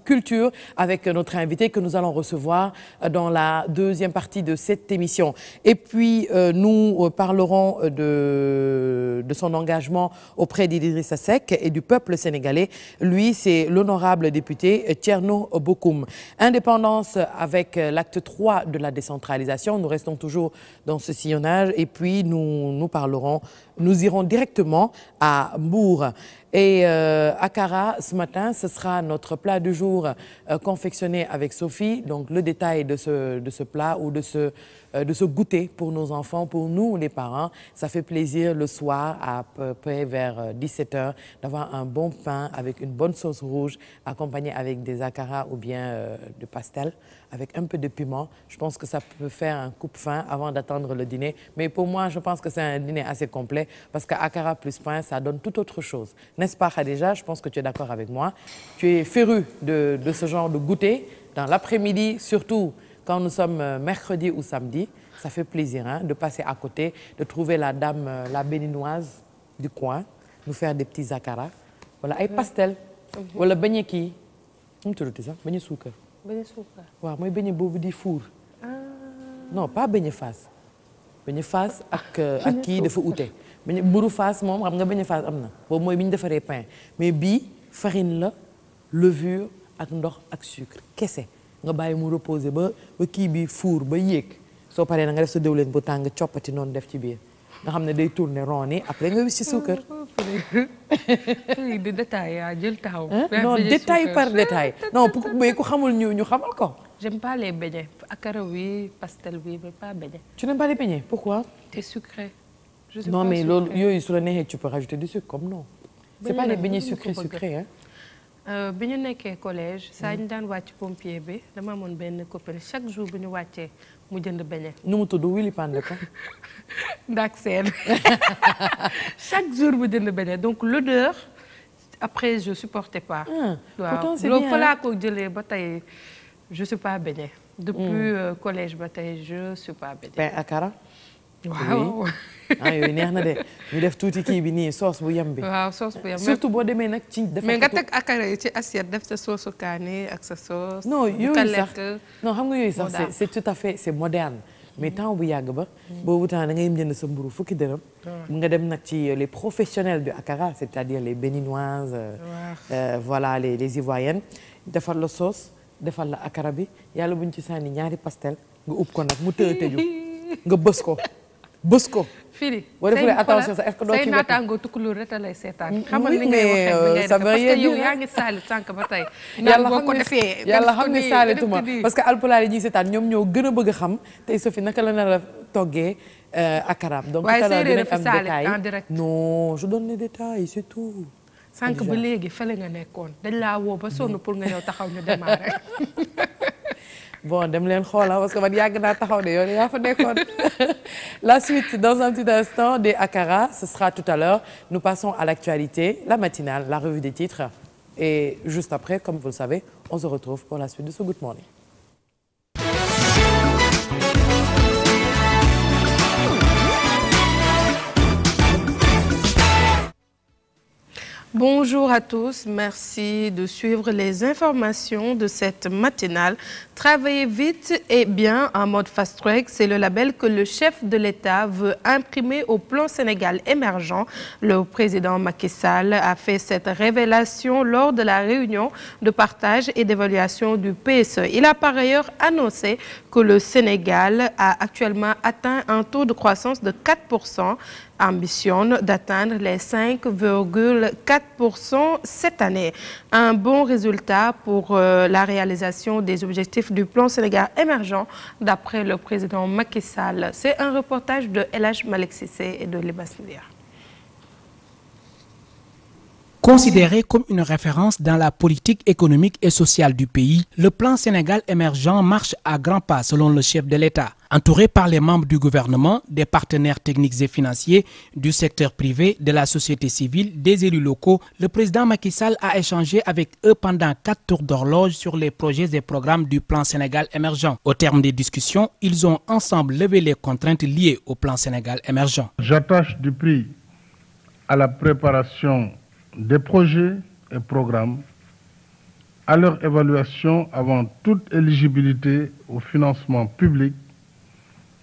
partie culture avec notre invité que nous allons recevoir euh, dans la deuxième partie de cette émission. Et puis euh, nous euh, parlerons de de son engagement auprès d'Idrissa Seck et du peuple sénégalais. Lui, c'est l'honorable député Thierno Bocoum. Indépendance avec l'acte 3 de la décentralisation. Nous restons toujours dans ce sillonnage et Nous irons directement à Mbour. Et euh, à Kara, ce matin, ce sera notre plat du jour euh, confectionné avec Sophie. Donc le détail de ce, de ce plat ou de ce, euh, de ce goûter pour pour nous les parents, le soir à peu près vers 17h euh, d'avoir bon pain avec une bonne sauce rouge accompagnée avec des akara ou bien euh, de pastel. avec un peu de piment. Je pense que ça peut faire un coupe-fin avant d'attendre le dîner. Mais pour moi, je pense que c'est un dîner assez complet parce qu'akara plus pain, ça donne tout autre chose. N'est-ce pas, Khadija? Je pense que tu es d'accord avec moi. Tu es féru de, de ce genre de goûter dans l'après-midi, surtout quand nous sommes euh, mercredi ou samedi. Ça fait plaisir hein, de passer à côté, de trouver la dame, euh, la béninoise du coin, nous faire des petits akara. Voilà ay pastel. Mhm. wala bañ a kii nu mu tuddati sax bañ a suukar. beñe waaw mooy beñe boobu di fuur. Ah. no pas beñe faas. beñe faas ak ak kii dafa ute. beñe mburu faas moom xam nga beñe faas am na boobu mooy bi ñu defaree pain mais bii farine la levure ak ndox ak sucre kese nga bàyyi mu reposer ba kii bi fuur ba yéeg soo paree na nga def sa diwlin bu tàng coppati noonu def ci biir. nga xam ne day tourner rond ni après nga wis ci suukar. di détail yaa jël taxaw. non détail par détail non mais ku xamul ñu ñu xamal ko. j'aime pas les beignets akara oui pastel oui mais pas beignets. tu n'aimes pas les beignets pourquoi. c'est sucré. je sais mais loolu yooyu su la neexee tu peux rajouter du sucre comme non. c'est pas les beignets sucrés sucrés hein. Euh, bi ñu nekkee collège saa ñu hmm. daan wàcc pompier bi dama amoon benn copine chaque jour bu ñu wàccee mu jënd beñe nu mu tudd Willy Pande ko chaque jour mu jënd beñe donc l'odeur après je supportais pas ah, waaw loolu fa laa ko jëlee ba tey je suis pas beñe depuis mm. euh, collège ba tey je suis pas beñe waaw ah yooyu neex na de ñu def tuuti kii bi nii soos bu yem bi. waaw sauce surtout boo demee nag ci. dafa nga teg akara yi ci assiette def sa sauce su kaani ak sa sauce. non yooyu sax non xam nga yooyu sax c'est c'est tout à fait c'est moderne. mais temps bu yàgg ba. Mm. boobu temps da ngay jënd sa mburu fukki dërëm. nga dem nag ci euh, les professionnels du akara c'est-à-dire euh, euh, voilà les les defal la soos defal la akara bi yàlla buñ ci sànni ñaari pastel nga ub ko nag mu tëj tëju nga bës ko. bës ko. fii boo defulee attention sax est-ce lay seetaan. xamal ni ngay waxee bi euh, yaa ngi saali sànq ba tey. yàlla xam ne yàlla xam ne saalituma parce que alpulaar yi ñuy seetaan ñoom ñoo gën a bëgg a xam tey Sophie naka la nar a toggee euh, ak araab. donc tout à l'heure dinañ am détail non je donne les détails c'est tout. sànq ba léegi fële nga nekkoon dañ laa woo ba sonn pour nga ñëw taxaw ñu démarrer. bon dem leen xoola ah, parce que man yàgg naa taxaw de yow yaa fa la suite dans des Akara ce sera tout à l'heure nous passons à l'actualité la matinale la revue des titres et juste après comme vous le savez on se retrouve pour la suite de ce Good Morning Bonjour à tous, merci de suivre les informations de cette matinale. Travailler vite et bien en mode fast-track, c'est le label que le chef de l'État veut imprimer au plan Sénégal émergent. Le président Macky Sall a fait cette révélation lors de la réunion de partage et d'évaluation du PSE. Il a par ailleurs annoncé que le Sénégal a actuellement atteint un taux de croissance de 4%. ambitionne d'atteindre les 5,4% cette année. Un bon résultat pour euh, la réalisation des objectifs du plan Sénégal émergent d'après le président Macky Sall. C'est un reportage de El Hadj Malick Cissé et de Libas Ndiaye. Considéré comme une référence dans la politique économique et sociale du pays, le plan Sénégal émergent marche à grands pas selon le chef de l'État. Entouré par les membres du gouvernement, des partenaires techniques et financiers, du secteur privé, de la société civile, des élus locaux, le président Macky Sall a échangé avec eux pendant quatre tours d'horloge sur les projets et programmes du plan Sénégal émergent. Au terme des discussions, ils ont ensemble levé les contraintes au plan Sénégal émergent. J'attache du la préparation des projets et programmes à leur évaluation avant toute éligibilité au financement public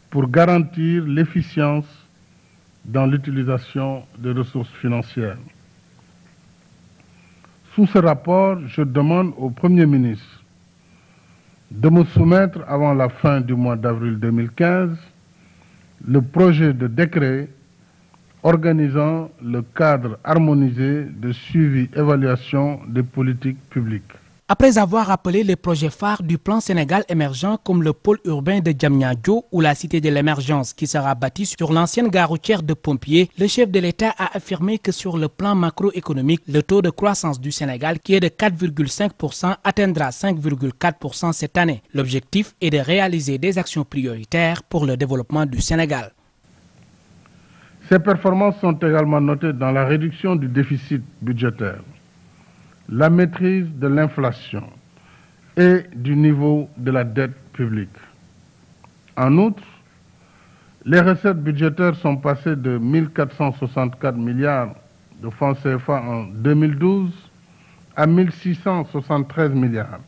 pour garantir l'efficience dans l'utilisation des ressources financières. Sous ce rapport, je demande au Premier ministre de me soumettre avant la fin du mois d'avril 2015 le projet de décret organisant le cadre harmonisé de suivi-évaluation des politiques publiques. Après avoir rappelé les projets phares du plan Sénégal émergent comme le pôle urbain de Diamniadio ou la cité de l'émergence qui sera bâtie sur l'ancienne gare routière de pompiers, le chef de l'État a affirmé que sur le plan macroéconomique, le taux de croissance du Sénégal qui est de 4,5% atteindra 5,4% cette année. L'objectif est de réaliser des actions prioritaires pour le développement du Sénégal. Ces performances sont également notées dans la réduction du déficit budgétaire, la maîtrise de l'inflation et du niveau de la dette publique. En outre, les recettes budgétaires sont passées de 1 464 milliards de francs CFA en 2012 à 1 673 milliards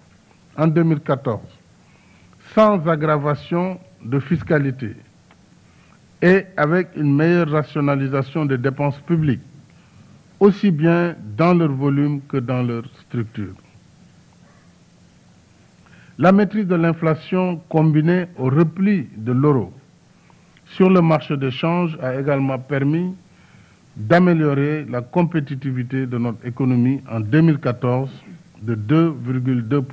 en 2014, sans aggravation de fiscalité et avec une meilleure rationalisation des dépenses publiques, aussi bien dans leur volume que dans leur structure. La maîtrise de l'inflation combinée au repli de l'euro sur le marché de change a également permis d'améliorer la compétitivité de notre économie en 2014 de 2,2%.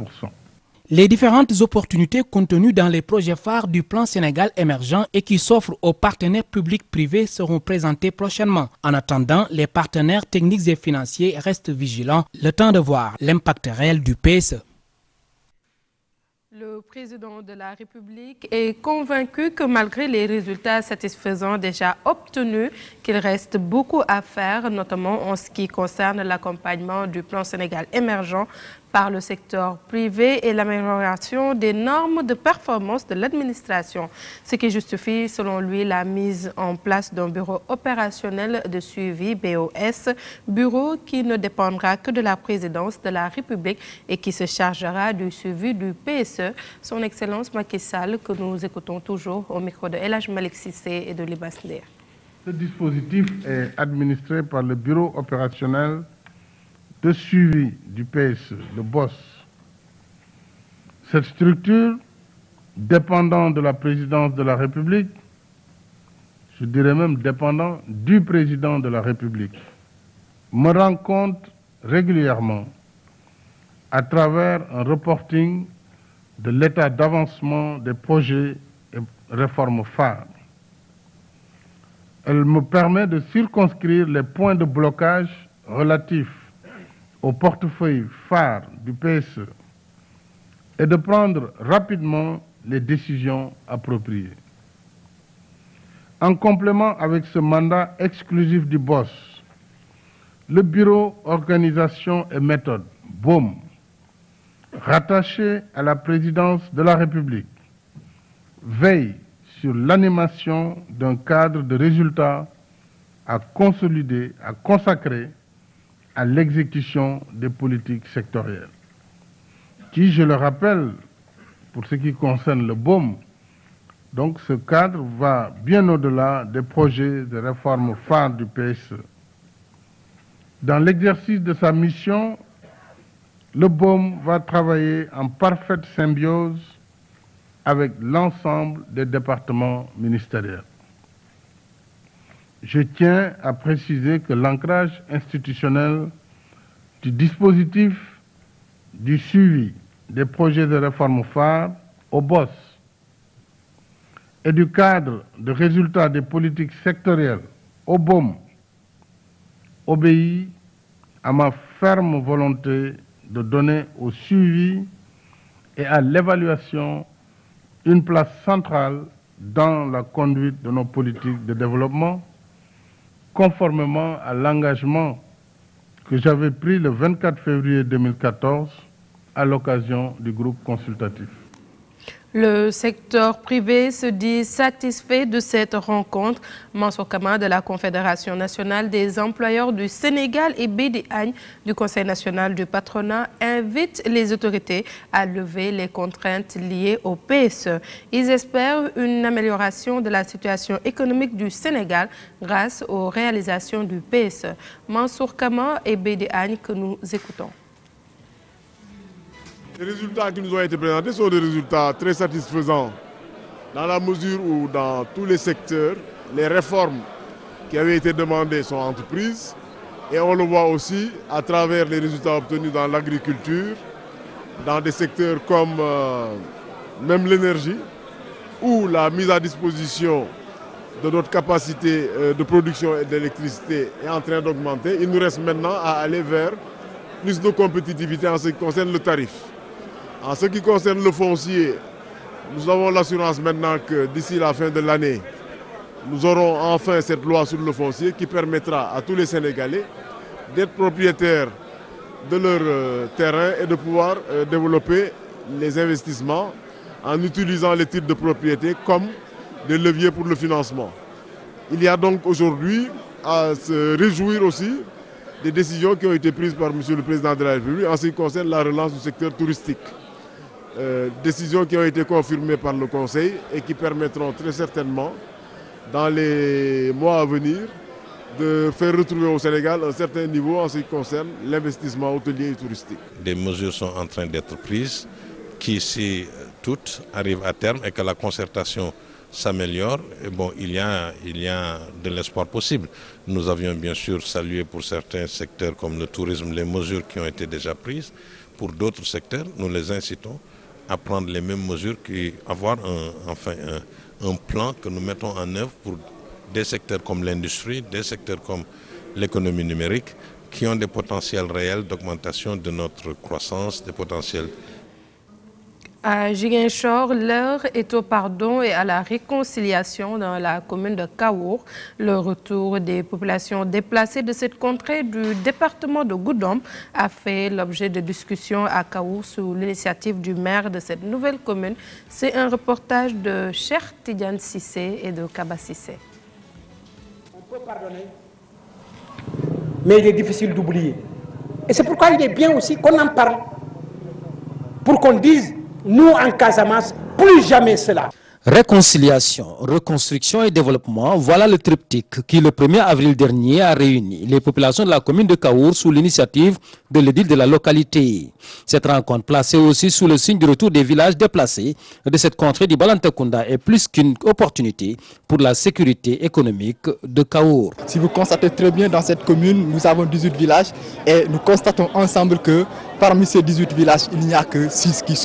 Les différentes opportunités contenues dans les projets phares du plan Sénégal émergent et qui s'offrent aux partenaires publics privés seront présentées prochainement. En attendant, les partenaires techniques et financiers restent vigilants, le temps de voir l'impact réel du PSE. Le président de la République est convaincu que malgré les résultats satisfaisants déjà obtenus, qu'il reste beaucoup à faire, notamment en ce qui concerne l'accompagnement du plan Sénégal émergent par le secteur privé et l'amélioration des normes de performance de l'administration, ce qui justifie selon lui la mise en place d'un bureau opérationnel de suivi BOS, bureau qui ne dépendra que de la présidence de la République et qui se chargera du suivi du PSE. Son Excellence Macky Sall, que nous écoutons toujours au micro de El Hadj et de Libas de suivi du PSE, le BOSS. Cette structure, dépendant de la présidence de la République, je dirais même dépendant du président de la République, me rend compte régulièrement à travers un reporting de l'état d'avancement des projets et réformes phares. Elle me permet de circonscrire les points de blocage relatifs au portefeuille phare du PSE et de prendre rapidement les décisions appropriées. En complément avec ce mandat exclusif du BOSS, le Bureau Organisation et Méthode, BOM, rattaché à la présidence de la République, veille sur l'animation d'un cadre de résultats à consolider, à consacrer à l'exécution des politiques sectorielles, qui, je le rappelle, pour ce qui concerne le BOM, donc ce cadre va bien au-delà des projets de réforme phares du PSE. Dans l'exercice de sa mission, le BOM va travailler en parfaite symbiose avec l'ensemble des départements ministériels. je tiens à préciser que l'ancrage institutionnel du dispositif du suivi des projets de réforme phare au BOSS et du cadre de résultat des politiques sectorielles au BOM obéit à ma ferme volonté de donner au suivi et à l'évaluation une place centrale dans la conduite de nos politiques de développement conformément à l'engagement que j'avais pris le 24 février 2014 à l'occasion du groupe consultatif. Le secteur privé se dit satisfait de cette rencontre. Mansour Kama de la Confédération nationale des employeurs du Sénégal et Bédi Agne du Conseil national du patronat invite les autorités à lever les contraintes liées au PSE. Ils espèrent une amélioration de la situation économique du Sénégal grâce aux réalisations du PSE. Mansour Kama et Bédi que nous écoutons. Les résultats qui nous ont été présentés sont des résultats très satisfaisants dans la mesure où dans tous les secteurs, les réformes qui avaient été demandées sont entreprises et on le voit aussi à travers les résultats obtenus dans l'agriculture, dans des secteurs comme euh, même l'énergie, où la mise à disposition de notre capacité euh, de production et d'électricité est en train d'augmenter. Il nous reste maintenant à aller vers plus de compétitivité en ce qui concerne le En ce qui concerne le foncier, nous avons l'assurance maintenant que d'ici la fin de l'année, nous aurons enfin cette loi sur le foncier qui permettra à tous les Sénégalais d'être propriétaires de leur euh, terrain et de pouvoir euh, développer les investissements en utilisant les titres de propriété comme des leviers pour le financement. Il y a donc aujourd'hui à se réjouir aussi des décisions qui ont été prises par Monsieur le Président de la République en ce qui Euh, décisions qui ont été confirmées par le Conseil et qui permettront très certainement, dans les mois à venir, de faire retrouver au Sénégal un certain niveau en ce qui concerne l'investissement hôtelier et touristique. Des mesures sont en train d'être prises qui, si toutes arrivent à terme et que la concertation s'améliore, bon, il y, a, il y a de l'espoir possible. Nous avions bien sûr salué pour certains secteurs comme le tourisme les mesures qui ont été déjà prises. Pour d'autres secteurs, nous les incitons à prendre les mêmes mesures qu'avoir un, enfin, un, un, plan que nous mettons en œuvre pour des secteurs comme l'industrie, des secteurs comme l'économie numérique, qui ont des potentiels réels d'augmentation de notre croissance, des potentiels À Giguinchor, l'heure est au pardon et à la réconciliation dans la commune de Kaour. Le retour des populations déplacées de cette contrée du département de Goudom a fait l'objet de discussions à Kaour sous l'initiative du maire de cette nouvelle commune. C'est un reportage de Cher Tidiane Sissé et de Kaba Sissé. On peut pardonner, mais il est difficile d'oublier. Et c'est pourquoi il est bien aussi qu'on en parle, pour qu'on dise nous en Casamance, plus jamais cela. Réconciliation, reconstruction et développement, voilà le triptyque qui le 1er avril dernier a réuni les populations de la commune de Kaour sous l'initiative de l'édile de la localité. Cette rencontre placée aussi sous le signe du retour des villages déplacés de cette contrée du Balantakunda est plus qu'une opportunité pour la sécurité économique de Kaour. Si vous constatez très bien dans cette commune, nous avons 18 villages Parmi ces 18 villages, il n'y a que 6 qui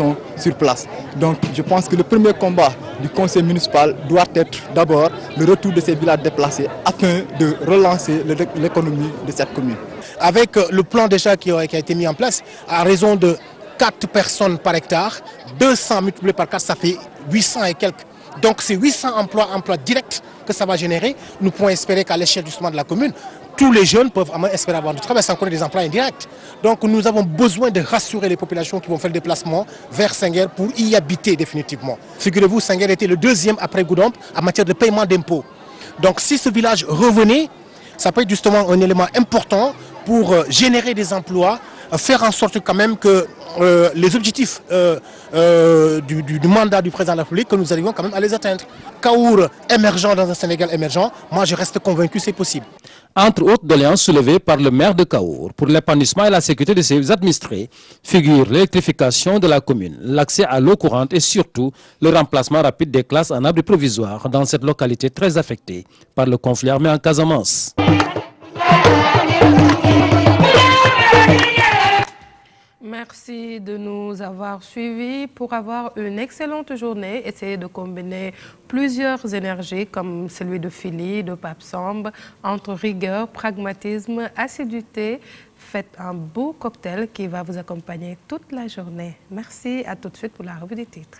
pense que le premier combat du conseil municipal doit être d'abord le retour de ces villages déplacés afin de relancer l'économie de cette Avec euh, le plan déjà qui a été à raison de 4 personnes par hectare, 200 multiplié par 4, ça fait 800 et quelques Donc c'est 800 emplois, emplois directs que ça va générer. Nous pouvons espérer qu'à l'échelle justement de la commune, tous les jeunes peuvent espérer avoir du travail sans des emplois indirects. nous avons besoin de rassurer les populations qui vont faire le déplacement vers Senghel pour y habiter définitivement. Figurez-vous, Senghel était le deuxième après Goudomp en matière de paiement d'impôts. Donc si ce village revenait ça peut être justement un élément important pour euh, générer des emplois, euh, faire en sorte quand même que euh, les objectifs euh, du, du, du, mandat du président de la République, que nous arrivons quand même à les atteindre. Kaour émergent dans un Sénégal émergent, je reste convaincu c'est possible. entre autres doléances soulevées par le maire de Kaour pour l'épanouissement et la sécurité de ses administrés figurent l'électrification de la commune, l'accès à l'eau courante et surtout le remplacement rapide des classes en abri provisoire dans cette localité très affectée par le conflit armé en Casamance. Merci de nous avoir suivis. Pour avoir une excellente journée, essayez de combiner plusieurs énergies comme celui de Philly, de Papsambe, entre rigueur, pragmatisme, assiduité. Faites un beau cocktail qui va vous accompagner toute la journée. Merci, à tout de suite pour la revue des titres.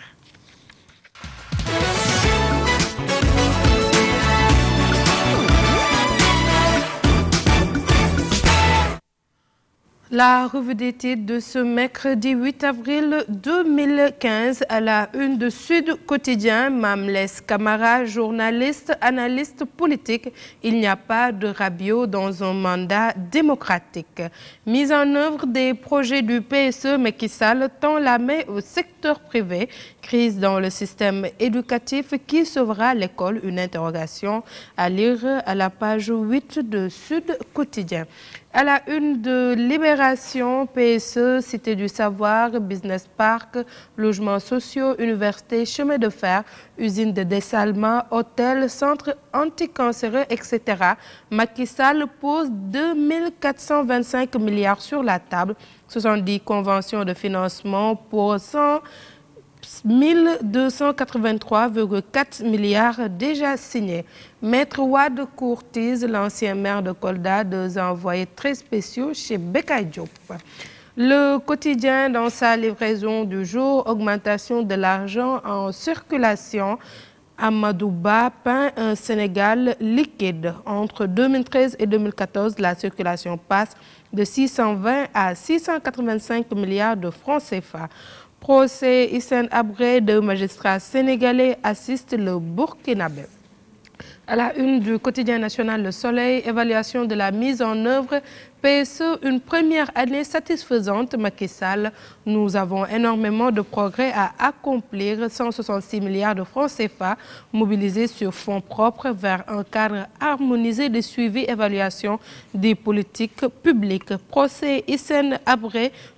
La revue des titres de ce mercredi 8 avril 2015 à la une de Sud Quotidien, Mamles Camara, journaliste, analyste politique. Il n'y a pas de rabiot dans un mandat démocratique. Mise en œuvre des projets du PSE, Macky Sall tend la main au secteur privé. Crise dans le système éducatif, qui sauvera l'école? Une interrogation à lire à la page 8 de Sud Quotidien. À la une de Libération, PSE, Cité du Savoir, Business Park, logements sociaux, université, chemin de fer, usine de dessalement, hôtel, centre anticancéreux, etc. Macky Sall pose 2425 milliards sur la table, 70 conventions de financement pour 100 1283,4 milliards déjà signés. Maître Wade Courtise, l'ancien maire de Kolda, deux envoyés très spéciaux chez Beka Diop. Le quotidien, dans sa livraison du jour, augmentation de l'argent en circulation. Amadouba peint un Sénégal liquide. Entre 2013 et 2014, la circulation passe de 620 à 685 milliards de francs CFA. procès Hissène Habré, deux magistrats sénégalais assistent le Burkinabé. À la une du quotidien national Le Soleil, évaluation de la mise en œuvre PSE, une première année satisfaisante, Macky Sall. Nous avons de progrès à accomplir, 166 milliards de francs CFA mobilisés sur fonds propres vers un cadre harmonisé de suivi évaluation des politiques publiques. Procès Hissène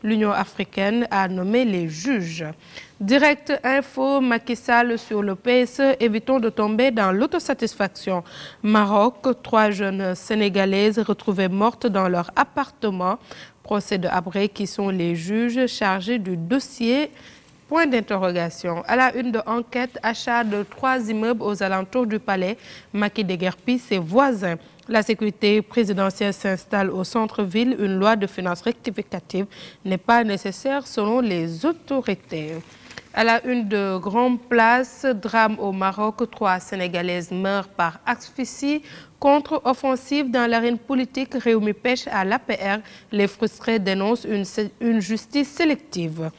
l'Union africaine a les juges. Direct info Macky Sall sur le PSE, évitons de tomber dans l'autosatisfaction. Maroc, trois jeunes appartement. Procès de Habré qui sont les juges chargés du dossier. Point d'interrogation. À la une de enquête, achat de trois immeubles aux alentours du palais. Maki Deguerpi, ses voisins. La sécurité présidentielle s'installe au centre-ville. Une loi de finances rectificative n'est pas nécessaire selon les autorités. À la une de Grand Place, drame au Maroc, trois Sénégalaises meurent par asphyxie. Contre-offensive dans l'arène politique, Réumi Pêche à l'APR. Les frustrés dénoncent une, justice sélective.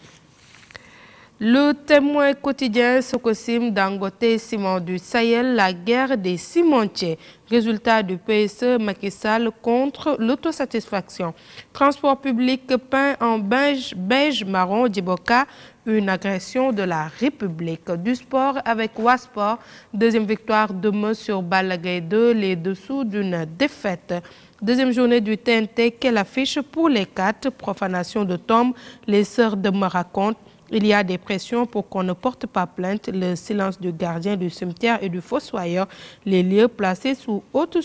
Le témoin quotidien Sokosim Dangote Ciment du Sahel, la guerre des cimentiers. Résultat du PSE Macky contre l'autosatisfaction. Transport public peint en beige, beige marron d'Iboka. une agression de la République. Du sport avec Wasport, deuxième victoire de Meuse sur Balagay 2, les dessous d'une défaite. Deuxième journée du TNT, quelle affiche pour les quatre Profanation de tombes, les sœurs de me racontent. Il y a des pressions pour qu'on ne porte pas plainte, le silence du gardien du cimetière et du fossoyeur, les lieux placés sous haute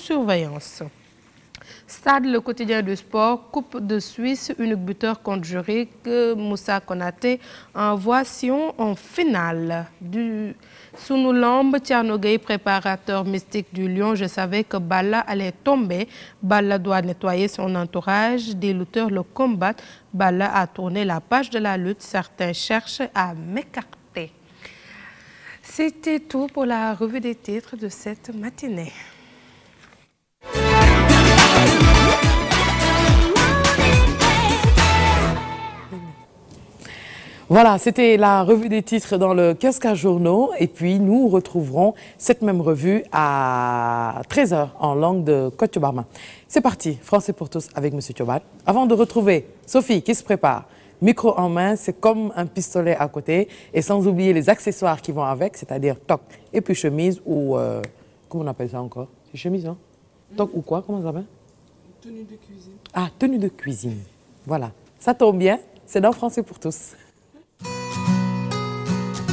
Stade le quotidien du sport Coupe de Suisse unique buteur contre Zurich Moussa Konaté envoie Sion en finale du Sunu Lamb Thierno préparateur mystique du Lion je savais que Balla allait tomber Balla doit nettoyer son entourage des lutteurs le combattent Balla a tourné la page de la lutte certains cherchent à m'écarter c'était tout pour la revue des titres de cette matinée Voilà, c'était la revue des titres dans le kiosque à journaux. Et puis, nous retrouverons cette même revue à 13h en langue de Côte Barma. C'est parti, Français pour tous avec Monsieur Thioban. Avant de retrouver Sophie qui se prépare, micro en main, c'est comme un pistolet à côté. Et sans oublier les accessoires qui vont avec, c'est-à-dire toc et puis chemise ou... Euh, comment on appelle ça encore C'est chemise, non Toc ou quoi Comment ça s'appelle Tenue de cuisine. Ah, tenue de cuisine. Voilà. Ça tombe bien, c'est dans Français pour tous.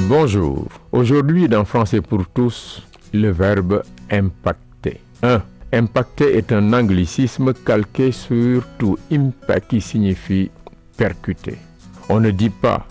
Bonjour. Aujourd'hui dans Français pour tous, le verbe impacter. 1. Impacter est un anglicisme calqué sur to impact qui signifie percuter. On ne dit pas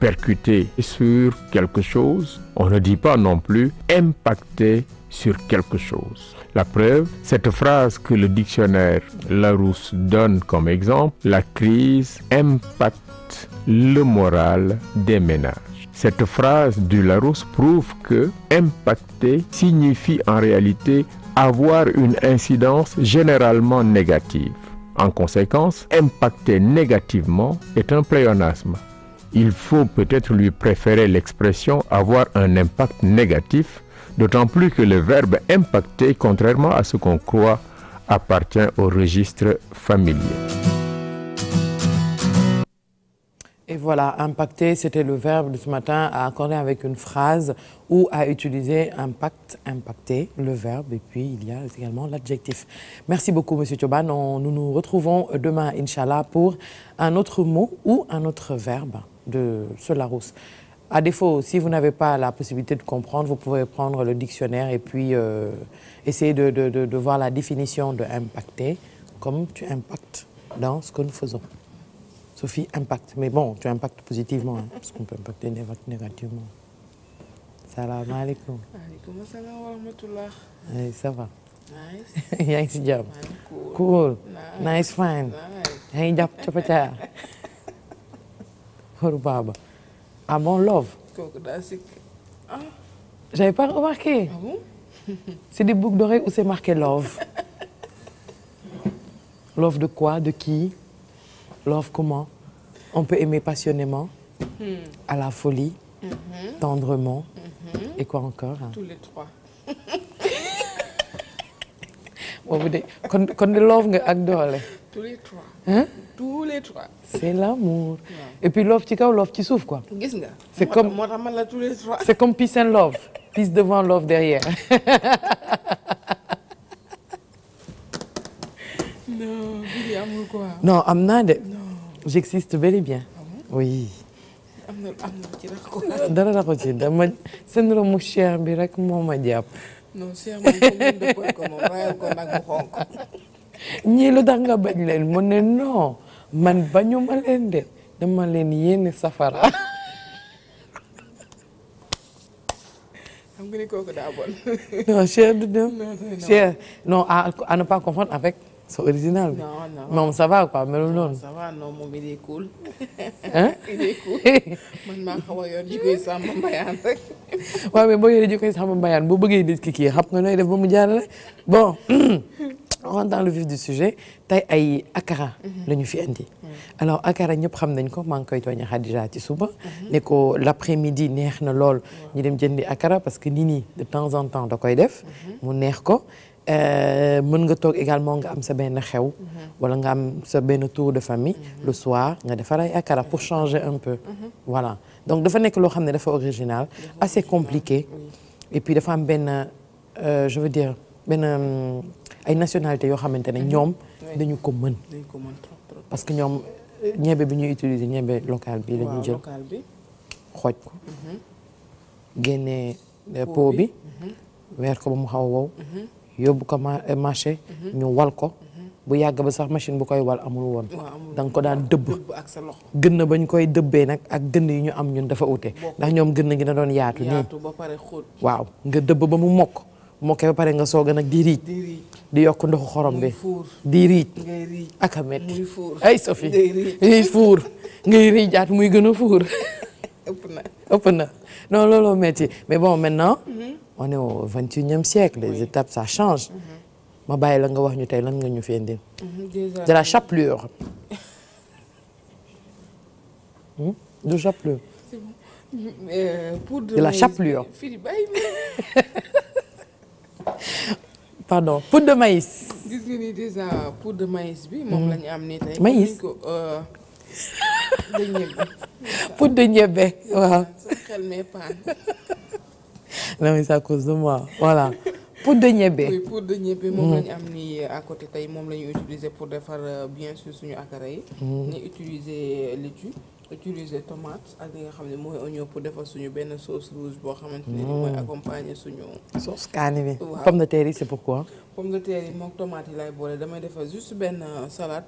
percuter sur quelque chose, on ne dit pas non plus impacter sur quelque chose. La preuve, cette phrase que le dictionnaire Larousse donne comme exemple, la crise impacte le moral des ménages. Cette phrase du Larousse prouve que impacter signifie en réalité avoir une incidence généralement négative. En conséquence, impacter négativement est un pléonasme. Il faut peut-être lui préférer l'expression avoir un impact négatif, d'autant plus que le verbe impacter, contrairement à ce qu'on croit, appartient au registre familier. Et voilà, impacter, c'était le verbe de ce matin à accorder avec une phrase ou à utiliser impact, impacter, le verbe. Et puis, il y a également l'adjectif. Merci beaucoup, Monsieur Thioban. Nous nous retrouvons demain, Inch'Allah, pour un autre mot ou un autre verbe de ce Larousse. À défaut, si vous n'avez pas la possibilité de comprendre, vous pouvez prendre le dictionnaire et puis euh, essayer de, de, de, de voir la définition de impacter, comme tu impactes dans ce que nous faisons. Sophie impacte, mais bon, tu impactes positivement, parce qu'on peut impacter négativement. salaamaaleykum. maaleykum salaam wa rahmatulah. oui nice. yaa ngi si jàmm. nice fine. yaa ngi jàpp capacaya. Horu Baba. Ah love. Ah. j'avais pas remarqué. Ah c'est des boucles d'oreilles où c'est marqué love. love de qui. Love comment on peut aimer passionnément. Mmh. à la folie. Mmh. tendrement. Mm-hmm. et quoi encore ah. tous les trois. boobu de kon kon de love nga ak doole. tous les trois. hein tous les trois. c'est l'amour. Ouais. et puis love ci kaw love ci suuf quoi. gis nga. c'est comme moo tax man la tous les trois. c'est comme peace and love peace devant love derrière. non bii amul quoi. am naa de. j'existe bel bien. Ah oui. dara raxu ci dama syndrome mu Cheikh bi rek moo ma jàpp. moom comme ko moom rayal ko nga bañ leen mu ne non man bañu ma de dama leen yéene safara. xam nga ni non Cheikh du dem. non non à à ne pas confondre c'est original bi. non non moom ça va quoi moom il est cool. ah il est cool man maa xaw a yor jikoy Samba Mbayaan rek. waaw mais boo yoree bëggee nit ki kii xam nga nooy def ba mu jaarale bon on rentre dans le vif du sujet tey ay akara. Mhm. lañu ñu fi indi. Mhm. alors akara ñëpp xam nañ ko maa ngi koy tooña Khadija ci suba. Mhm. ne ko l' après neex na lool. ñu dem jëndi akara parce que nit ñi de temps en temps da koy def. mu neex ko. Euh, mën nga toog également nga am sa benn xew. Mhm. wala nga am sa benn tour de famille. Mhm. le soir nga defar ay akara pour mhm. changer un peu. voilà donc dafa nekk loo xam ne dafa original. assez compliqué. et puis dafa am benn euh, je veux dire benn ay nationalité yoo xamante ne ñoom. dañu ko mën. parce que ñoom ñebe bi ñu utiliser ñebe local bi. la jël xooj ko. génnee euh, pot bi. weer ko ba mu xaw a wow. yóbbu ko eh, marché. Mhm. ñu wal ko. Mhm. bu yàgg ba sax machine bu koy wal amul woon. da nga ko daan dëbb ak sa loxo. gën bañ koy dëbbee nag ak gën yi ñu am ñun dafa ute. ndax ñoom gën gi na doon yaatu. nii ba pare xóot waaw nga dëbb ba mu mokk. mokkee ba pare nga soog a nag di riij. di yokk ndoxu xorom bi. di riij ak a metti ay Sophie ngay fuur ngay riijaat muy gën a fuur. ëpp na ëpp na non looloo metti mais bon maintenant. Mhm. on est au vingt et unième siècle les étapes ça change mhm. ma bàyyi la nga wax ñu tey lan nga ñu fi indil mhm, de la chapelure hmm? de chapelure euh, de la chapelure pardon poudre de maïs. gis nga de maïs bi. moom hmm. la am nii tey. maïs euh, de ñebbe. non mais c'est à cause de moi voilà poudre de ñebbe. oui de ñebbe moom mhm. la am ni euh, à côté tey moom la ñu utiliser pour defar euh, bien sûr suñu akara yi. ñu mhm. utiliser euh, laitue utiliser tomate ak li nga xam ne mooy oignon pour defar suñu benn sauce rouge boo xamante ni mhm. mooy accompagner suñu. sauce kaani bi. waaw pomme de terre yi c'est pourquoi. pomme de terre yi moom tomate yi laay boole damay defar juste benn salaat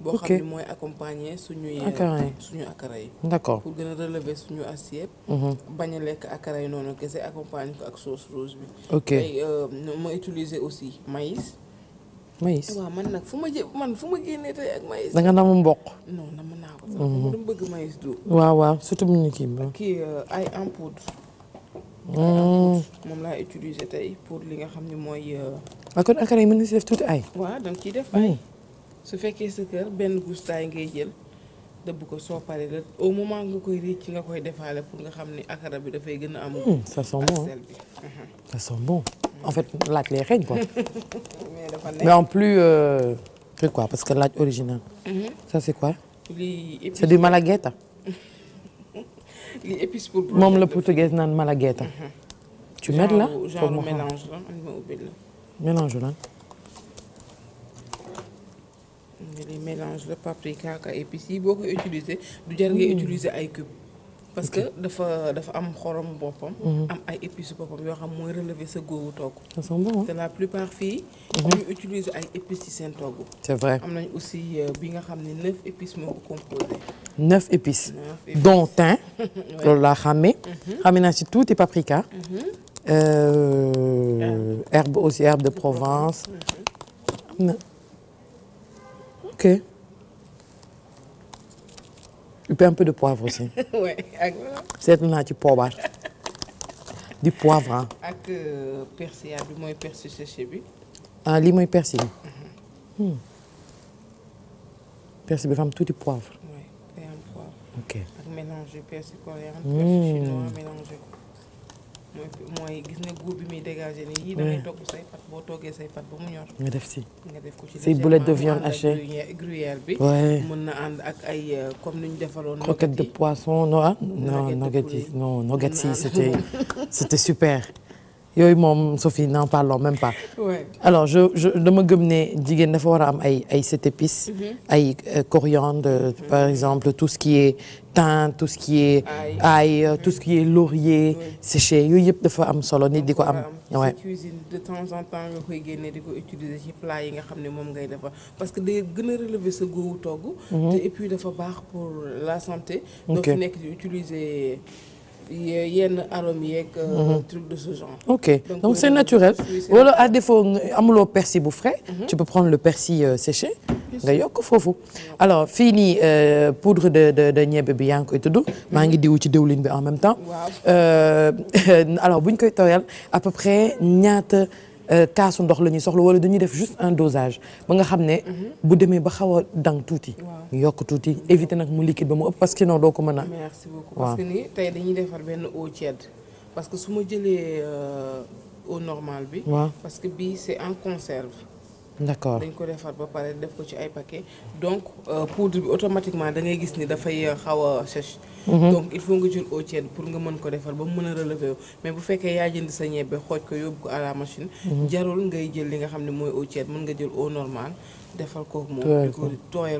boo xam ne mooy accompagner suñuy. Euh, akara yi suñu akara yi. d'accord pour gën a relever suñu assiette. Mhm. bañ a lekk akara yi noonu kese accompagner ko ak sauce rose bi. ok tey euh, ma utiliser aussi maïs. maïs waaw man nag fu ma jë man fu ma génnee tey ak maïs. da namu mboq. non namu naa ko sax. Mhm. dama bëgg maïs du. waaw waaw surtout mu ñu kii ba. kii euh, ay en poudre. Mm. moom laa utiliser tey pour li nga xam ni mooy. waaw ah, kon akara yi mën nga si def tuuti ay. waa da nga ciy def ay. su fekkee sa kër benn gustaay ngay jël dëbb ko soo paree la au moment nga koy rëcc nga koy defaale pour nga xam ni akara bi dafay gën a am. Hmm, ça sent bon bi bon en fait laaj lay xeeñ quoi. plus truc euh... quoi parce que laaj original. Mhm. ça c'est quoi. lii épice c'est du pour. moom la portugais naan malagueta. Mhm. tu mets la mélange la. li mélange la paprika ak épices yi boo koy utiliser du jar ngay hmm. utiliser ay cube parce que dafa dafa am xorom boppam hmm. am ay épices boppam yoo xam mooy relever sa góobu togg te la plupart fii hmm. dañuy utiliser ay épice ci seen togg c'est vrai am nañ aussi euh, bi nga xam ne neuf épices moo ko composé neuf épices dont thym loolu laa xàmmee mhm. xàmmee naa ci tuuti paprika mhm. euh, herbe de Provence mhm. Ok. et puis un de poivre ousi oui ak. seetlu naa ci poobar di poivre ak euh, persil bi ah, mooy persil séché bi. ah lii mooy persil. Mhm. Hmm. persil bi dafa am tuuti poivre. oui day am poivre. ak mélange persil coréen. Hmm. persil chinois mélangé ko. mooy mooy gis ne góob bi muy dégagé nii. yii damay togg say pat boo toggee say pat ba mu ñor. nga def si nga def ko ci say boulette de viande hachée gruyère bi. waaye mën na ànd ak ay euh, comme ni ñu defaloon. croquette de poisson ah, non no non nuggets yi non nuggets si c'était c'était super. yooyu moom Sophie n'en parlons même pas. alors dama gëm ne jigéen dafa war a am ay ay cette épice. Mhm. ay euh, coriandre mhm. par exemple tout ce qui est thym tout ce qui est. ail euh, tout ce qui est laurier séché yooyu yëpp dafa am solo nit di ko am. waaw cuisine de temps en temps nga koy génne di ko utiliser ci yi nga xam ne moom ngay defar parce que day gën a relever sa goût togg. Mhm. te et puis dafa baax pour la santé. ok doo fi nekk di utiliser. yenn arômes yeeg. Euh, mhm. truc de ce genre. ok donc, c'est naturel wala à défaut amuloo persil bu frais. Mhm. tu peux prendre le persil euh, séché. nga yokk foofu alors fii nii euh, poudre de de de ñebe bi yaa ngi koy tudd. maa ngi mhm. diw ci diwlin bi en même temps. waaw euh, alors bu koy tooyal à peu près ñaata. Euh, kaasu ndox la ñuy soxla wala dañuy def juste un dosage ba nga xam ne. Mhm. bu demee ba xaw a dang tuuti. yokk tuuti éviter nag mu liquide ba mu ëpp parce que non doo ko mën a. merci beaucoup parce que ni tey dañuy defar benn eau tiède parce que su ma jëlee euh, eau normal bi. waaw parce que bii c'est en conserve. d'accord dañ ko defar ba pare def ko ci ay paquet donc euh, poudre bi automatiquement da ngay gis ni dafay xaw a sèche. Mhm. donc il faut nga jël eau tiède pour nga mën ko defar ba mu mën a relever mais bu fekkee yaa jënd sa ñebbe xooj ko yóbbu ko à la machine. Mhm. jarul ngay jël li nga xam ne mooy eau tiède mën nga jël eau normale. defal ko ak moom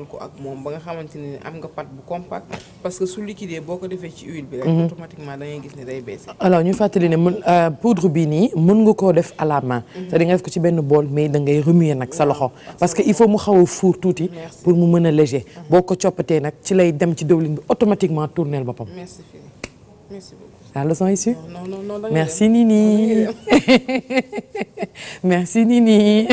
ko ak moom ba nga xamante ne am nga pâte bu compact parce que su liquide boo ko defee ci huile bi rek mhm. automatiquement da ngay gis ne day baissé alors ñu fàttali ne mën euh, poudre bii nii mën nga koo def à la main mhm. def ko ci benn bool mais da ngay remuer nag sa loxo parce que il faut mu xaw a fuur tuuti pour mu mën a léger mhm. boo ko coppatee nag ci lay dem ci dëwlin bi automatiquement tourneel boppam merci la leçon est sûre non non non merci Nini merci Nini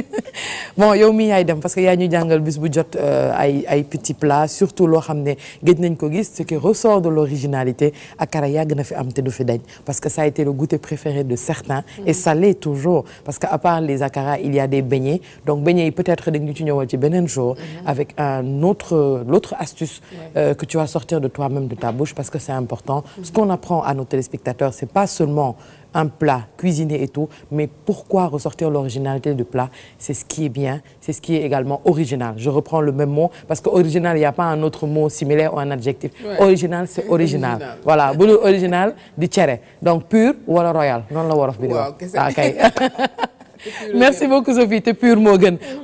bon yow mi yaay dem parce que yaa ñu jàngal bis bu jot euh, ay ay petits surtout loo xam ne gëj nañ ko gis ce qui ressort de l'originalité akara yàgg na fi am te du fi dañ parce que ça a été le goûter préféré de certains mm-hmm. et ça l'est toujours parce que à part les akara il y a des beignets donc beignets yi peut-être dañu ci ñëwal ci beneen jour mm-hmm. avec un autre l'autre astuce euh, que tu vas sortir de toi-même de ta bouche parce que c'est important mm-hmm. ce qu'on apprend apprend à nos téléspectateurs, c'est pas seulement un plat cuisiné et tout, mais pourquoi ressortir l'originalité du plat? C'est ce qui est bien, c'est ce qui est également original. Je reprends le même mot parce que original, il y a pas un autre mot similaire ou un adjectif. Original, c'est original. Voilà, bu original di cere. Donc pur wala bi di ah,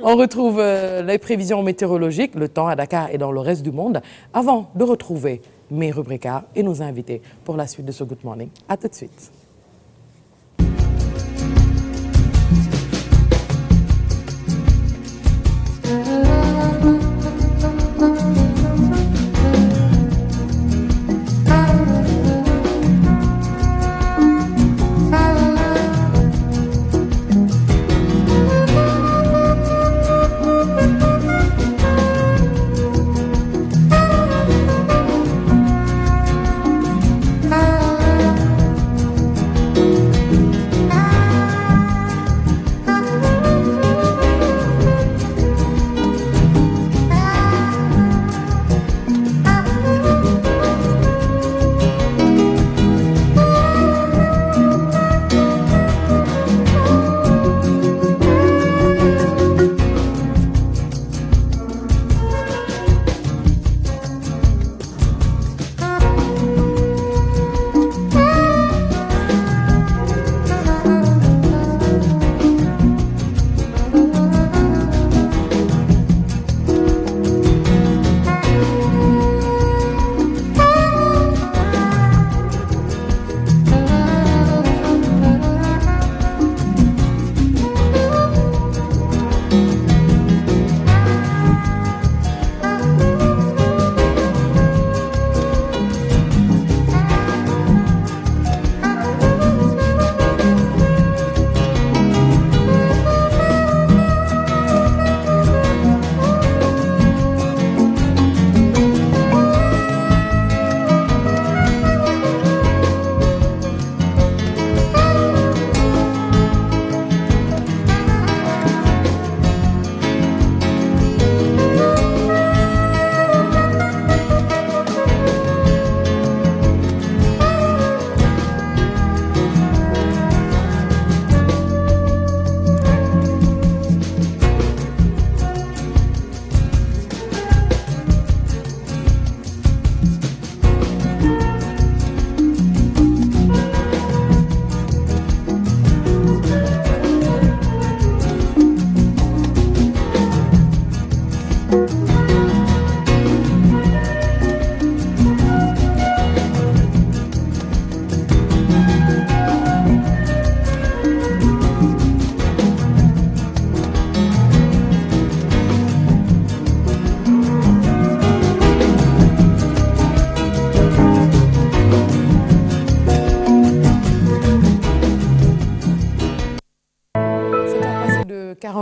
On retrouve euh, les prévisions météorologiques, le temps à Dakar et dans le reste du monde avant de retrouver mes rubriques et nos invités pour la suite de ce Good Morning. À tout de suite.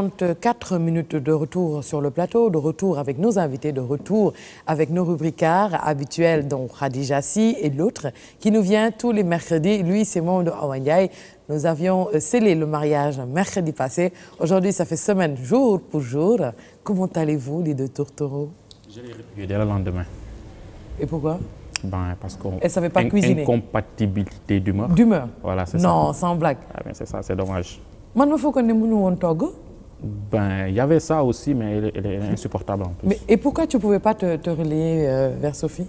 54 minutes de retour sur le plateau, de retour avec nos invités, de retour avec nos rubricards habituels, dont Khadija Si et l'autre, qui nous vient tous les mercredis. Lui, c'est Maodo Awandiaï. Nous avions euh, scellé le mariage mercredi passé. Aujourd'hui, pour jour. Comment allez-vous, les deux tourtereaux Je le lendemain. Et pourquoi Elle savait pas in cuisiner. Incompatibilité d'humeur. D'humeur. Voilà, c'est ça. Non, sans blague. Ah, ben c'est ça, c'est dommage. man ma foogoon Ben, il y avait ça aussi, mais elle, elle, elle est insupportable en plus. Mais, et pourquoi tu ne pouvais pas te, te relayer euh, vers Sophie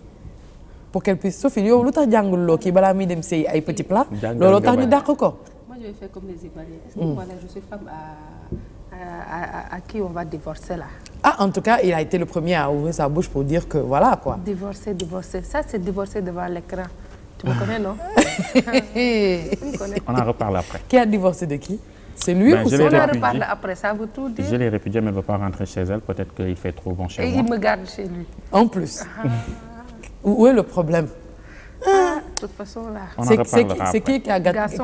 Pour qu'elle puisse. Sophie, yow lu tax jànguloo kii balaa muy dem sëy ay petit plat. looloo tax ñu dàq ko. Moi, je vais faire comme les Ivoiriens. Est-ce que moi, mm. là, je suis femme à, à, à, à qui on va divorcer là Ah, en tout cas, il a été le premier à ouvrir sa bouche pour dire que voilà quoi. Divorcer, divorcer. Ça, c'est divorcer devant l'écran. Tu me connais, non Tu me connais. On en reparle après. Qui a divorcé de qui C'est lui ben, ou je on en reparle après, ça veut tout dire. Je l'ai répudié, mais elle ne veut pas rentrer chez elle. Peut-être qu'il fait trop bon chez Et moi. Et il me garde chez lui. En plus. Ah. Où est le problème ah, de toute façon, là. C'est qui, qui, a gâté,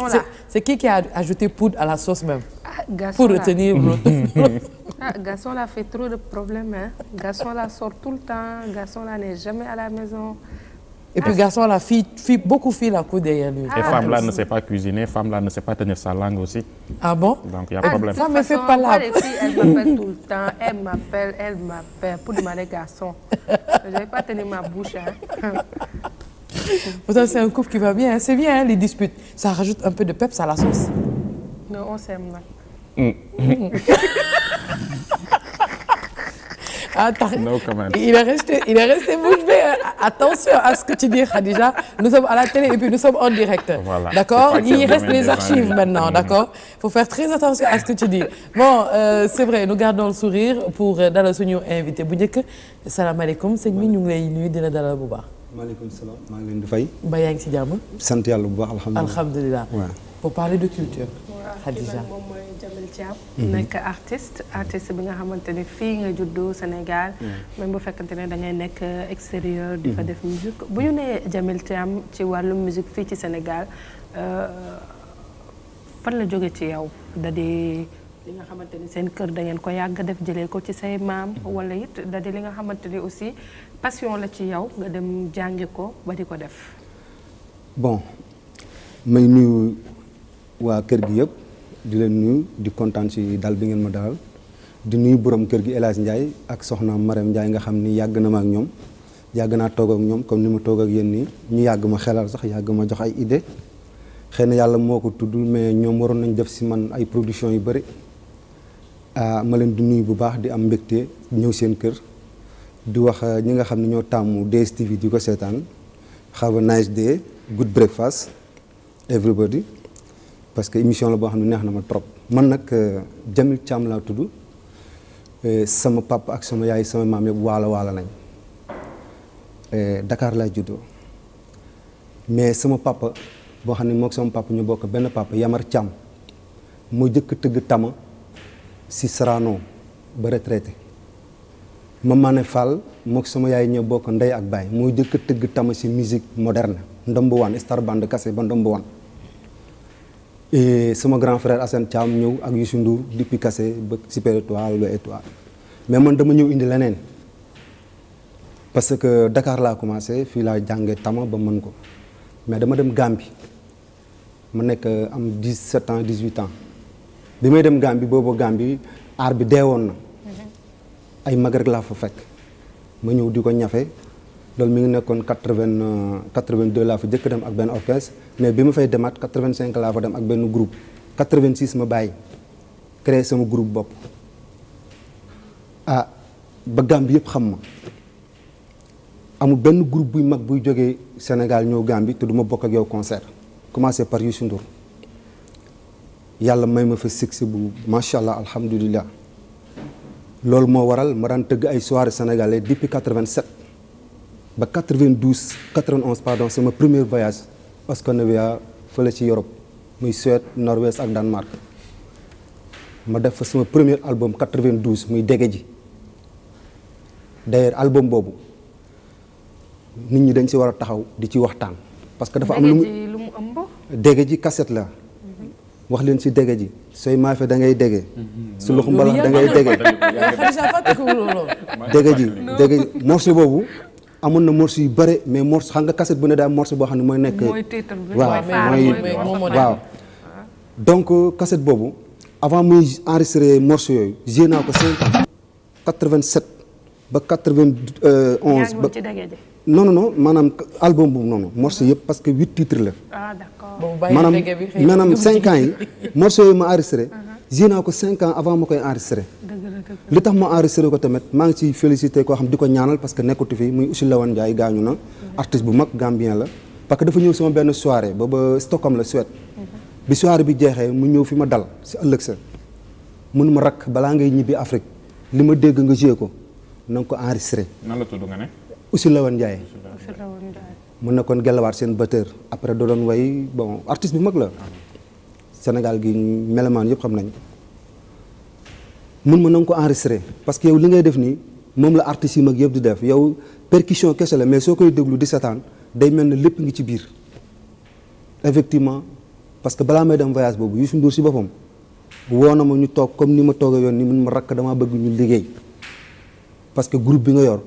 C'est qui qui a ajouté poudre à la sauce même ah, Pour retenir l'autre. ah, garçon là fait trop de problèmes. Hein. Garçon là sort tout le temps. Garçon là n'est jamais à la maison. Et puis ah. garçon, la fille, fille beaucoup de filles la courent derrière lui. Et ah, femme là aussi. ne sait pas cuisiner, femme là ne sait sa langue aussi. Ah bon? Donc il y a problème. Ça me fait pas là. Ah, les filles, elles m'appellent tout le temps, elles m'appellent, elles m'appellent pour demander garçon. Je vais pas tenir ma bouche hein. Pourtant c'est un couple qui va bien, c'est bien hein, les disputes. Ça rajoute un peu de peps à la sauce. Non, on s'aime là. Mmh. Attends, no comment. Il est resté, il est resté bouche bée. Attention à ce que tu dis, Khadija. Nous sommes à la télé et puis nous sommes en direct. Voilà. D'accord? Il reste les archives maintenant, d'accord? Faut faire très attention à ce que tu dis. Bon, euh, c'est vrai, nous gardons le sourire pour euh, dalal suñu invité bu njëkk. Salaamaaleykum sëñ bi ñu ngi lay nuyu di la dalal bu baax. maaleykum salaam maa ngi leen di fay. ba yaa ngi ci jàmm. sant yàlla bu baax alhamdulilah. alhamdulilah. pour parler de culture. Khadija moom mooy Jamil Diab mhm. nekk artiste artiste bi nga xamante ne fii nga juddu Sénégal mhm. même bu fekkante ne da ngay nekk extérieur di fa mhm. def musique bu ñu nee Jamil Diab ci wàllu musique fii ci Sénégal euh, fan la jóge ci yow da di li nga xamante ni seen kër da ngeen ko yàgg def jëlee ko ci say maam wala it da li nga xamante ni aussi passion la ci yow nga dem jàngi ko ba di ko def may nuyu waa kër gi yëpp di leen nuyu di kontaan ci dal bi ngeen ma dalal di nuyu borom kër gi El Hadj Ndiaye ak soxna Marème Ndiaye nga xam ni yàgg na ma ak ñoom yàgg naa toog ak ñoom comme ni ma toog ak yéen nii ñu yàgg ma xelal sax yàgg ma jox ay idée xëy na yàlla moo ko tuddul mais ñoom waroon nañu def si man ay production yu bëri ah ma leen di nuyu bu baax di am mbégte ñëw seen kër di wax ah, ñi nga xam ne ñoo tàmmu DSTV di ko seetaan have a nice day good breakfast everybody parce que émission la boo xam ne neex na ma trop man nag euh, Jamil caam laa tudd euh, sama papa ak sama yaay sama maam yëpp waalo waalo lañ euh, Dakar laa juddoo mais sama papa boo xam ne mook sama papa ñu bokk benn papa Yamar Thiam moo jëkk tëgg tama si Sarano ba retraité Mamane Fall mook sama yaay ñu bokk ndey ak baay moo jëkk tëgg tama si musique moderne ndomb wan star band kase ba ndomb suma sama grand frère Assane Thiam ñëw ak Youssou Ndour depuis Kassé ba Super Étoile ba Étoile mais man dama ñëw indi leneen parce que dakaar laa commencé fii laa jànge tama ba mën ko mais dama dem Gambie ma nekk euh, am 17 ans 18 ans bi may dem Gambie boobu bi aar bi deewoon na mhm. ay mag rek laa fa fekk ma ñëw di ko ñafe loolu mi ngi nekkoon quatre vingt quatre vingt laa fa jëkk dem ak benn orchestre mais bi ma fay demaat quatre laa fa dem ak benn groupe quatre vingt six ma bàyyi créé sama groupe bopp ah ba Gambie yëpp xam ma amul benn groupe buy mag buy jógee Sénégal ñëw Gambie te du ma bokk ak yow concert commencé par Youssou Ndour yàlla may ma fa succès bu macha allah alhamdulilah loolu moo waral ma daan tëgg ay soirées sénégalais depuis quatre ba 92 91 pardon sama première premier voyage navia fële ci Europe muy Suède Norvège ak Danemark ma def fa sama premier album 92 muy Dégé ji d'ailleurs album boobu nit ñi dañ si war a taxaw di ci waxtaan. parce que dafa am lu mu lu mu ëmb. Dégé ji cassette la. Mhm. wax leen ci Dégé ji sooy maafe da ngay dégé. Mhm. su loxo mbalax da ngay dégé. ji Dégé ji morceau boobu. amoon na morceau yu bëre mais morse xam nga cassette bu ne daal morceau boo xam ne mooy nekk. mooy waaw donc euh, cassette boobu avant muy enregistré morceau yooyu génne naa ko cinq 87 ba 91. ba non non non maanaam album boobu noonu morceau yëpp parce que huit titres la. ah d'accord maanaam cinq ans yi morceau yi ma enregistré. Uh-huh. joué ko cinq ans avant ma koy enregistré li tax ma enregistré ko tamit maa ngi ciy félicité koo xam di ko ñaanal parce que nekkatu fi muy Ousseynou Lawane Ndiaye gaañu na artiste bu mag gambien la parce que dafa ñëw sama benn soirée ba ba Stockholm la Suède bi soirée bi jeexee mu ñëw fi ma dal si ëllëg sa mun ma rakk balaa ngay ñibbi Afrique li ma dégg nga joué ko na nga ko enregistré nan la tudd nga ne Ousseynou Lawane Ndiaye na kon gelawaat seen batteur après da doon way bon artiste bu mag la ah Sénégal gi melamaan yëpp xam nañ mun ma na nga ko enregistré parce que li ngay def nii moom la artistes yi mag yëpp di def yow percussion kese la mais soo koy déglu di setaan day mel ne lépp ngi ci biir effectivement parce que balaa may dem voyage boobu Youssou Ndour si boppam woo na ma ñu toog comme ni ma toogee yoon ni mun ma rakk damaa bëgg ñu liggéey parce que groupe bi nga yor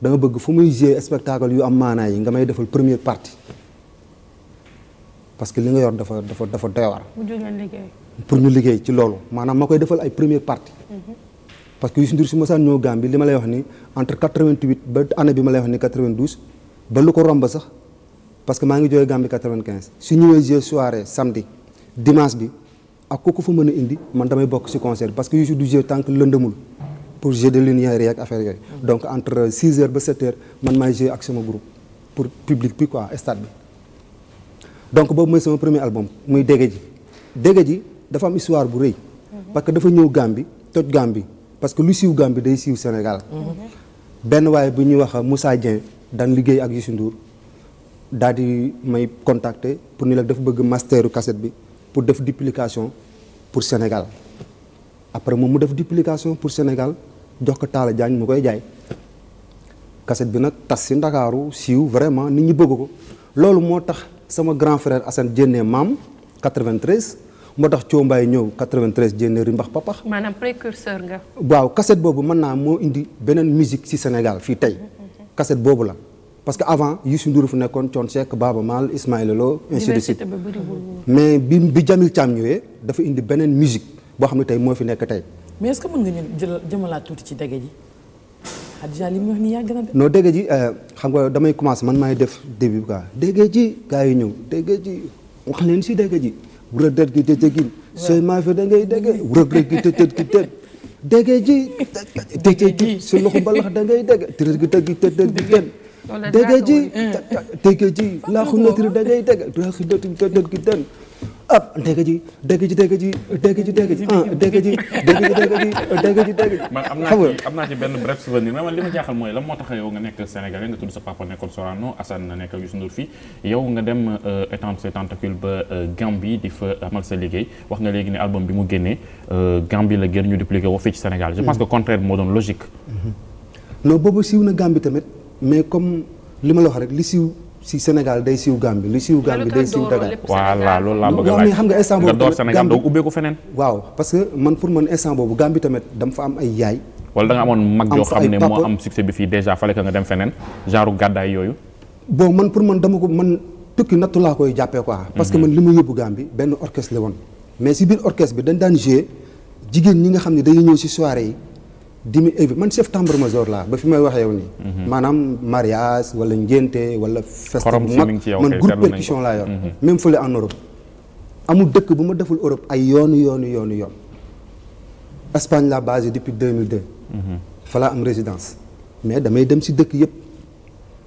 dama bëgg fu muy jouer spectacle yu am maanaa yi nga may defal première partie parce que li nga yor dafa dafa dafa doy pour ñu liggéey ci loolu maanaam ma koy defal ay première partie mhm. parce que Youssou si mosaan ñëw ma lay wax ni entre 88 ma lay wax ni ba lu ko romb sax parce que maa ngi jógee Gambie 95 su ñëwee jeu soirée samedi dimanche bi ak kooku fa mën a indi man damay bokk si concert parce que Youssou du jeu tant lëndëmul pour jeu de lumière yeeg affaire yooyu mhm. donc entre 6 heures ba 7 heures man maay jeu ak sama groupe public bi donc boobu mooy sama premier album muy Dégé ji Dégé ji dafa am histoire bu rëy. Mhm. parce que dafa ñëw Gambie toj Gambie parce que lu siiw Gambie day siiw Sénégal. Mhm. benn waaye bu ñuy wax Moussa Dieng daan liggéey ak Youssou Ndour daal di may contacter pour ni la dafa bëgg masteru cassette bi pour def duplication pour Sénégal après moom mu def duplication pour Sénégal jox ko Talla Diagne mu koy jaay. cassette bi nag tas si Ndakaaru siiw vraiment nit ñi bëgg ko loolu moo tax. sama grand frère Assane jénnee maam moo tax Coombaay ñëw 93 jénnee rimbax papax. waaw cassette boobu mën naa moo indi beneen musique ci Sénégal fii tey mm-hmm, mm-hmm. cassette boobu la parce que avant Youssou Ndour fu nekkoon Thione Seck Baaba Maal Ismaïla Lo ainsi mais bi bi Jamil Thiam ñëwee dafa indi beneen musique boo xam ne tey moo fi nekk tey. mais est-ce que mën nga ñu jëmalaat tuuti ci dege ji. Khadija li mu wax nii yàgg na de. non dégg ji euh, xam nga damay commencé man maay def début bi quoi dégg ji gars yi ñëw dégg ji leen si dégg ji. wërëg dër gi tëj gi. sooy maa fi da ngay dégg wërëg dër gi tëj gi tëj. dégg ji tëj gi sa loxo mbalax da ngay dégg tërëg gi tëj gi tëj ji dégg ji laaxu natri da ngay dégg laaxu natri ap dégg ji dégg ji dégg ji dégg ji dégg ji ah ji man am naa ci am naa ci benn bref mais man li ma jaaxal mooy la moo tax yow nga nekk Sénégalais nga tudd sa papa yow nga dem euh, étendre ses ba euh, Gambie di fa amal sa liggéey wax nga léegi ne album bi mu génnee euh, Gambie la génn ñu dupliqué woo fii ci Sénégal. je pense que contraire moo doon logique. Mm-hmm. non boobu siiw na Gambie tamit mais comme li ma la wax rek li siiw. si Sénégal day siiw Gambie lu siiw Gambie day siiw Dakar voilà loolu laa bëgg a laaj xam nga instant boobu nga door Sénégal doo ubbeeku tamit dama fa am ay yaay wala da nga amoon mag yoo xam ne moo am succès bi fii déjà fallait que nga dem feneen genre gàddaay yooyu bon man pour man dama ko man tukki nattu laa koy jàppee quoi parce que mhm. man li ma yóbbu Gambie benn orchestre la woon mais si biir orchestre bi dañ daan jouer jigéen ñi nga xam ne dañuy ñëw si soirée yi dimi man chef ma major laa ba fi may waxee yow nii. Mhm. maanaam mariage wala ngénte wala. fest mag man groupe percussion laa yor. Mhm. même fële en Europe. amul dëkk bu ma deful Europe ay yoonu yoonu yoonu yoon. Espagne la base depuis 2002. Mhm. fa laa am résidence mais damay dem si dëkk yëpp.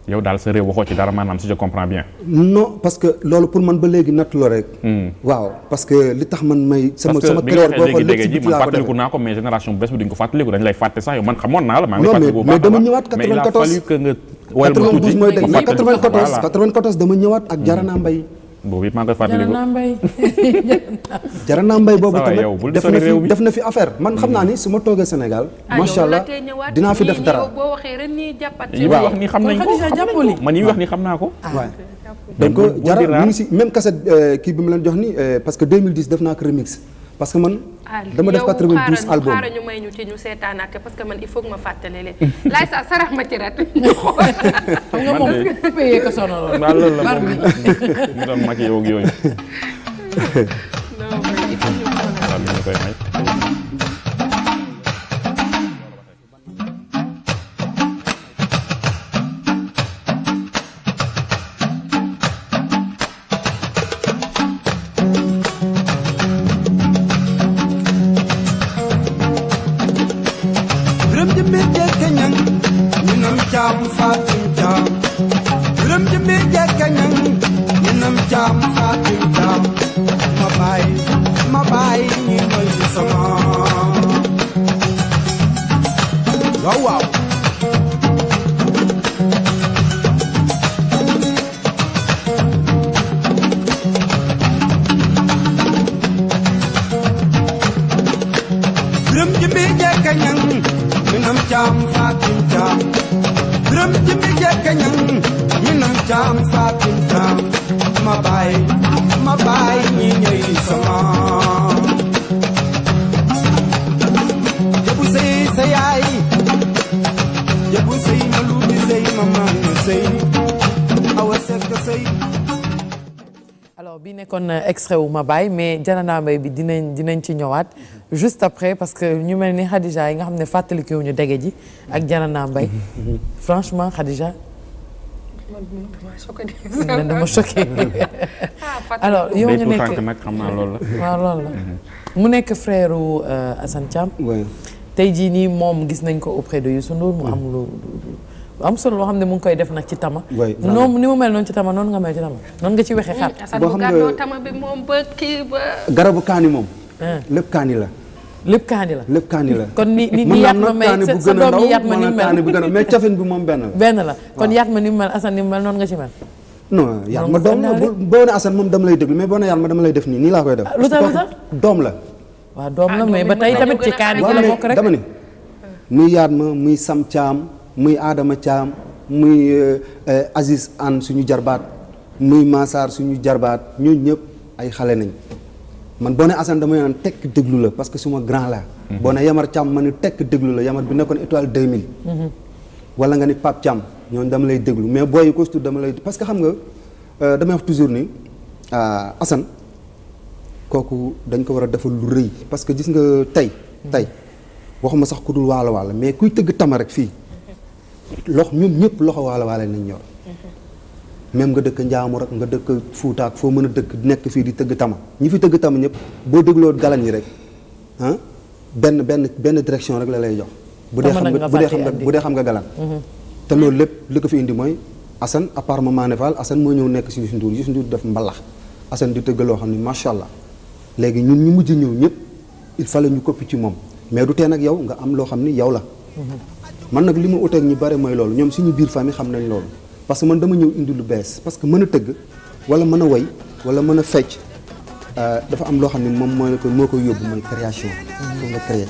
yow daal sa réew waxoo ci dara maanaam si je comprends bien. non parce que loolu pour man ba léegi natt rek. Hmm. waaw parce que li tax man may. sama sama carrière boo xoolee léegi dégg ji fàtte sax yow man xamoon naa la. maa ngi fàttaliku bu baax a baax non dama ñëwaat 94. mais il a fallu que ma tuuti 92 mooy dégg dama ñëwaat ak hmm. Jarana Mbaye. boobu it maa ngi koy fàttali. jara naa mbay boobu tamit def na fi def na fi affaire man xam naa ni su ma toogee Sénégal. Ah, macha allah dinaa fi def dara. yi wax ni xam nañ ko man yi wax ni xam naa ko. Ah. donc jara mu ngi si même cassette euh, kii bi mu leen jox ni euh, parce que 2010 def naa ko remix. parce que man. dama def 92 album xaaral ñu may ñu ci ñu seetaan ak parce que man il faut ma fàttali leen. laay sarax ma ci ñu moom payee ko sonaloon. maa la mu doon koy may. extrait wu ma baay mais Janaba mbay bi dinañ dinañ ci ñëwaat juste après parce que ñu mel ni Khadija yi nga xam ne fàttalikuwuñu dege ji ak Janaba Mbaye franchement Khadija. man dama choqué ah, alors yow ñu nekk xam naa la. mu nekk frère wu euh, tey jii nii moom gis nañ ko auprès de Youssou Ndour mu am lu. am sol loo xam ne mu ngi koy def nag ci tama. noonu ni mu mel ci tama noonu nga garabu kaani moom. lépp la. lépp la lépp la. kon ni ni ni yaat ma may ma ni bi moom benn la. benn la kon yaat ma ni mu mel Assane ni mu mel noonu nga ma doom la ma dama lay def nii nii laa koy def. lu tax waaw doom la ah, mais ba tey tamit ci kaani gi la bokk rek ni. muy yaat ma muy sam caam muy Adama Thiam muy euh, euh, Aziz Anne suñu jarbaat muy Massar suñu jarbaat ñooñu ñëpp ay xale nañ man boo ne Assane dama naan la parce que suma grand la mhm. boo ne Yamar Thiam ma ni tekk déglu la bi nekkoon étoile mhm. wala nga ni Pape Thiam ñooñu dama lay déglu mais booy ko surtout dama que xam nga euh, damay wax toujours ni Assane kooku dañ ko war a defal lu rëy parce que gis nga tey mhm. tey waxuma sax ku dul waalo waalo mais kuy tëgg tama rek fii lox ñoom ñëpp loxo waalo waale nañ ñor même nga dëkk njaamu rek nga dëkk fuutaak foo mën a dëkk nekk fii di tëgg tama ñi fi tëgg tama ñëpp boo dégloo galan yi rek ah benn benn benn direction rek la lay jox bu dee xam nga bu dee xam nga xam nga galan mhm. te loolu lépp li ko fi indi mooy Assane à part Mané Fall asan moo ñëw nekk si Youssou Ndour Youssou Ndour def mbalax Assane di tëgg loo xam ne macha allah léegi ñun ñu mujj ñëw ñëpp il fallait ñu ko ci moom mais du tee nag yow nga am loo xam ni yow la mhm. man nag li ma uteeg ñu bari mooy loolu ñoom suñu biir famille xam nañ loolu parce que man dama ñëw indi lu bees parce que mën a tëgg wala mën a woy wala mën a fecc euh, dafa am loo xam ne moom moo ko moo koy yóbbu mooy création foofu nga créer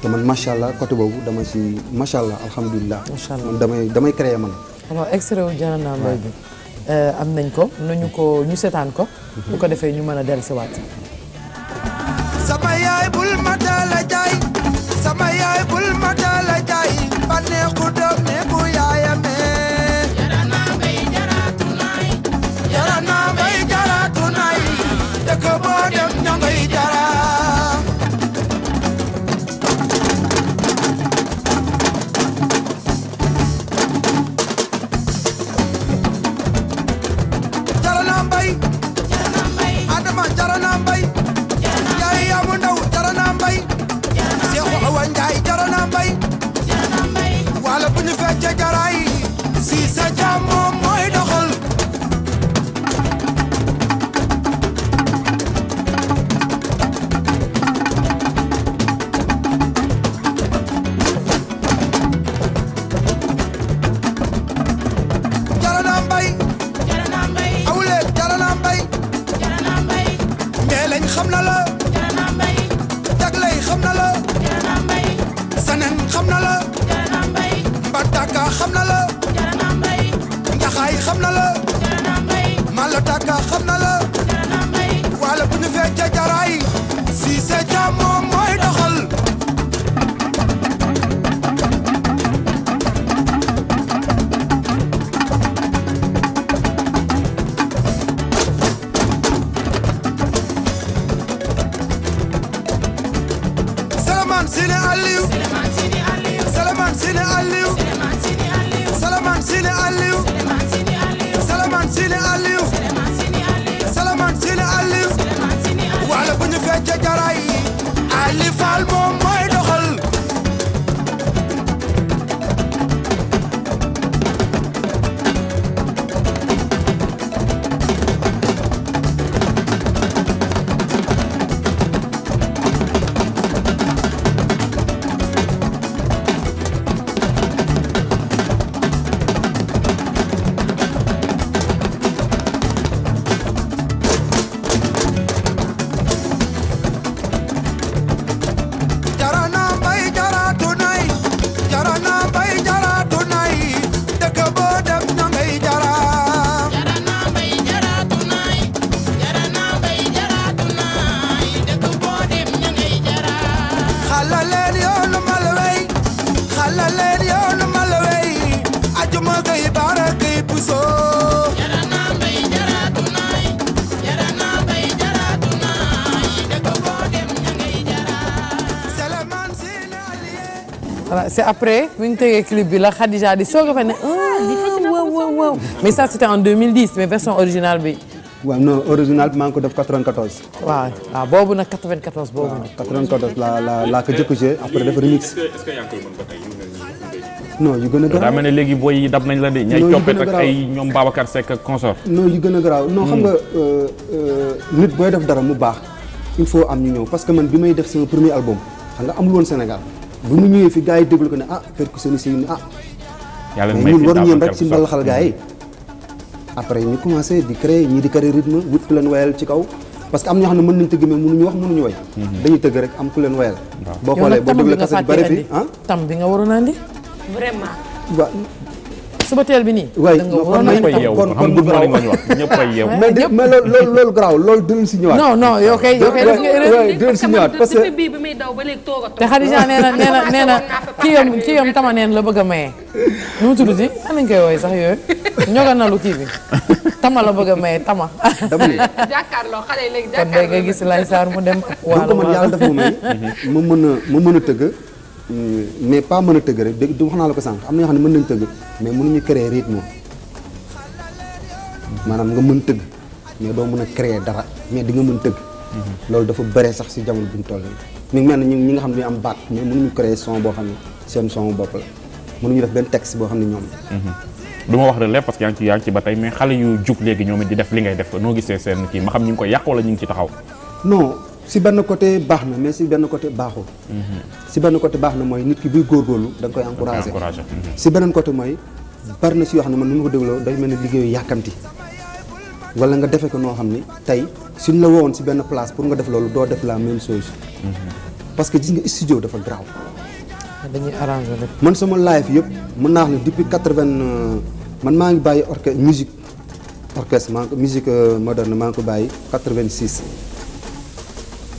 te man macha allah côté boobu dama ci macha allah alhamdulilah. macha allah man damay damay créer man. alors extrait wu Dianana Ndoye bi euh, am nañ ko nañu ko ñu seetaan ko. bu ko defee ñu mën a dellusiwaat. sama yaay bul ma tala jaay bànneexu dem c'est après bu ñu tegee clip bi la Khadija di soog a fa ne ah, ah, waaw waaw waaw mais ça c'était en 2010 mais version originale bi. waaw non original bi maa ngi ko def 94. waaw waaw boobu nag 94 boobu. waaw 94 la la la ko jëkk joué après def remix. est yu gën a garaaw daa ne léegi booy yi dab nañ la de. ñay coppet ñoom Babacar Seck ak consort. non gën a garaaw non xam hmm. nga euh, euh, nit booy def dara mu baax il faut am ñu ñëw parce que man bi may def sama premier album xam nga amul woon Sénégal. bu mu ñëwee fi gars yi déglu ko ne ah percussionniste yi ah. yàlla ñun war ñeen rek si mbalaxal gars yi. après ñu commencé di créer ñii di créer rythme wut ku leen wayal ci kaw parce que am na ñoo xam ne mën nañ tëgg mais mënuñu wax mënuñu way. Mhm. dañuy tëgg rek am ku leen wayal. boo xoolee boo déglu kaset bi bari fi ah tam bi nga waroon a andi. vraiment. suba teel bi nii. waay kon kon kon kon mais loolu loolu garaaw loolu dinañ si ñëwaat. non non yow kay yow kay def nga que bii bi daw ba léegi te Khadija nee na nee na nee na kii yam kii yam tama neen la bëgg a maye. nu mu tudd si an nañu koy woowee sax yooyu ñoga na lu kii bi tama la bëgg a maye tama. dama ne. jàkkaarloo xale yi léegi jàkkaarloo gis Laye Sarr mu dem. waaw waaw donc man yàlla dafa mën a mën a tëgg Euh, mais pas mën a tëgg rek dégg wax naa la ko sànq am na ñoo xam ne mën nañ tëgg mais mënuñu créer rythme maanaam nga mën tëgg mais doo mën a créer dara mais di nga mën tëgg. Mhm. loolu dafa bare sax si jamono bi ñu toll nii. ñu mel ni ñi nga xam ne am baat mais mënuñu créer son boo xam ne seen son bopp la mënuñu def benn texte boo xam ne ñoom. Mhm. du ma wax rek lépp parce que yaa ngi ci ba tey mais xale yu jug léegi ñoom it di def li ngay def noo gisee seen kii ma xam ñu ngi ko yàq wala ñu ngi ci taxaw. si benn côté baax na mais si benn côté baaxul. Mhm. si benn côté baax na mooy nit ki buy góorgóorlu da nga koy encouragé. Mhm. si beneen côté mooy bari na si yoo xam ne man nu ma ko dégloo day mel ni liggéeyu yàkkamti. wala nga defe ko noo xam ni tey suñ la wowoon si benn place pour nga def loolu doo def la même chose. Mhm. parce que gis nga studio dafa garaaw. Ah, dañuy arrangé rek. man sama live yëpp mën naa wax ne depuis quatre vingt euh, man maa ngi bàyyi orchestre musique orchestre maa ngi musique euh, moderne maa ngi ko bàyyi quatre vingt six.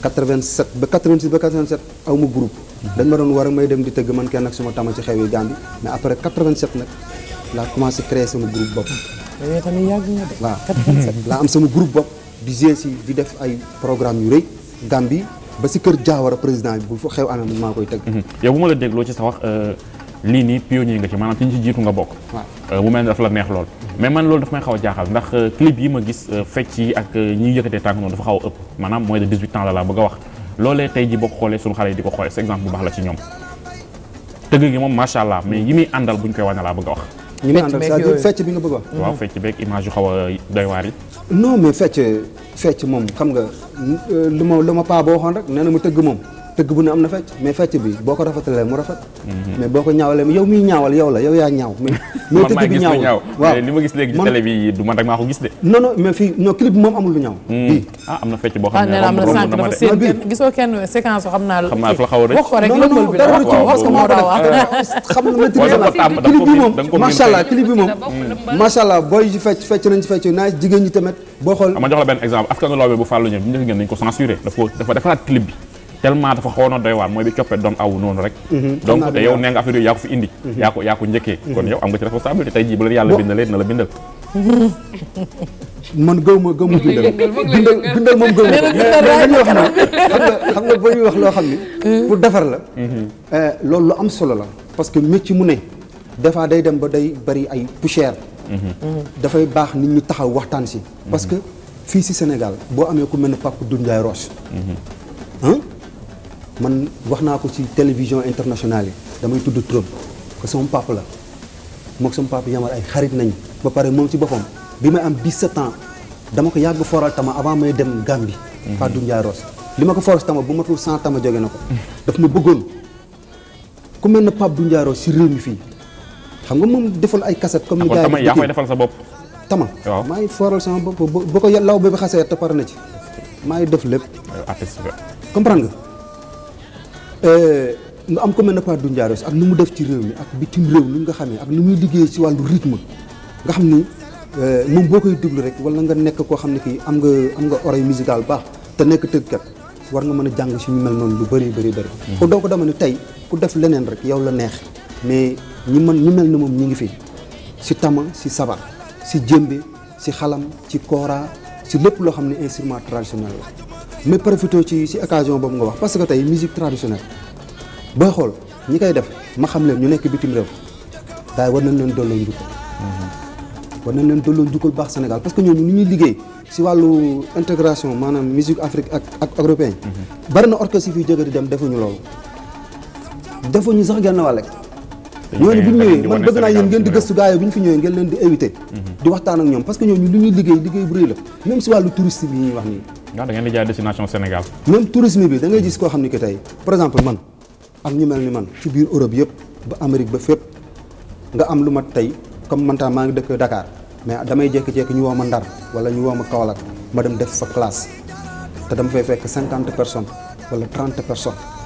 87 ba 86 ba 87 aw ma groupe. dañ ma doon war a may dem di tëgg man kenn ak suma tama ci xew yi Gambie mais après 87 nag laa commencé créer sama groupe bopp. yooyu tamit yàgg na de. waaw 87 laa am sama groupe bopp di gérer si di def ay programme yu rëy Gambie ba si kër Diawara président bi bu fa xew anam maa koy tëgg. yow bu ma la dégloo ci sa wax. Euh, lii nii pionnier nga ci maanaam ci ñu ci jiitu nga bokk mu euh, mel ne la neex lool mais man loolu dafa may xaw a jaaxal ndax euh, clip yi ma gis euh, fecc yi ak ñi yëkkatee tànk noonu dafa xaw a ëpp maanaam mooy de 18 ans la laa bëgg a wax loolee tey ji boo ko xoolee suñu xale yi di ko xoolee c'est exemple bu baax la ci ñoom tëgg gi moom macha allah mais yi muy àndal bu ñu koy wane laa bëgg a wax ñi muy àndal c'est-à-dire fecc bi nga bëgg wax waaw fecc beeg image yu xaw a doy waar yi non mais moom xam nga lu ma lu ma paa boo waxoon rek nee na mu tëgg moom tëgg bu ne am na fecc mais fecc bi boo ko rafetalee mu rafet mhm. mais boo ko ñaawalee yow miy ñaawal yow la yow yaa ñaaw mais tëgg bi ñaaw waaw li ma gis léegi ci télé bi du man rek maa ko gis de non non mais fii non clip bi moom amul lu ñaaw hmm. bii ah am na fecc boo ah, xam ne am na sànq dafa seen gisoo kenn séquence xam naa xam naa fa xaw a rek wax ko rek lëmbal bi dara ci parce que moo ko def xam na maîtrise la clip bi moom macha allah clip bi moom macha allah booy ci fecc fecc nañ ci fecc naa jigéen ñi tamit boo xool ah, ma jox la benn exemple askanu lawbe bu fàllu ñëw bi ñu def ngeen nañ ko censuré dafa dafa defaraat clip bi tellement dafa xawoon a doy waar mooy bi coppee doon aw noonu rek mhm. donc te yow nee nga affaire yooyu yaa ko fi indi mhm. yaa ko yaa ko njëkkee mhm. kon yow am nga ci responsabilité tey jii bu la yàlla bindalee dina la bindal man gëw ma gëw ma bindal bindal bindal moom gëw ma dañuy wax na xam nga xam nga ba ñuy wax loo xam ni hmm. pour defar la eh, loolu lu am solo la parce que métier mu ne des fois day dem ba day bari ay poussière hmm. dafay baax nit ñu taxaw waxtaan si parce que fii si Sénégal boo amee ku mel ne Pape Doudou Ndiaye Roche man wax naa ko ci télévision internationale yi damay tudd trop que sama papa la mook sama papa Yamar ay xarit nañ ba pare moom ci boppam bi may am 17 ans dama ko yàgg foral tama avant may dem Gambie. Mhm. Fadou Ndiaye Rose li ma ko foral tama bu matul 100 tama jóge na ko. daf ma bëggoon ku mel ne Pape Doumbia si réew mi fii xam nga moom defal ay cassette comme ni ah, gars yi yaa koy defal sa bopp. tama maa ngi foral sama bopp ba ko law ba ba xasee te pare na ci maa ngi def lépp. artiste comprendre nga. nga eh, am ko mel ne Pape Doudou Ndiaye ak nu mu def ci réew mi ak bitim réew nu nga xamee ak nu muy liggéey ci wàllu rythme nga xam ni eh, moom boo koy déglu rek wala nga nekk koo xam ne kii am nga am nga oreille musicale baax te nekk tëggkat war nga mën a jàng si ñu mel noonu lu bari bëri bëri. Hmm. kon ko dama ne tey ku def leneen rek yow la neex mais ñi mën ñi mel ne moom ñi ngi fi si tama si sabar si jëmbe si xalam ci kora si lépp loo xam ne instrument traditionnel mais profité ci ci occasion boobu nga wax parce que tey musique traditionnelle booy xool ñi koy def ma xam leen ñu nekk bitim réew daay war nañ leen dolloo njukkal. Mhm. war nañ leen dolloo njukkal baax Sénégal parce que ñooñu ni ñuy liggéey si wàllu intégration maanaam musique Afrique ak ak européen. Mhm. bari na orchestre yi fiy jóge di dem defuñu loolu. defuñu sax genn wàll ñooñu bu ñu ñëwee man bëgg naa yéen ngeen di gëstu gars yi bu ñu fi ñëwee ngeen leen di invité mhm. di waxtaan ak ñoom parce que ñooñu lu ñuy liggéey liggéey bu rëy la même si wàllu tourisme yi ñuy wax nii waaw da ngeen jaay destination Sénégal même tourisme bi da ngay gis koo xam ne que tey par exemple man am ñu mel ni man ci biir Europe yëpp ba Amérique ba fépp nga am lu ma tey comme man maa ngi dëkk dakaar mais damay jékki-jékki ñu woo ma Ndar wala ñu woo ma Kaolack ma dem def fa classe te dama fay fekk cinquante personnes wala trente personnes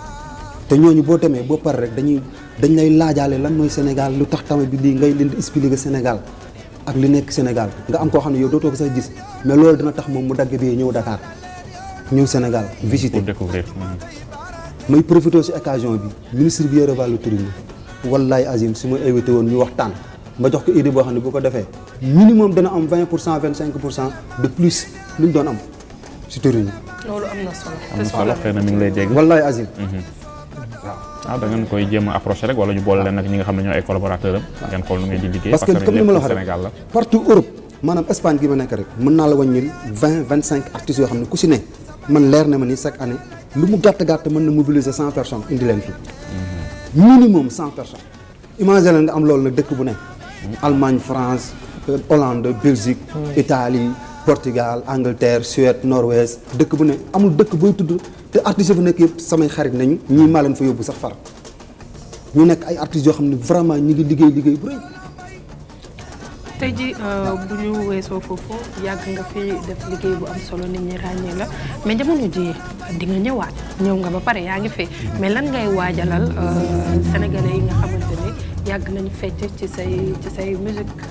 te ñooñu boo demee boo pare rek dañuy dañ lay laajaale lan mooy Sénégal lu tax tama bi lii ngay leen di Sénégal ak li nekk Sénégal nga am koo xam ne yow doo toog sax gis mais loolu dina tax moom mu dagg bi ñëw Dakar ñëw Sénégal visiter découvrir mhm. may profité si occasion bi ministre bi yore wàllu tourisme wallaay Azim su ma invité woon ñu waxtaan ma jox ko idée boo xam ne bu ko defee minimum dana am vingt pour cent vingt cinq pour cent de plus lu ñu doon am si tourisme. loolu am na solo. am ngi lay dégg. wallaay Azim. Mhm. ah da koy jéem a approché rek wala ñu boole leen nag ñi nga xam ne ñoo ay collaborateur ngeen xool nu ngeen di liggéey parce que comme ni ma la waxee partout Europe maanaam Espagne gi ma nekk rek mën naa la wàññil vingt yoo xam ne ku si ne man leer na ma ni chaque année lu mu gàtt gàtt mën na mobiliser cent personnes indi fii mhm. minimum cent personnes imagine nga am loolu nag dëkk bu ne mhm. Allemagne France euh, Hollande Belgique Italie Portugal Angleterre Suède Norvège dëkk bu ne amul dëkk booy tudd te artistes yu fa nekk yëpp samay xarit nañu ñii maa leen fa yóbbu sax far ñu nekk ay artistes yoo xam ne vraiment ñu ngi liggéey liggéey bu rëy. tey jii euh, bu ñu weesoo foofu yàgg nga fi def liggéey bu am solo nit ñi ràññee la mais jamono jii di nga ñëwaat ñëw nga ba pare yaa ngi fi mais lan ngay waajalal euh, sénégalais yi nga xamante ne yàgg nañu fecc ci say ci say musique.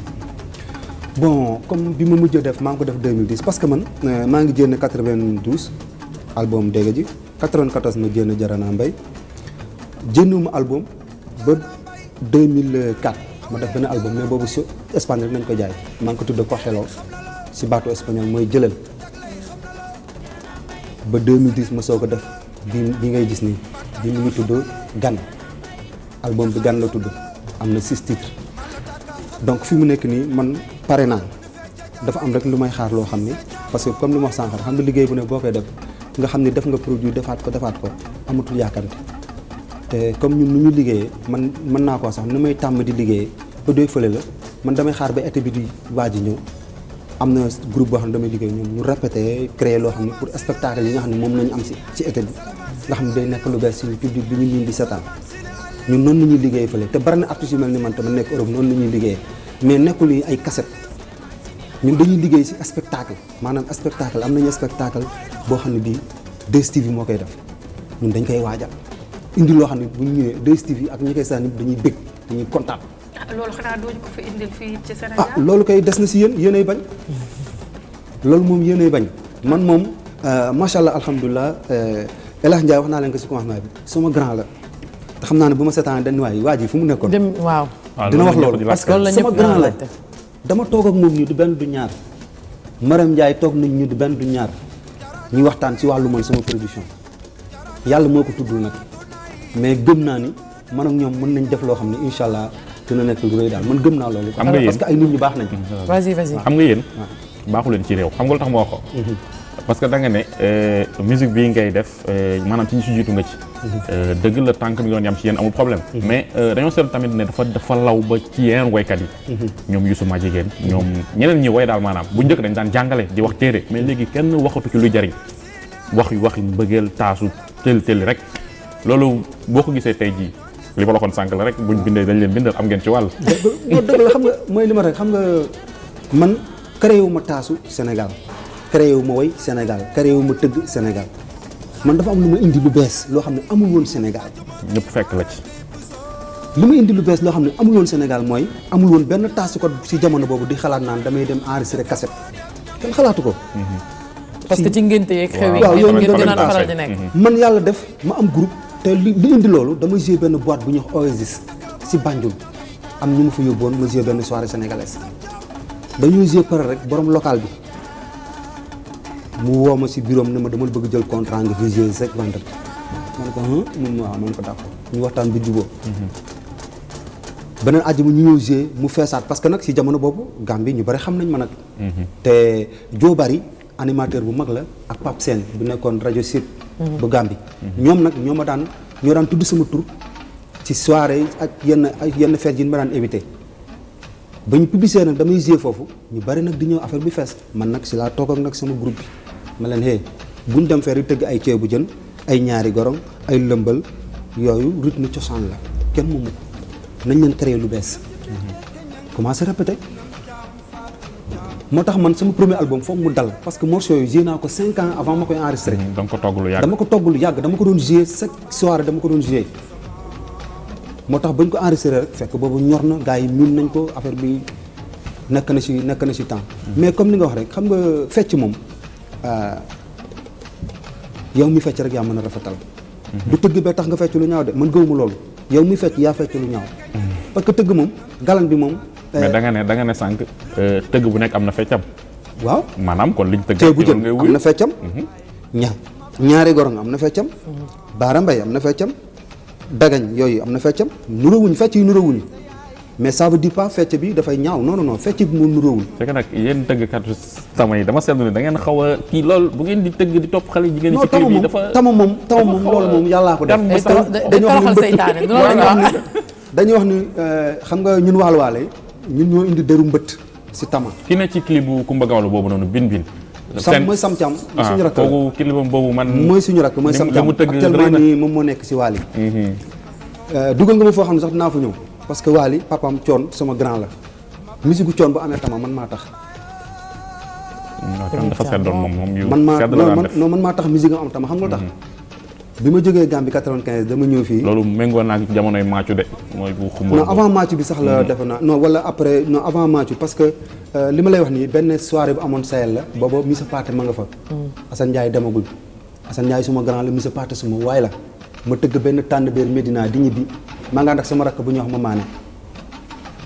bon comme bi ma mujjee def maa ngi ko def 2010 parce que man euh, maa ngi jénn 92 album dégg ji 94 ma jénn Jarana Mbay jénnuma album ba 2004 ma def benn album mais boobu si Espagne rek nañ ko jaay maa ngi ko tudde Cogelo si baatu espagnol mooy jëlal ba 2010 ma soo ko def bi bi ngay gis nii bi mu ngi tudd Gan album bi Gan la tudd am na six titres donc fi mu nekk nii man pare naa dafa am rek lu may xaar loo xam ne parce que comme lu ma wax sànq rek xam nga liggéey bu ne boo koy def nga xam ne def nga produit defaat ko defaat ko amatul yàkkamti te ñun nu ñu liggéeyee man mën naa koo sax ni may tàmm di liggéeyee ba doy fële la man damay xaar ba été bi di waaj ñëw am na groupe boo xam ne damay yi nga ne moom nañu day nekk lu bees suñu public bi ñu miin di seetaan ñun noonu na ñuy liggéey fële te bari na artistes yu mel ni man te ma nekk Europe noonu la ñuy liggéeyee mais nekkul ni ay cassette ñun dañuy liggéey si spectacle maanaam spectacle am nañu spectacle boo xam ne bii 2STV moo koy def dañ koy waajal indi loo xam ne bu ñu ñëwee 2STV ak ñi koy saan dañuy bég dañuy kontaan. Ah, loolu xanaa doo ko ah, loolu kay des na si yéen yéenay bañ loolu moom yéenay bañ man moom euh, macha allah alhamdulilah euh, El Hadj Ndiaye wax naa leen ko si commencement bi sama grand la te xam naa ni bu ma seetaan dañu waay waa ji fu mu nekkoon. dem Ah, dina wax loolu parce que la grand la dama toog ak moom ñu du benn du ñaar Maram Ndiaye toog nañ ñu du benn du ñaar ñu waxtaan ci wàllu man sama production yàlla moo ko tuddul nag mais gëm naa ni man ak ñoom mën nañ def loo xam ne incha allah dina nekk lu rëy daal man gëm naa loolu. xam nga yéen parce que ay nit ñu baax nañ. Mm-hmm. vas-y vas-y xam nga yéen. Ah. baaxu ci réew xam nga lu tax ma wax ko. Mm-hmm. parce que danga nga ne euh, musique bii ngay def euh, maanaam ci ñu si jiitu nga ci. Euh, dëgg la tànk mi ngi doon yam ci yéen amul problème mhm. mais euh, dañoo seetlu tamit ne dafa dafa law ba ci yeneen waykat yi mhm. ñoom Youssou Madjiguène ñoom ñeneen ñi way daal maanaam bu njëkk dañ daan jàngale di wax téere mais léegi kenn waxatu ci luy jariñ wax yu wax yu mbëggeel taasu tëli tëli rek loolu boo ko gisee tey jii li ma la waxoon sànq la rek bu ñu bindee dañ leen bindal am ngeen ci wàll non dëgg xam nga mooy li ma rek xam nga man créé wu ma taasu Sénégal créé wu ma way wu ma tëgg Sénégal man dafa am lu ma indi lu bees loo xam ne amul woon Sénégal. ñëpp fekk la ci. li ma indi lu bees loo xam ne amul woon Sénégal mooy amul woon benn taas ko si jamono boobu di xalaat naan damay dem enregistré cassette kenn xalaatu ko. Mm-hmm. parce que ci ngénte yeeg xew yi. waaw yow ngeen a faral di mm-hmm. nekk. man yàlla def ma am groupe te li li indi loolu dama joué benn boîte bu ñuy wax Oasis si Banjul am ñu ma fa yóbboon ma joué benn soirée sénégalaise dañuy joué pare rek borom local bi. mu woo ma si bureau ne ma dama bëgg jël contrat nga visé chaque vendredi man ko mun waaw man ko d'accord ñu waxtaan mhm. bi jubóo beneen àjjuma ñu ñëw mu feesaat parce que nag si jamono boobu Gambie ñu bari xam nañ ma nag mhm. te Joo animateur bu mag la ak Pape bu nekkoon rajo Sud mhm. ñoom nag ñoo ma daan ñoo tudd sama tur ci soirée ak yenn ak yenn fête yi ñu ma daan invité ba ñu publicé nag damay joué foofu ñu bari nag di ñëw affaire bi fees man nag si laa toog ak nag sama group bi ma leen hey buñ dem fee rek tëgg ay ceebu jën ay ñaari gorong ay lëmbal yooyu rythme cosaan la kenn moomu ko nañ leen créer lu bees. commencé répéter moo tax man sama premier album foog mu dal parce que morceaux yooyu joué naa ko cinq ans avant ma koy enregistré. dama ko togg lu yàgg dama ko yàgg dama ko doon joué chaque soirée dama ko doon joué. moo tax bañ ko enregistré rek fekk boobu ñor na gars yi miin nañ ko affaire bi nakk na ci nakk na ci temps. Hmm. mais comme li nga wax rek xam nga fecc moom. Euh, yow mi fecc rek yaa mën a rafetal. Mhm. du tëgg ba tax nga fecc lu ñaaw de man gëwuma loolu yow mi fecc yaa fecc lu ñaaw. Mhm. parce que tëgg moom galan bi moom. Euh, mais da nga ne da ne sànq euh, tëgg bu nekk am na feccam. waaw maanaam kon liñ tëgg. tey bu jën am na feccam. Mhm. ñaari gorong am na feccam. baara mbay am na feccam. dagañ yooyu am na feccam. nuroowuñ fecc yi nuróowuñ mais ça veut dire fecc bi dafay ñaaw non non non fecc bi moom nuróowul. fekk nag yéen tëggkatu tama yi dama seetlu ne da ngeen a kii lool bu ngeen di tëgg di topp xale jigéen ci kër moom tama moom loolu moom ko def dañoo wax wax ni euh, nga ñun waalwaale ñun ñoo indi dëru mbëtt si tama ki ne ci clip bu Kumba Gawlo boobu noonu bin bin sam mooy sam cam mooy suñu rakk ah, boobu man mooy suñu rakk mooy sam cam actuellement moom moo nekk si waal yi mhm. euh, dugal nga ma foo xam ne sax dinaa fa ñëw parce que Waly papaam coon sama grand la musigu coon bu amee tama man maa tax. dafa seddoon moom moom yu man maa non man maa tax musigu am tama xam nga tax. Mhm. bi ma jógee Gambie 95 dama ñëw fii. loolu méngoo naa jamonoy Macu de mooy bu xumboon. non avant Macu bi sax la mhm. defe naa non wala après non avant Macu parce que euh, li ma lay wax nii benn soirée bu amoon Sahel la. booba Moussa Pathé ma nga fa. Mhm. Assane Ndiaye demagul Assane Ndiaye suma grand la Moussa Pathé suma waay la. ma tëgg benn tànn biir Medina di ñibbi maa ngi ànd sama rakk bu ñuy wax ma maane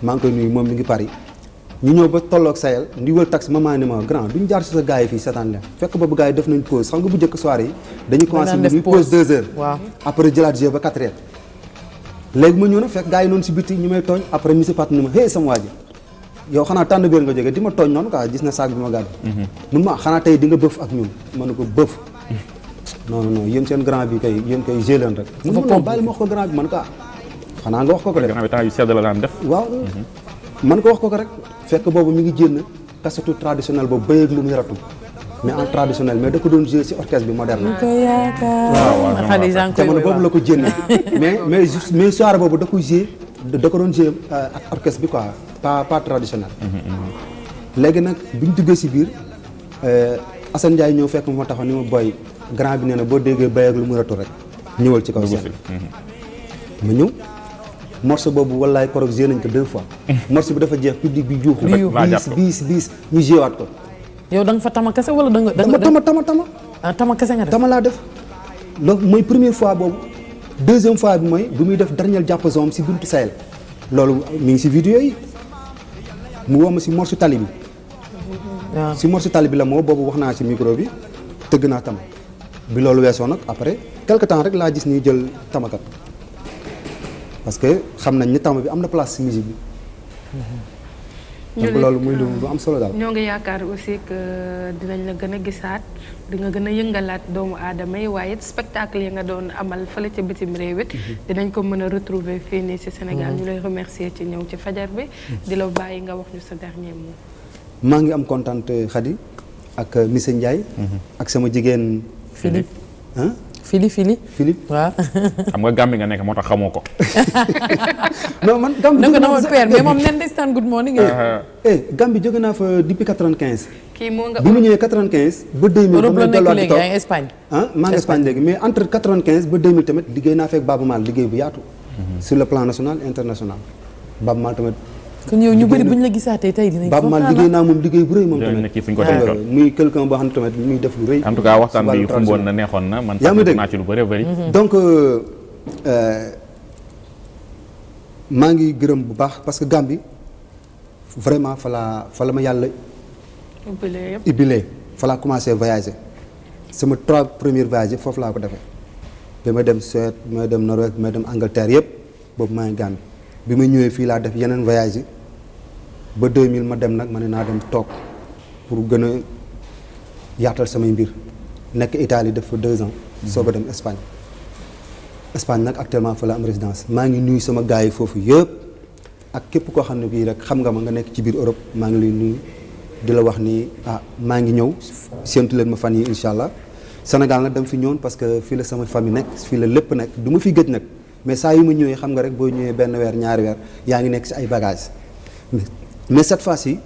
maa koy nuyu moom mi ngi Paris ñu ñëw ba tolloog sayel ndi wël tax maman ne ma grand duñ jaar si sa gars yi fii seetaan leen fekk boobu gars yi def nañ pause xam nga bu njëkk soirée yi dañuy commencé ñu pause deux heures après jëlaat jeu ba quatre heures léegi ma ñëw nag fekk gars noonu si biti ñu may tooñ après monsieur Pat ne ma hey sama waa ji yow xanaa tànn biir nga jógee di ma tooñ noonu non non yéen seen grand bi kay yéen koy géleen rek. dafa pompe bàyyi ma wax ko grand bi man ka xanaa nga wax ko ko rek. grand bi temps yu sedd la daan def. waaw mhm. man ko wax ko ko rek. fekk boobu mi ngi génn kasetu traditionnel boobu béyeeg lu mu yaratu mais en traditionnel mais da ko doon jouer ci orchestre bi moderne. waaw jamono boobu la ko jëndee. mais mais mais soirée boobu da ko da ko doon jouer euh, ak orchestre bi quoi pas pas traditionnel. Mhm, mhm. léegi nag buñ diggee si biir euh, Assane Ndiaye ñëw fekk moo taxaw ni ma boy grand bi nee na boo déggee bay ak lu mu ratu rek ñëwal ci kaw seen mhm. ma ñëw morceau boobu wallaay korog gée nañ ko deux fois morceau bi dafa jeex public bi juuxu biis biis biis ñu waat ko yow da nga fa tama kese wala da nga dama tama tama tama ah, tama kese nga def tama laa def loolu mooy première fois boobu deuxième fois bi mooy bu muy def dernier jàppasom si buntu Sahel loolu mi ngi si vidéo yi mu woo ma si morceau tali bi si morceau tali bi la moo boobu wax naa si micro bi tëgg naa tama bi loolu weesoo nag après quelque temps rek laa gis ñuy jël tamakat parce que xam nañ ni tama bi am na place si musique bi. loolu muy ah, lu am solo daal. ñoo ngi yaakaar aussi que dinañ la gën a gisaat di nga gën a yëngalaat doomu aadama yi waaye spectacle yi nga doon amal fële ca bitim réew it mhm. dinañ ko mën a retrouver fii nii ci Sénégal mhm. ñu lay remercier ci ñëw ci fajar bi. Mhm. di la bàyyi nga wax ñu sa dernier mot. maa ngi am kontaan Khady ak euh, monsieur Ndiaye. ak sama jigéen. Philippe ah. Philippe Philippe. Philippe waaw. xam nga Gambie nga nekk moo tax xamoo ko. non man Gambie dugg naa sax mais moom nen de good morning. Ah, ah. eh Gambie jóge naa fa depuis quatre-vingt-quinze. kii moo nga bi mu ñëwee quatre-vingt-quinze. ba deux mille ba mu ah, léegi mais entre quatre-vingt-quinze ba deux mille tamit liggéey naa fekk Baaba Maal liggéey bu yaatu. Mhm. sur le plan national international Baaba Maal tamit. kon yow ñu bëri bu la gisaatee tey dinañ Baaba Maal liggéey naa moom liggéey bu rëy moom euh, tamit muy ne tamit def lu rëy na neexoon na man sax mhm. euh, euh, maa ngi gërëm bu baax parce que Gambie vraiment fa la fa la ma yàlla ibile fa laa commencé voyager sama trois premiers voyages foofu laa ko defe bi ma dem Suède bi ma dem Norvège bi ma dem Angleterre yëpp boobu maa ngi Gambie bi ma ñëwee fii laa def yeneen voyage ba 2000 ma dem nag ma ne naa dem toog pour gën a yaatal samay mbir nekk Italie def fa deux ans. soog a dem Espagne. Espagne nag actuellement fa la am résidence maa ngi nuyu sama gars yi foofu yëpp ak képp koo xam ne bii rek xam nga ma nga nekk ci biir Europe maa ngi lay nuyu di la wax ni ah maa ngi ñëw séntu leen ma fan yi incha allah senegal nag dama fi ñëwoon parce que fii la sama famille nekk fii la lépp nekk du ma fi gëj nag mais saa yu ma ñëwee xam nga rek boo ñëwee benn weer ñaari weer yaa ngi nekk si ay bagages. mais cette fois-ci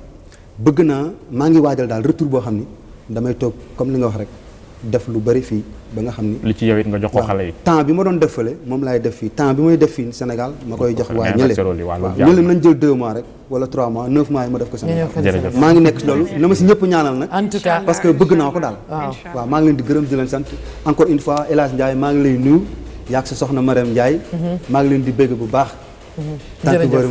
bëgg naa maa ngi waajal daal retour boo xam ni damay toog comme li nga wax rek def lu bari fii ba nga xam ni. li ci yow it temps bi ma doon def fële moom laay def fii temps bi may def fii Sénégal ma koy jox waa ñële waaw ñële nañ jël 2 mois rek wala 3 mois 9 mois yi ma def ko Sénégal. maa ngi nekk ci loolu na ma si ñëpp ñaanal nag. en tout cas parce que bëgg naa ko daal. waaw maa ngi leen di gërëm di sant encore une fois El Hadj maa ngi lay mhm. bu baax Mhm. jërëjëf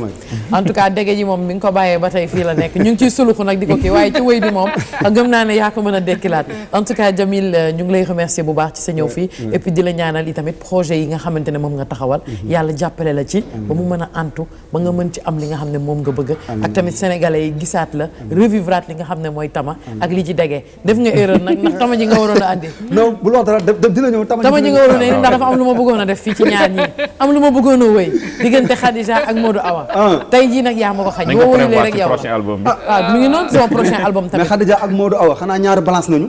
en tout cas dege ji moom mi nga ko bàyyee ba tey fii la nekk ñu ngi ciy suluxu nag di ko kii waaye ci wéy bi moom gëm naa ne yaa ko mën a dekkilaat en tout cas Jamil euh, ñu ngi lay remercier bu baax ci sa ñëw fii et puis ñaanal i projet yi nga xamante ne moom nga taxawal mhm. yàlla jàppale la ci ba mu mën a antu ba nga mën ci am li nga xam ne moom nga bëgg ak tamit sénégalais yi gisaat la revivraat li nga xam ne mooy tama ak li ci dege def nga erreur a andi non bu a indi ndax dafa am lu ma Khadija ak Modou Awa. Ah. tey jii nag yaa ma ko xañ. boo wóorulee rek yow prochain album bi. ah, ah mi ngi noonu son prochain album tamit. mais Khadija ak Modou Awa xanaa ñaari balance nañu.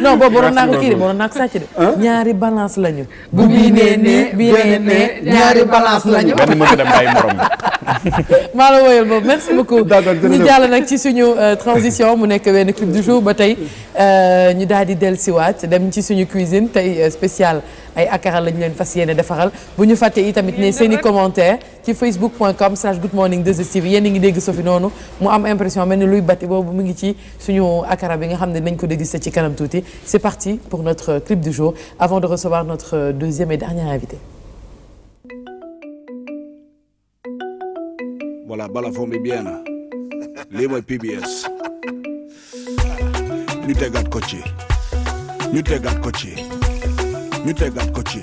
non boobu waroon naa ko kii de waroon naa ko sàcc de. ñaari balance lañu. bu bii nee nee ñaari balance lañu. maa la woyal boobu merci beaucoup. ñu jàll nag ci suñu euh, transition mu nekk wenn clip du jour ba tey euh, ñu daal di dellusiwaat dem ci suñu cuisine tey euh, spécial. ay akara lañ leen fas yéene defaral bu ñu fàtte yi tamit ne seen i commentaire ci facebook.com slash good morning 2STV yéen a ngi dégg Sophie noonu mu am impression mel ni luy batti boobu mu ngi ci suñu akara bi nga xam ne nañ ko déguster ci kanam tuuti c'est parti pour notre clip du jour avant de recevoir notre deuxième et dernier invité bi bien na lii mooy PBS ko ci ñu tegaat ñu tegaat ko ci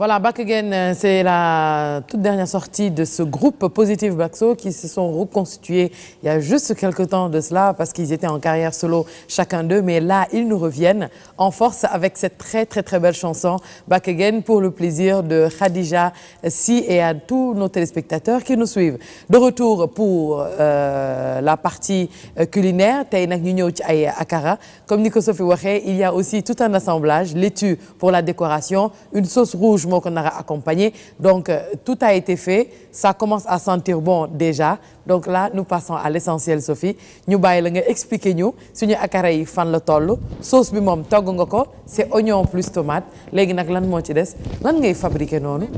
Voilà, Back Again, euh, c'est la toute dernière sortie de ce groupe Positive Baxo qui se sont reconstitués il y a juste quelques temps de cela parce qu'ils étaient en carrière solo chacun d'eux. Mais là, ils nous reviennent en force avec cette très très très belle chanson Back Again pour le plaisir de Khadija Si et à nos téléspectateurs qui nous suivent de retour pour euh, la partie euh, culinaire tey nag ñu ñëw ci ay akara comme ni ko Sophie waxee il y a aussi tout un assemblage laitue pour la décoration une sauce rouge moo ko nar accompagner donc euh, tout a été fait ça commence à sentir bon déjà donc là nous passons à l'essentiel Sophie ñu bàyyi la nga expliquer ñu suñu akara yi fan la toll sauce bi moom togg nga ko c'est oignon plus tomate léegi nag lan moo ci des lan ngay fabriquer noonu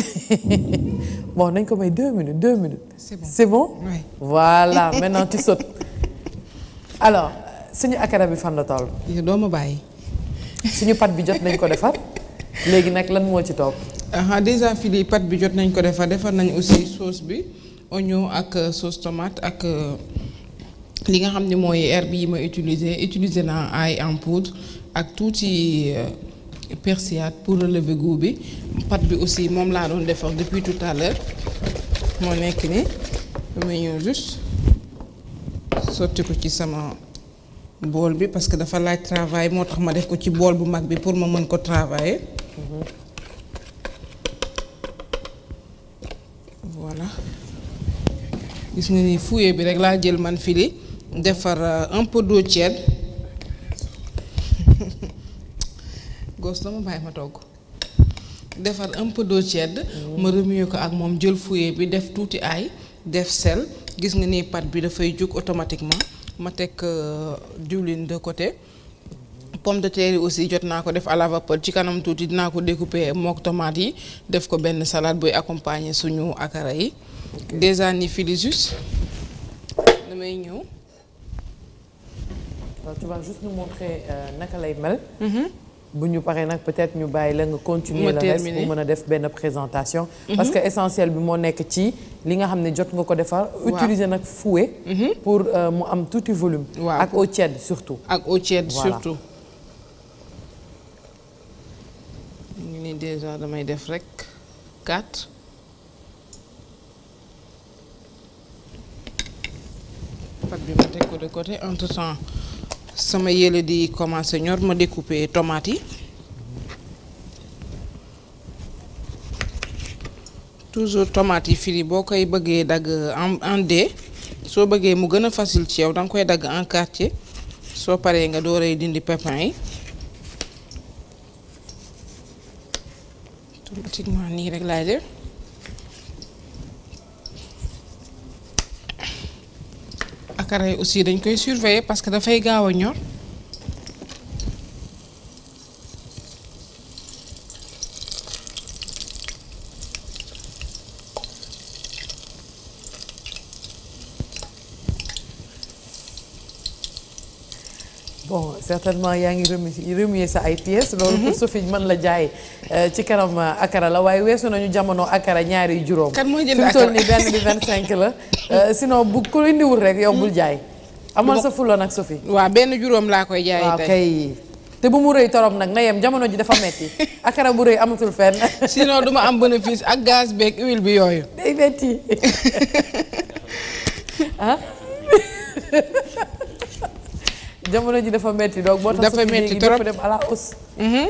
bo nañ ko may deux minutes deux minutes. c'est bon c'est bon. voilà maintenant tu sautes. alors suñu akara bi fan la toll. yow doomu ma bàyyi. suñu pat bi jot nañ ko defar léegi nag lan moo ci toog. ah déjà fii lii pat bi jot nañ ko defar defar nañu aussi sauce bi oignon ak euh, sauce tomate ak. Euh, li nga xam ni mooy herbe yi ma utiliser utiliser naa ail en poudre ak tuuti. Euh, persillade pour relever goût bi pat bi aussi moom laa doon defar depuis tout à moo nekk ni damay sotti ko ci sama bool bi parce que dafa laaj travail moo tax ma def ko ci bool bu mag bi pour ma mën ko travailler voilà gis nga ni fouet bi rek laa jël man fili defar euh, un peu d'eau tiède gos dama bàyyi ma togg defar un peu d'eau ma remuer ko ak moom jël fouet bi def tuuti ay def sel gis nga ni pâte bi dafay jug automatiquement ma teg euh, diwlin de côté pomme de terre yi aussi jot naa ko def à la vapeur ci kanam tuuti dinaa ko découper mook tomate yi def ko benn salaat buy accompagner suñu akara yi des ni fii di juste damay ñëw. tu vas juste nous montrer euh, naka lay mel. Mm-hmm. bu ñu paree nag peut-être ñu bàyyi la nga continuer la reste pour mën a def benn présentation mhm. parce que essentiel bi moo nekk ci li nga xam ne jot nga ko defar utiliser nag fouet mhm. pour euh, mu am tuuti volume ak eau tiède surtout ak eau tiède surtout ñu ni déjà damay def rek 4 pat ko de côté entre temps sama yële di commencé ñor ma découper tomate yi toujours tomate yi firi boo koy bëggee dagg en soo bëggee mu gën a facile ci yow da nga koy dagg en quartier soo paree nga dooree dindi pépins yi automatiquement nii rek laay def. akara yi aussi dañ koy surveiller parce que dafay gaaw a ñor. certainement yaa ngi remuer remuer sa ay pièces. loolu pour mhm. mën la jaay euh, ci kanam euh, akara la waaye weesu nañu jamono akara ñaari juróom. kan mooy jënd akara fi mu toll nii la. Euh, sinon bu ko indiwul rek yow bul mhm. jaay. amal sa fulla nag su waa benn juróom laa koy jaay tey kay. te bu mu rëy torop nag na yem jamono ji dafa metti akara bu rëy amatul fenn. sinon du ma am bénéfice ak gaz beeg huile bi yooyu. day metti ah. jamono ji dafa metti donc boo tax. dafa metti trop dafa dem à la hausse. Mhm.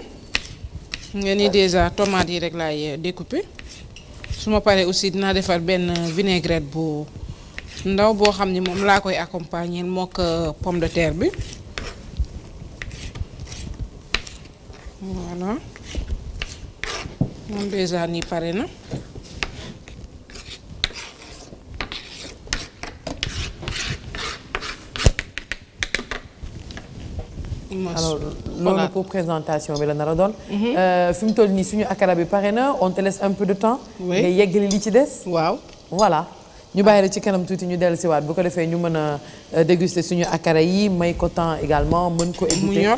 nga ni déjà tomate yi rek laay découper su ma paree aussi dinaa defar benn vinaigrette bu ndaw boo xam ni moom laa koy accompagner mook euh, pomme de terre bi voilà moom déjà nii pare na. alors loolu pour présentation bi la nar a doon. Mhm. Euh, fi mu toll nii suñu akara bi pare na on te laisse un peu de temps. oui nga li ci des. waaw voilà. ñu bàyyi ci kanam tuuti ñu dellu siwaat bu ko defee ñu mën a euh, déguster suñu akara yi may ko temps également mën ko. écouter mu ñor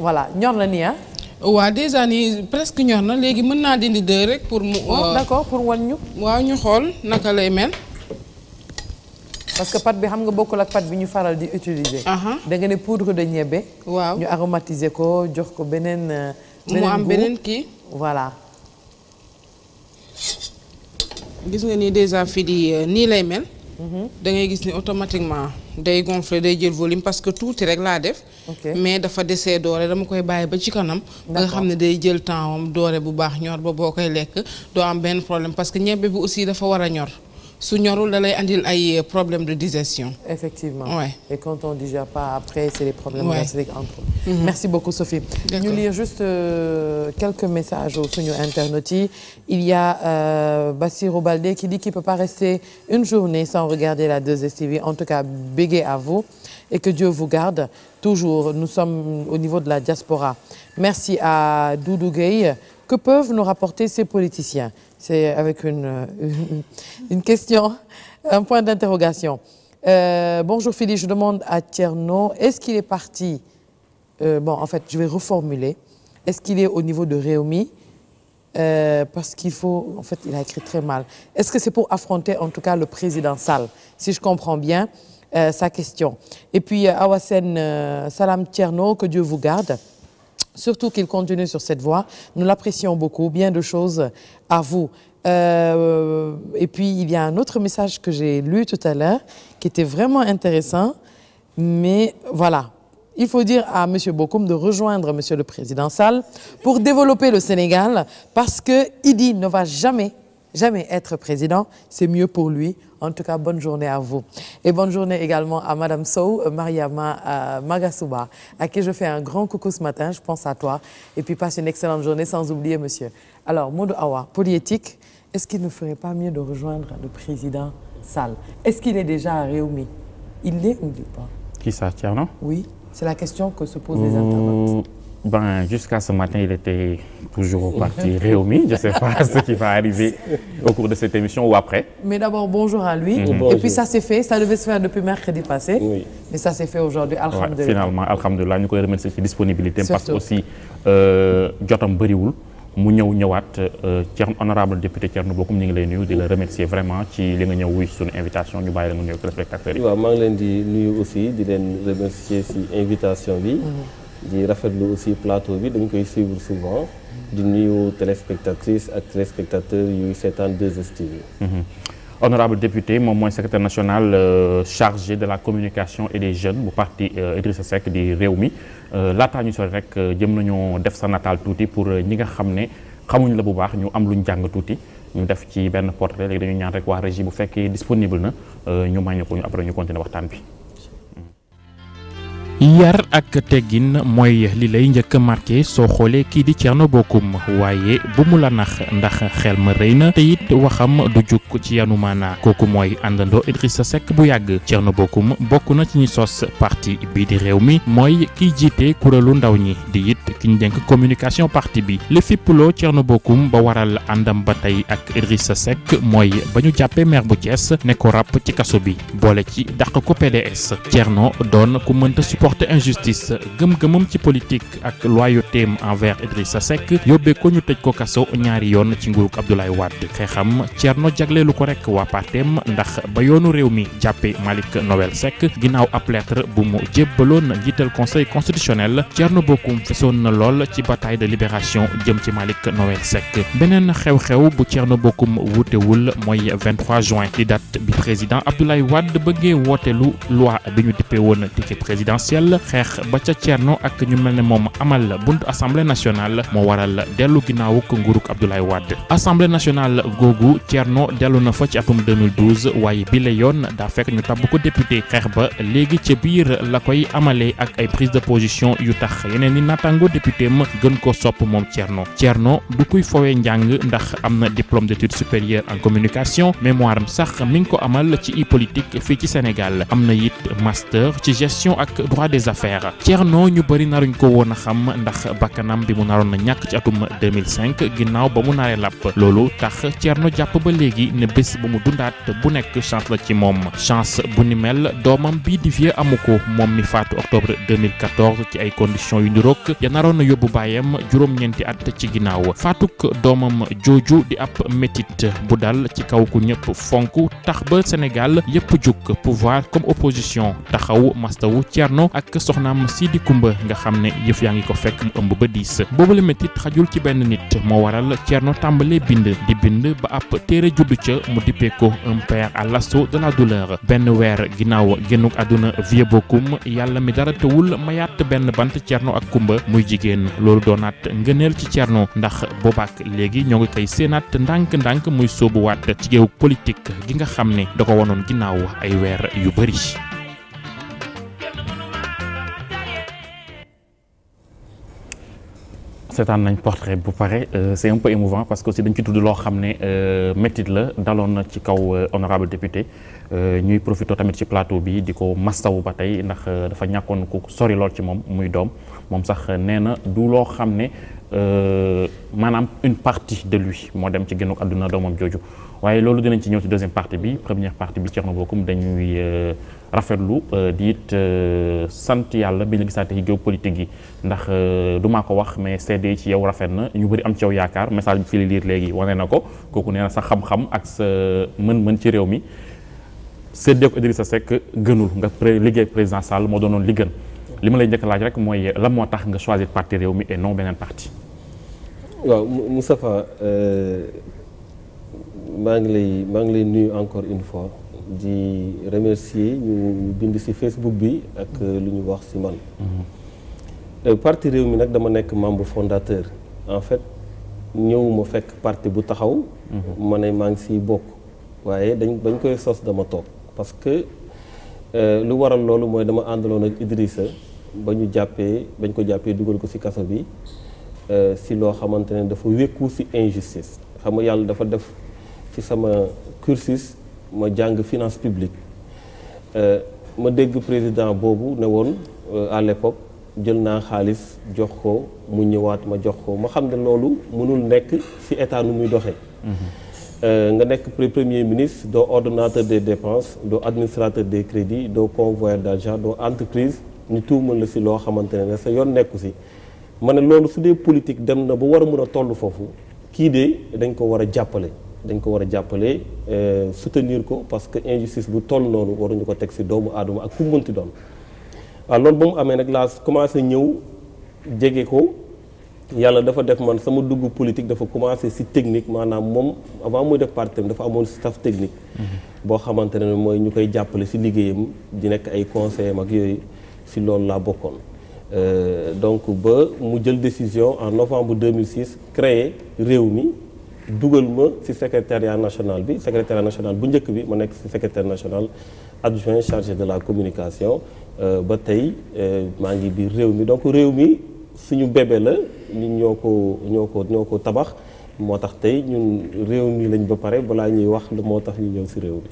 voilà ñor na nii a ah. waaw déjà nii presque ñor na léegi mën naa dindi deux rek pour mu. Oh, euh, d'accord pour wan ñu. waaw ñu xool naka lay mel. parce que pat bi xam nga bokkul ak pâte bi ñu faral di utiliser. da nga ne ko de ñebbe. waaw ñu aromatiser ko jox ko beneen. Euh, beneen mu am beneen kii. voilà. gis nga ni déjà fii di euh, nii lay mel. Mhm. da ngay gis ni automatiquement day gonfler day jël volume parce que tuuti rek laa def. mais dafa desee doore dama koy bàyyi ba ci kanam. ba nga xam ne day jël temps am doore bu baax ñor ba boo koy lekk doo am benn problème parce que ñebbe bi aussi dafa war a ñor. su ñorul da lay andil ay euh, problèmes de digestion. effectivement ouais. et quand on pas après c'est les problèmes ouais. gastriques entre mm -hmm. merci beaucoup Sophie. ñu lire juste euh, quelques messages suñu internautes yi il y a euh, Bassirou Baldé qui dit qu'il peut pas rester une journée sans regarder la 2STV en tout cas bégué à vous et que Dieu vous garde toujours nous sommes au niveau de la diaspora merci à Doudou Gueye que peuvent nous rapporter ces politiciens. c'est avec une, une, euh, une question, un point d'interrogation. Euh, bonjour Philippe, je demande à Thierno, est-ce qu'il est parti euh, bon, en fait, je vais reformuler. Est-ce qu'il est au niveau de Réumi euh, parce qu'il faut, en fait, il a écrit très mal. Est-ce que c'est pour affronter, en tout cas, le président Sall, si je comprends bien euh, sa question. Et puis euh, Awassène Salam Thierno, que Dieu vous garde. surtout qu'il continue sur cette voie. Nous l'apprécions beaucoup. Bien de choses à vous. Euh, et puis, il y a un autre message que j'ai lu tout à l'heure qui était vraiment intéressant. Mais voilà, il faut dire à Monsieur Bokoum de rejoindre Monsieur le Président Sall pour développer le Sénégal parce que Idi ne va jamais jamais être président, c'est mieux pour lui. En tout cas, bonne journée à vous. Et bonne journée également à Madame Sow, euh, Mariama euh, Magasuba, à qui je fais un grand coucou ce matin. Je pense à toi. Et puis passe une excellente journée, sans oublier monsieur. Alors, Modou Awa, politique, est-ce qu'il ne ferait pas mieux de rejoindre le président Sall Est-ce qu'il est déjà à Rewmi Il l'est ou il l'est pas Qui ça, Thierno Oui, c'est la question que se posent les mmh. internautes. Ben, jusqu'à ce matin, il était toujours au parti Réumi. Je ne sais qui va arriver au cours de cette émission ou après. Mais d'abord, bonjour à lui. Mm ça s'est fait, ça devait se faire depuis mercredi passé. Mais ça s'est fait aujourd'hui, alhamdoulilah. Ouais, finalement, alhamdoulilah, nous connaissons cette disponibilité parce que aussi, euh, Jotam Berioul, mu ñëw ñëwaat euh, Thierno honorable député Thierno Bocoum ñu ngi lay nuyu di la remercier vraiment ci li nga ñëw wuy suñu invitation ñu bàyyi la nga nuyu téléspectateurs yi. bi. Mhm. di rafetlu aussi plateau bi dañ koy suivre souvent di nuyu téléspectatrices ak téléspectateurs yuy seetaan 2STV. Mhm. honorable député moom mooy secrétaire national euh, chargé de la communication et des jeunes bu parti euh, sa Seck di réew mi euh, laataa ñu sori rek jëm nañoo def sa nataal tuuti pour ñi nga xam ne xamuñ la bu baax ñu am luñ jàng tuuti ñu def ci benn portrait léegi dañu ñaan rek waa régie bu fekkee disponible na ñu may ñu ko ñu après waxtaan bi. yar ak teggin mooy li lay njëkk marqué soo xoolee kii di Thierno Bocoum waaye bu mu la nax ndax xel ma rey na te it waxam du jukk ci yanu maanaa kooku mooy àndandoo Idrissa Seck bu yàgg Thierno Bocoum bokk na ci ñu sos parti bii di réew mi mooy kiy jiite kuréelu ndaw ñi di it kiñ ñu dénk communication parti bi li fipploo Thierno bokkum ba waral àndam ba tey ak sa Seck mooy ba ñu jàppee maire bu Thiès ne ko ràpp ci kaso bi boole ci daq ko PDS Thierno porte injustice gëm-gëmam ci politique ak loyautéem envers Idrissa Seck yóbbee ko ñu tëj ko kaso ñaari yoon ci nguurug Abdoulaye Wade xeexam Thierno jagleelu ko rek waa parteem ndax ba yoonu réew mi jàppee Malick Noël Seck ginnaaw ab lettre bu mu jébbaloon njiital conseil constitutionnel Thierno Bocoum fesoon na lool ci bataille de libération jëm ci Malick Noël Seck beneen xew-xew bu Thierno Bocoum wuutewul mooy 23 juin di date bi président Abdoulaye Wade bëggee wooteelu loi lo ñu dippee yell xeex ba ca Cerno ak ñu mel ne moom amal buntu assemblée nationale moo waral dellu ginnaawuk nguuruk Abdoulaye Wade assemblée nationale googu Cerno dellu na fa ci atum 2012 waaye bi yoon daa fekk ñu tabb ko député xeex ba léegi ca biir la koy amalee ak ay prise de position yu tax yeneen ni naataango député ma gën ko sopp moom Cerno Cerno du kuy fowee njàng ndax am na diplôme d'études supérieures en communication mémoire am sax mi ngi ko amal ci i politique fii ci Sénégal des affaires Thierno ñu bëri naruñ ko woon a xam ndax bakkanam bi mu naroon na ñàkk ci atum 2005 ginnaaw ba mu naree làpp loolu tax Thierno jàpp ba léegi ne bés ba mu dundaat bu nekk chance la ci moom chance bu ni mel doomam bii di Vieux amu ko moom mi faatu octobre 2014 ci ay conditions yu niroog ya naroon na yóbbu baayam juróom-ñeenti at ci ginnaaw faatuk doomam jooju di ab métit bu dal ci kaw ku ñëpp fonk tax ba senegal yëpp jug pouvoir comme opposition taxaw mastawu Thierno ak soxnaam Sidi Kumba nga xam ne yëf yaa ngi ko fekk mu ëmb ba diis boobu la métit xajul ci benn nit moo waral Thierno tàmbalee bind di bind ba ab téere juddu ca mu dippee ko un père à l'assaut douleur benn weer ginnaaw génnuk àdduna vieux bokum yàlla mi dara tewul mayaat benn bant Thierno ak Kumba muy jigéen loolu doonaat ngëneel ci Thierno ndax boobaak léegi ñoo ngi koy séenaat ndànk-ndànk muy sóobuwaat ci géew politique gi nga xam ni da ko wanoon ginnaaw ay weer yu bëri seetaan nañ portrait bu pare euh, c' est un peu émouvant parce que aussi dañ ci tudd loo xam ne euh, métit la daloon na ci kaw euh, honorable député ñuy profité tamit ci plateau bi di ko mastawu ba tey ndax dafa ñàkkoon ku sori lool ci moom muy doom moom sax nee na du loo xam ne maanaam une partie de lui moo dem ci génn àdduna doomam jooju waaye loolu dinañ ci ñëw ci deuxième partie bi première partie bi Thierno Bocoum dañuy rafetlu euh, di it euh, sant yàlla bi ñu la gisaatee ci géopolitique yi ndax euh, du maa ko wax mais seede ci yow rafet na ñu bëri am ci yow yaakaar message bi fii la liir léegi wane na ko kooku nee sa xam-xam ak sa mën-mën ci réew mi seddee ko sa Seck gënul nga liggéey président Sall moo doonoon li gën li ma lay njëkk laaj rek mooy lan moo tax nga choisir parti réew mi et non beneen parti. waaw Moustapha maa ngi lay maa ngi lay nuyu encore une fois. di remercier ñu bind ci Facebook bi ak lu ñu wax ci man. Euh, parti réew mi nag dama nekk membre fondateur en fait ñëwuma fekk parti bu taxaw. Mhm. ma ne maa bokk. waaye dañ bañ koy sos dama toog parce que euh, lu waral loolu mooy dama àndaloon ak Idrissa ba ñu jàppee bañ ko jàppee dugal ko ci kaso bi si euh, loo xamante ne dafa wékku ci injustice xam nga yàlla dafa def ci sama cursus. ma jàng finance publique euh, ma dégg président boobu ne woon euh, à l'époque jël naa xaalis jox ko mu ñëwaat ma jox ko ma xam ne loolu mënul nekk ci état nu muy doxee. Mhm. Euh, nga nekk premier ministre doo ordonnateur des dépenses doo administrateur des crédits doo convoyeur d'argent doo entreprise ñu tuumal la si loo xamante ne sa yoon nekku si ma ne loolu su dee politique dem na ba war a mën a toll foofu kii de dañ ko war a jàppale. dañ ko war a jàppale euh, soutenir ko parce que injustice bu toll noonu waruñu ko teg si doomu aadama ak ku mënti doon waaw ah, loolu ba mu amee nag laa commencé ñëw jege ko yàlla dafa def man sama dugg politique dafa commencé si technique maanaam moom avant muy def parti dafa amoon staff technique mm-hmm. boo xamante ne mooy ñu koy jàppale si liggéeyam di nekk ay conseil ak yooyu si loolu laa bokkoon euh, donc ba mu jël décision en novembre 2006 créé réew mi dugal ma ci secretariat national bi secrétariat national bu njëkk bi ma nekk ci secrétaire national adjoint chargé de la communication euh, ba tey euh, maa ngi biir réew mi donc réew mi suñu bébé la ñun ñoo ko ñoo ko ñoo ko tabax moo tax tey ñun réew mi lañ ba pare balaa ñuy wax lu moo tax ñu ñëw ci réew mi.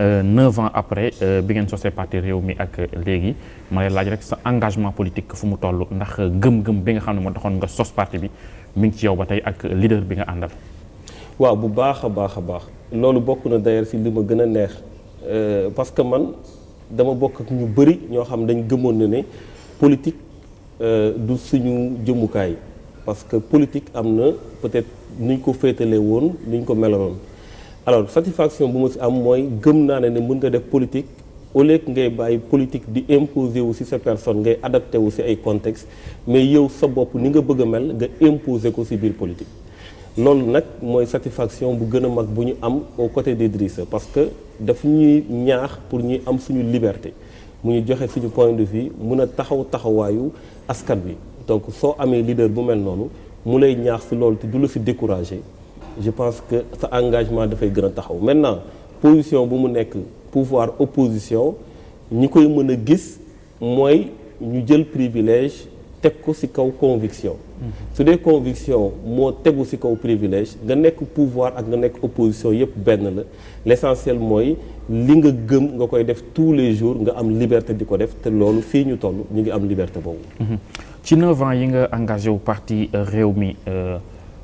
Euh, neuf ans après bi ngeen see parti réew mi ak léegi ma lay laaj rek sa engagement politique fu mu toll ndax gëm-gëm bi nga xam ne moo doxoon nga sos parti bi mi ngi ci yow ba tey ak leader bi nga àndal. waaw bu baax a baax a baax loolu bokk na d'ailleurs si li ma gën a neex euh, parce que man dama bokk ak ñu bëri ñoo xam dañ gëmoon na ne politique euh, du suñu jëmukaay parce que politique am na peut-être nuñ ko féetalee woon nuñ ko melaloon alors satisfaction bu ma si am mooy gëm naa ne ne mun nga def politique au lieu ngay bàyyi politique di imposer wu si sa personne ngay adapté wu si ay contexte mais yow sa bopp ni nga bëgg a mel nga imposer ko si biir politique loolu nag mooy satisfaction bu gën a mag bu ñu am au côté d'Idrissa parce que daf ñuy ñaax pour ñuy am suñu liberté mu ñu joxe suñu point de vue mun a taxaw taxawaayu askan bi donc soo amee leader bu mel noonu mu lay ñaax si loolu te du la si découragé je pense que sa engagement dafay gën a taxaw maintenant position bu mu nekk pouvoir opposition ñi koy mën a gis mooy ñu jël privilège teg ko si kaw conviction mhm. su dee conviction moo tegu si kaw privilège nga nekk pouvoir ak nga nekk opposition yépp benn la l'essentiel mooy li nga gëm nga koy def tous les jours nga am liberté di ko def te loolu fii ñu toll ñu ngi am liberté boobu mhm. ci neuf ans yi nga engagé wu parti euh, réew mi euh,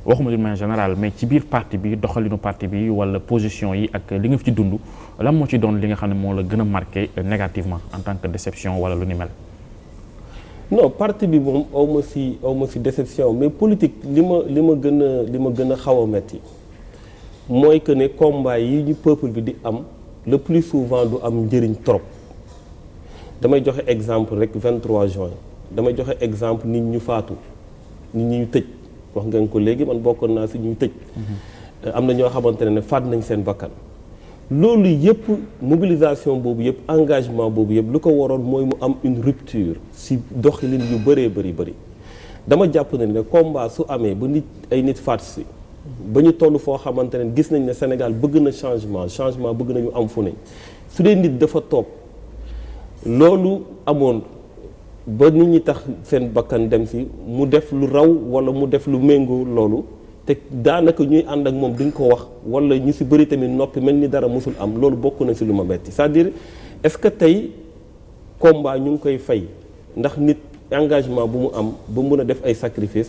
waxuma d'une manière général mais ci biir parti bi doxalinu parti bi wala position yi ak li nga fi ci dund lan moo ci doon li nga xam ne moo la gën a marqué euh, négativement en tant que déception wala lu ni non parti bi moom aw ma si aw ma si déception mais politique li ma li ma gën a li ma gën a xaw metti mooy que ne combat yi ñu peuple bi di am le plus souvent du am njëriñ trop damay joxe exemple rek 23 join damay joxe exemple nit ñu faatu nit ñi ñu tëj wax ngeen ko léegi man bokkoon naa si ñu tëj mhm. euh, am na ñoo xamante ne ne faat nañ seen bakkan loolu yëpp mobilisation boobu yëpp engagement boobu yëpp lu ko waroon mooy mu am une rupture ci doxalin yu bëree bari bëri dama jàpp ne ne combat su amee ba nit ay nit faat si ba ñu toll foo xamante ne gis nañ ne Sénégal bëgg na changement changement bëgg nañu am fu ne su dee nit dafa toog loolu amoon ba nit ñi tax seen bakkan dem si mu def lu raw walla mu def lu méngoo loolu te daanaka ñuy ànd ak moom duñ ko wax wala ñu si bëri tamit noppi mel ni dara mosul am loolu bokk na si lu ma metti c'est-à-dire est-ce que tey combat ñu ngi koy fay ndax nit engagement bu mu am ba mu mun a def ay sacrifice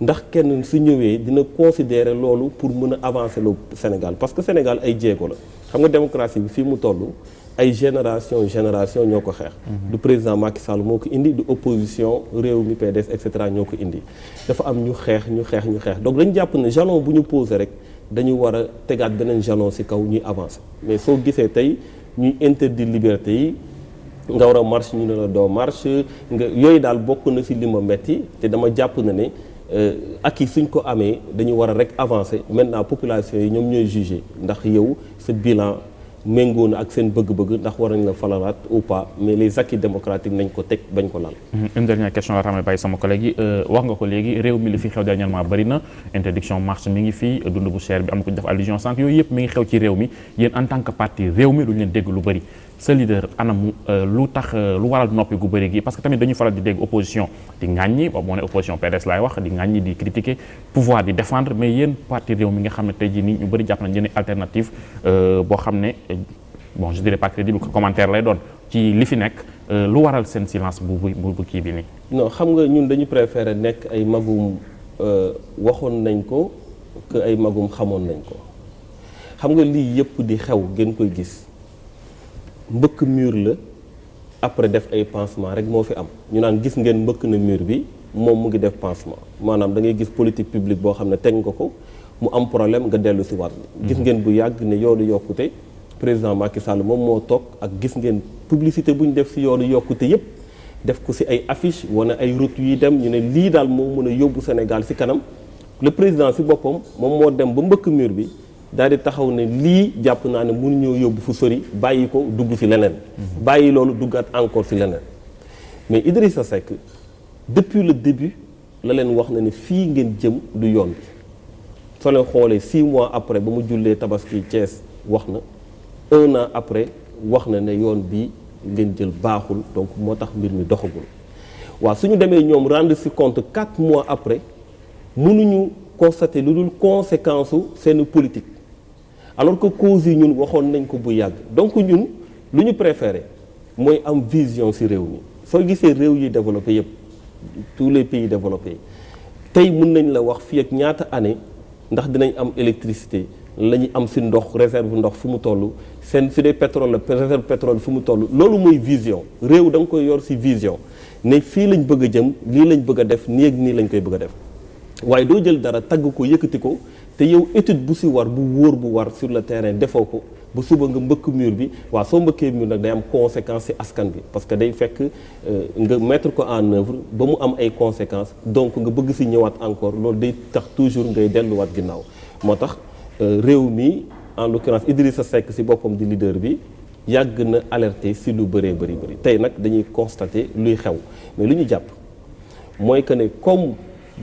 ndax kenn su ñëwee dina considérer loolu pour mën a avancer le Sénégal parce que Sénégal ay jéego la xam nga démocratie bi fii mu toll ay génération génération ñoo ko xeex mhm. du président Macky Sall moo ko indi du opposition réew mi PDS et cetera ñoo ko indi dafa am ñu xeex ñu xeex ñu xeex donc dañu jàpp ne jalon bu ñu posé rek dañu war a tegaat beneen jalon ci kaw ñuy avancer mais soo gisee tey ñuy interdire liberté yi nga war a marche ñu ne la doo marche nga yooyu daal bokk na ci li ma metti te dama jàpp na ne euh, ak yi suñ ko amee dañu war a rek avancer maintenant population yi ñoom ñooy juger ndax yow sa bilan méngoo ak seen bëgg-bëgg ndax war a la falalaat ou pas mais les acquis démocratiques nañ ko teg bañ ko laal. une dernière question la xam bàyyi sama collègue yi euh, wax nga ko léegi réew mi li fi xew dernièrement bari na interdiction marche mi ngi fii dund bu cher bi am na ko def allusion sànq yooyu yëpp mi ngi xew ci réew mi yéen en tant que parti réew mi duñ leen dégg lu bari. sa leader anam euh, lu tax euh, lu waral noppi gu bëri gi parce que tamit dañuy faral di dégg opposition di ŋàññi boobu moo ne opposition PDS laay wax di ŋàññi di critiquer pouvoir di défendre mais yéen parti réew mi nga xam ne tey jii nii ñu bëri jàpp nañ yéen alternative euh, boo xam ne bon je dirais pas crédible commentaire lay doon ci li fi nekk lu waral seen silence bu bu bu kii bi nii. non xam nga ñun dañu préférer nekk ay magum waxoon nañ ko que ay magum xamoon nañ ko xam nga lii yëpp di xew gën koy gis. mbëkk mur la après def ay pansement rek moo fi am ñu naan gis ngeen mbëkk na mur bi moom mu ngi def pansement maanaam da ngay gis politique publique boo xam ne teg nga ko mu am problème nga dellu si waat gis mhm. ngeen bu yàgg ne yoonu yokkute président Macky Sall moom moo toog ak gis ngeen publicité bu ñu def si yoonu yokkute yépp def ko si ay affiche wane ay route yuy dem ñu ne lii daal moo mën a yóbbu Sénégal si kanam le président si boppam moom moo dem ba mbëkk mur bi daal di taxaw ne lii jàpp naa ne mënuñoo yóbbu fu sori bàyyi ko dugg fi leneen. bàyyi loolu duggaat encore fi leneen. mais sa Seck depuis le début la leen wax na ne fii ngeen jëm du yoon bi soo leen xoolee six mois après ba mu jullee tabaski cees wax na un après wax na ne yoon bi ngeen jël baaxul donc moo tax mbir mi doxagul waa su ñu demee ñoom rendre si compte quatre mois après mënuñu constater lu dul conséquence su seen politique. alors que causes yi ñun waxoon nañ ko bu yàgg donc ñun lu ñu préféré mooy am vision ci réew mi soo gisee réew yi développé yëpp tous les pays développés tey mun nañ la wax fii ak ñaata année ndax dinañ am électricité la ñu am ci ndox réserve ndox fu mu toll seen si dee pétrole la réserve pétrole fu mu toll loolu mooy vision réew danga koy yor ci vision ne fii lañ bëgg a jëm lii lañ bëgg a def nii ak nii lañ koy bëgg a def waaye doo jël dara tagg ko yëkkati ko te yow étude bu si war bu wóor bu war sur le terrain defoo ko ba suba nga mbëkk mur bi waaw soo mbëkkee mur nag day am conséquence si askan bi parce que day fekk euh, nga mettre ko en œuvre ba mu am ay conséquence donc nga bëgg si ñëwaat encore loolu day tax toujours ngay delluwaat ginnaaw moo tax euh, réew mi en l'occurrence sa Seck si boppam di leader bi yàgg na alerter si lu bëree bëri bëri tey nag dañuy constater luy xew mais lu ñu jàpp mooy que ne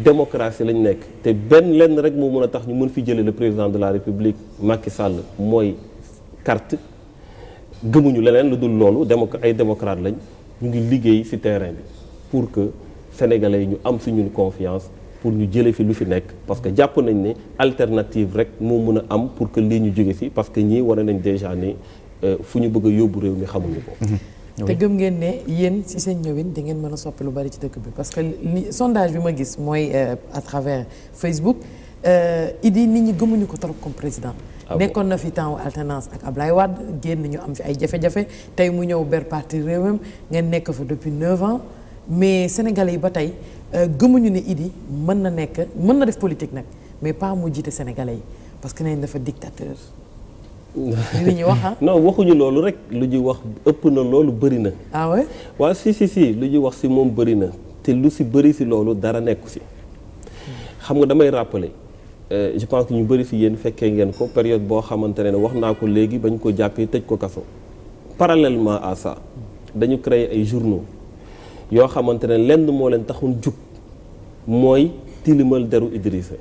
démocratie lañ nekk te benn lenn rek moo mën a tax ñu mën fi jëlee le président de la république Macky sàll mooy carte gëmuñu leneen lu dul loolu démo ay démocrate lañ ñu ngi liggéey ci terrain bi pour que sénégalais yi ñu am suñu confiance pour ñu jëlee fi lu fi nekk parce que jàpp nañ ne alternative rek moo mën a am pour que lii ñu jóge ci parce que ñii war nañ déjà ni euh, fu ñu bëgg a yóbbu réew mi xamuñu ko. Mm-hmm. te gëm ngeen ne yéen si seen ñëwin di ngeen mën a soppi lu bari ci dëkk bi parce que li sondage bi ma gis mooy euh, à travers Facebook euh, iddi nit ñi gëmuñu ko trop comme président. Ah nekkoon na fi temps alternance ak Ablaye Wade génn ñu am fi ay jafe-jafe tey mu ñëw ber parti réewam ngeen nekk fa depuis 9 ans mais sénégalais yi ba tey euh, gëmuñu ne idi mën na nekk mën na def politique nag mais pas mu jiite sénégalais yi parce que nee dafa dictateur. li ñu wax ah? non waxuñu loolu rek lu ñuy wax ëpp na loolu bëri na. ah oui waaw si si si lu ñuy wax si moom bëri na te lu si bëri si loolu dara nekku si. xam nga damay rappeler euh, je pense que ñu bëri si yéen fekkee ngeen ko période boo xamante ne wax naa ko léegi bañ ko jàppee tëj ko kaso. parallèlement à ça dañu créer ay journaux yoo xamante ne lenn moo leen taxul jug mooy tilimal deru Idrissa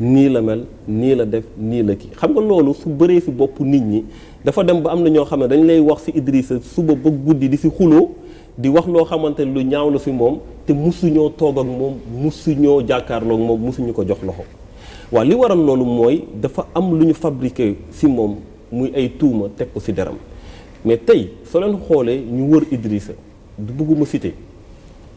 nii la mel nii la def nii la ki xam nga loolu su bëree si bopp nit ñi dafa dem ba am na ñoo xam ne dañ lay wax si Idrissa suba ba guddi di si xuloo di wax loo xamante ne lu ñaaw la fi moom te musuñoo toog ak moom musuñoo jàkkaarloog moom musuñu ko jox loxo waaw li waral loolu mooy dafa am lu ñu fabriqué si moom muy ay tuuma teg ko si deram mais tey soo leen xoolee ñu wër Idrissa du bëgguma cité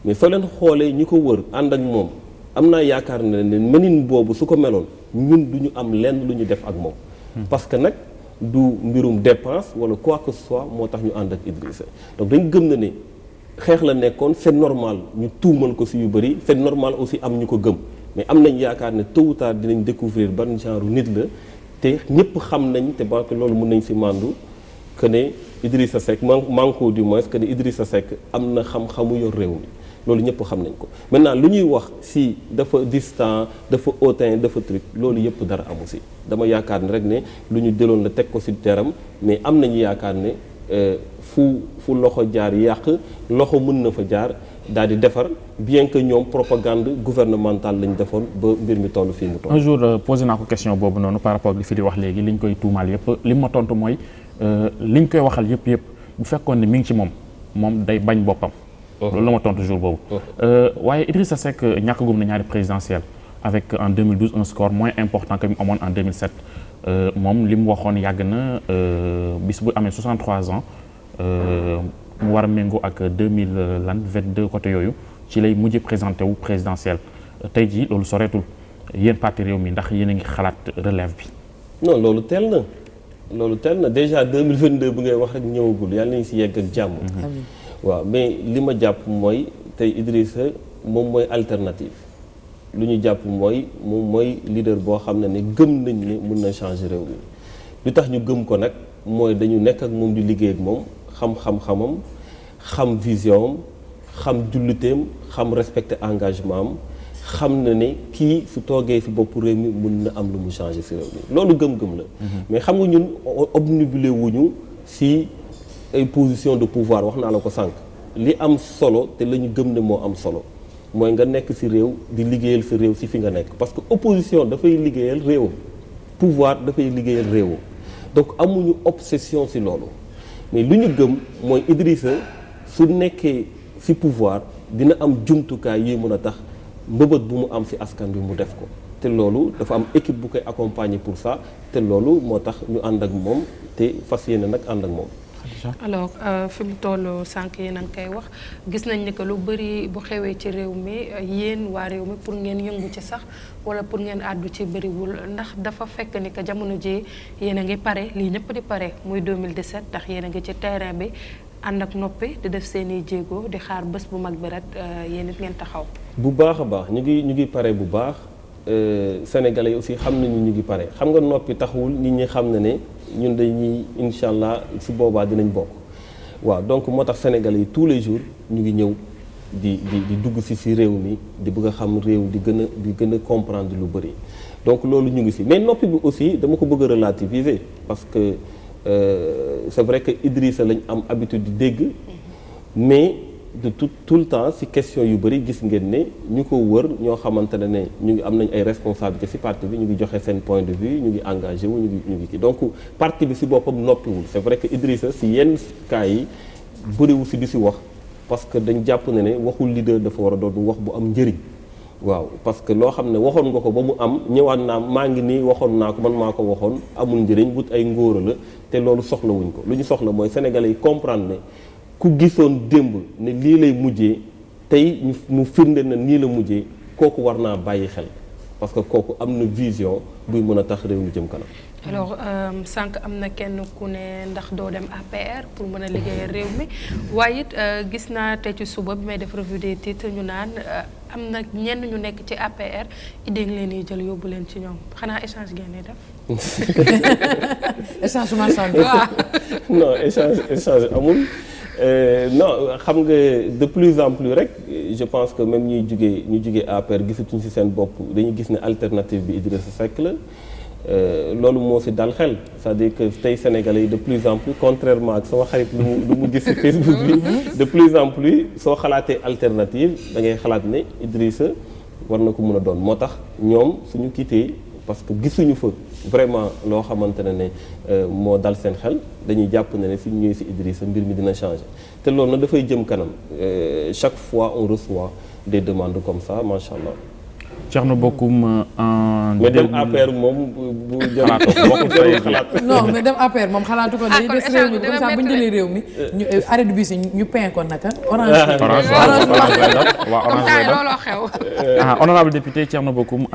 mais soo leen xoolee ñi ko wër ànd ak moom am naa yaakaar ne ne mënin boobu su ko meloon mun du ñu am lenn lu ñu def ak moom. Hmm. parce que nag du mbirum dépense wala quoi que ce moo tax ñu ànd ak Idrissa donc dañ gëm na ne xeex la nekkoon seen normal ñu tuumal ko si yu bëri c'est normal aussi am ñu ko gëm mais am nañ yaakaar ne tôt ou dinañ découvrir ban genre nit la te ñëpp xam nañ te ba loolu mun nañ si màndu que ne Idrissa Seck man manko du moise que ne sa Seck am na xam-xamu yor réew mi. loolu ñëpp xam nañ ko maintenant lu ñuy wax si dafa distant dafa hautain dafa truc loolu yëpp dara amu si dama yaakaar ni rek ne lu ñu jëloon la teg ko si teram mais am nañu yaakaar ne euh, fu fu loxo jaar yàq loxo mën na fa jaar daal di defar bien que ñoom propagande gouvernementale lañ defoon ba mbir mi toll fii mu toll. un euh, posé naa ko question boobu noonu par rapport li fi di wax léegi liñ koy tuumaal yëpp li ma tontu mooy euh, li ñu koy waxal yëpp yëpp bu fekkoon ne mi ngi ci moom moom day bañ boppam. loolu la ma tontu jour boobu. Euh, waaye Idrissa Seck ñàkkagum na ñaari présidentielle avec en 2012 un score moins important que mu amoon en 2007 euh, moom li mu waxoon yàgg na euh, bis bu amee 63 ans mu war a méngoo ak 2000 lan deux côté yooyu ci lay mujj présenté wu présidentielle tey jii loolu soreetul yéen parti réew mi ndax yéen a ngi xalaat relève bi. non loolu teel na loolu teel na déjà 2022 bu ngay wax rek ñëwagul yàlla nañu si yegg ak waaw mais li ma jàpp mooy tey Idrissa moom mooy alternative lu ñu jàpp mooy moom mooy leader boo xam ne ne gëm nañ ne mun na changer réew mi lu tax ñu gëm ko nag mooy dañu nekk ak moom di liggéey ak moom xam-xam-xamam xam vision xam julluteem xam respecté engagement am xam na ne kii su toogee fi bopp réew mi mun na am lu mu changer si réew mi loolu gëm-gëm la mm-hmm. mais xam nga ñun obnubilé wuñu si ay position de pouvoir wax naa la ko sànq li am solo te la ñu gëm ne moo am solo mooy nga nekk ci réew di liggéeyal sa réew ci fi nga nekk parce que opposition dafay liggéeyal réew pouvoir dafay liggéeyal réew donc amuñu obsession ci loolu mais lu ñu gëm mooy Idrissa su nekkee ci pouvoir dina am jumtukaay yuy mun a tax mbëbët bu mu am ci askan bi mu def ko te loolu dafa am équipe bu koy accompagner pour ça te loolu moo tax ñu ànd ak moom te fas yéene nag ànd moom Aïcha alors euh, fi mu toll sànq yéen a koy wax gis nañ ni que lu bëri bu xewee ci réew mi yéen waa réew mi pour ngeen yëngu ci sax wala pour ngeen àddu ci bëriwul ndax dafa fekk ni que jamono ji yéen a ngi pare lii ñëpp di pare muy 2017 ndax yéen a ngi ci terrain bi ànd ak noppi di def seeni jéego di xaar bés bu mag bi rek euh, yéen it ngeen taxaw. bu baax a baax ñu ngi ñu ngi pare bu baax euh, sénégalais yi aussi xam nañu ñu ngi pare xam nga noppi taxawul nit ñi xam na ne. ñun dañuy incha allah su boobaa dinañ bokk waaw donc moo tax sénégal yi tous les jours ñu ngi ñëw di di dugg si si réew mi di bëgg a xam réew di gën a di gën a comprendre lu bëri donc loolu ñu ngi si mais noppi bi aussi dama ko bëgg a relativiser parce que euh, c'est vrai que Idrissa lañ am habitude di dégg mais. de tout tout le temps si question yu bëri gis ngeen ni ñu ko wër ñoo xamante ne ne ñu ngi am nañ ay responsabilité si parti bi ñu ngi joxe seen point de vue ñu ngi engagé wu ñu ngi ñu ngi kii donc parti bi si boppam noppiwul c'est vrai que Idrissa si yenn cas yi bëriwul si di si wax parce que dañ jàpp na ne waxul leader dafa war a doon wax bu am njëriñ waaw parce que loo xam ne waxoon nga ko ba mu am ñëwaat naa maa ngi nii waxoon naa ko man maa ko waxoon amul njëriñ wut ay ngóora la te loolu soxlawuñ ko lu ñu soxla mooy sénégalais yi ku gisoon démb ne lii lay mujjee tey mu firnde na nii la mujjee kooku war naa bàyyi xel parce que kooku am na vision buy mën a tax réew mi jëm kanam. alors euh, sànq am na kenn ku ne ndax doo dem APR pour mën a liggéeyal réew mi waaye it euh, gis naa te ci suba bi may def revue des titres ñu naan euh, am na ñenn ñu nekk ci APR idée ngi leen di jël yóbbu leen ci ñoom xanaa échange ngeen di def. échange man non échange échange amul. Euh, non xam nga de plus en plus rek je pense que même ñuy jugee ñu jugee APR gisatuñ si seen bopp dañu gis ne alternative bi Idrissa secle la euh, loolu moo ci dal xel c'est-à-dire que tey sénégalais yi de plus en plus contrairement ak sama xarit lu mu lu mu gis ci Facebook bi de plus en plus soo xalaatee alternative da ngay xalaat ne Idrissa war na ko mën a doon moo tax ñoom suñu quitté parce que gisuñu fa. vraiment loo xamante ne ne moo dal seen xel dañuy jàpp ne ne suñ ñëwee si Idrissa mbir mi dina changer te loolu na dafay jëm kanam chaque fois on reçoit des demandes comme ça macha allah. Thierno Bocoum en. mais dem APR moom bu moom xalaatu ko dañuy réew mi comme ça bu ñu jëlee réew mi ñu arrêt du bus ñu peint ko naka. orange orange waaw orange xew. honorable député Thierno Bocoum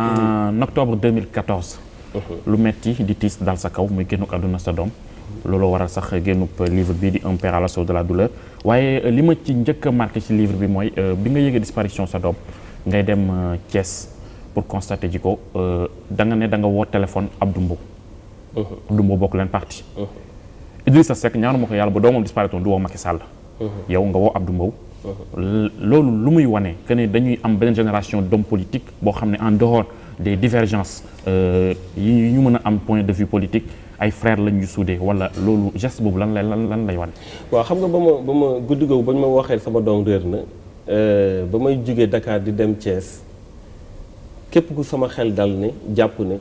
lu metti di tiis dal sa kaw muy génnuk àdduna sa doom looloo waral sax génnub livre bi di un père à l'assaut de la douleur waaye euh, li ma ci njëkk a ci livre bi mooy euh, bi nga yëgee disparition sa doom ngay dem euh, Thiès pour constater ji ko da nga ne da nga woo téléphone ab Mbow Abdou Mbow bokk leen parti Idrissa Seck ñaanu ma ko yàlla ba doomam disparaître du woo Macky Sall yow nga woo Abdou Mbow loolu lu muy wane que ne dañuy am beneen génération d'hommes politiques boo xam ne en dehors des divergences euh, yi ñu mën a am point de vue politique ay frères lañ ñu suudee wala loolu geste boobu lan lay lan lan lay wane. waaw xam nga ba ma ba ma guddi googu ba ma waxee sama doom réer na euh, ba may jugee Dakar di dem Thiès képp ku sama xel dal ne jàpp ne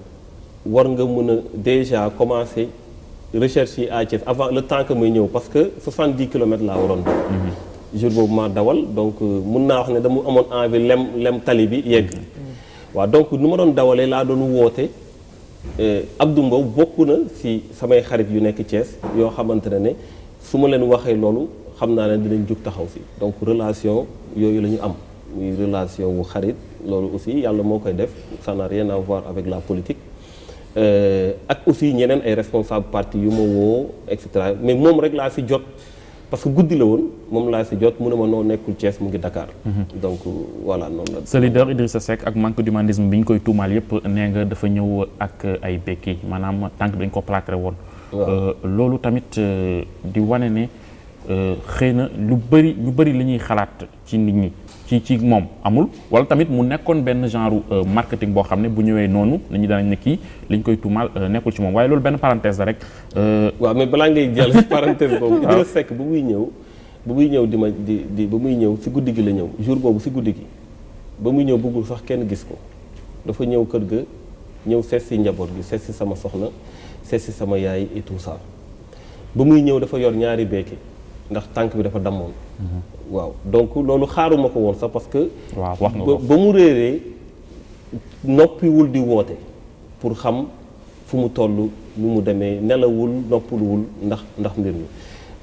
war nga mën a déjà commencer recherche yi à Thiès avant le temps que may ñëw parce que 70 kilomètres laa waroon mhm. jour boobu maa dawal donc euh, mun naa wax ne dama amoon envie lem lem tali bi yegg. Mhm. waa donc nu ma doon dawalee laa doon woote eh, Abdou dumba bokk na si samay xarit yu nekk cees yoo xamante ne ne su ma leen waxee loolu xam naa ne dinañ jug taxaw si donc relation yooyu la ñu am muy relation wu xarit loolu aussi yàlla moo koy def ça n'a voir avec la politique eh, ak aussi ñeneen ay responsable partie yu ma woo et cetera mais moom rek laa si jot parce que guddi la woon moom laa si jot mu ne ma noo nekkul Thiès mu ngi Dakar. Mhm. donc voilà noonu la. sa leader Idrissa Seck ak manque d'humanisme bi ñu koy tuumaal yépp nee nga dafa ñëw ak ay béquilles maanaam tànk dañ ko plâtré woon. Euh, loolu tamit euh, di wane ne euh, xëy na lu bëri ñu bëri li ñuy xalaat ci nit ñi. ci ci moom amul wala tamit mu nekkoon benn genre euh, marketing boo xam ne bu ñëwee noonu nit daan danañ ne kii liñ koy tuumaal euh, nekkul ci moom waaye loolu benn parenthèse la rek. Euh, waaw mais balaa ngay jàll ci parenthèse boobu. Idrissa Seck bu muy ñëw bu muy ñëw di ma di di ba muy ñëw si guddi gi la ñëw jour boobu si guddi ba muy ñëw bëggul sax kenn gis ko dafa ñëw kër ga ñëw seet si njaboot gi seet si sama soxna seet si sama yaay et tout ba muy ñëw dafa yor ñaari beeke ndax tànk bi dafa dammoon. Mm-hmm. waaw donc loolu xaaruma ko woon sax parce que. waaw wax nga ko ba mu réeree noppiwul di woote pour xam fu mu toll nu mu demee nelawul noppaluwul ndax ndax mbir mi.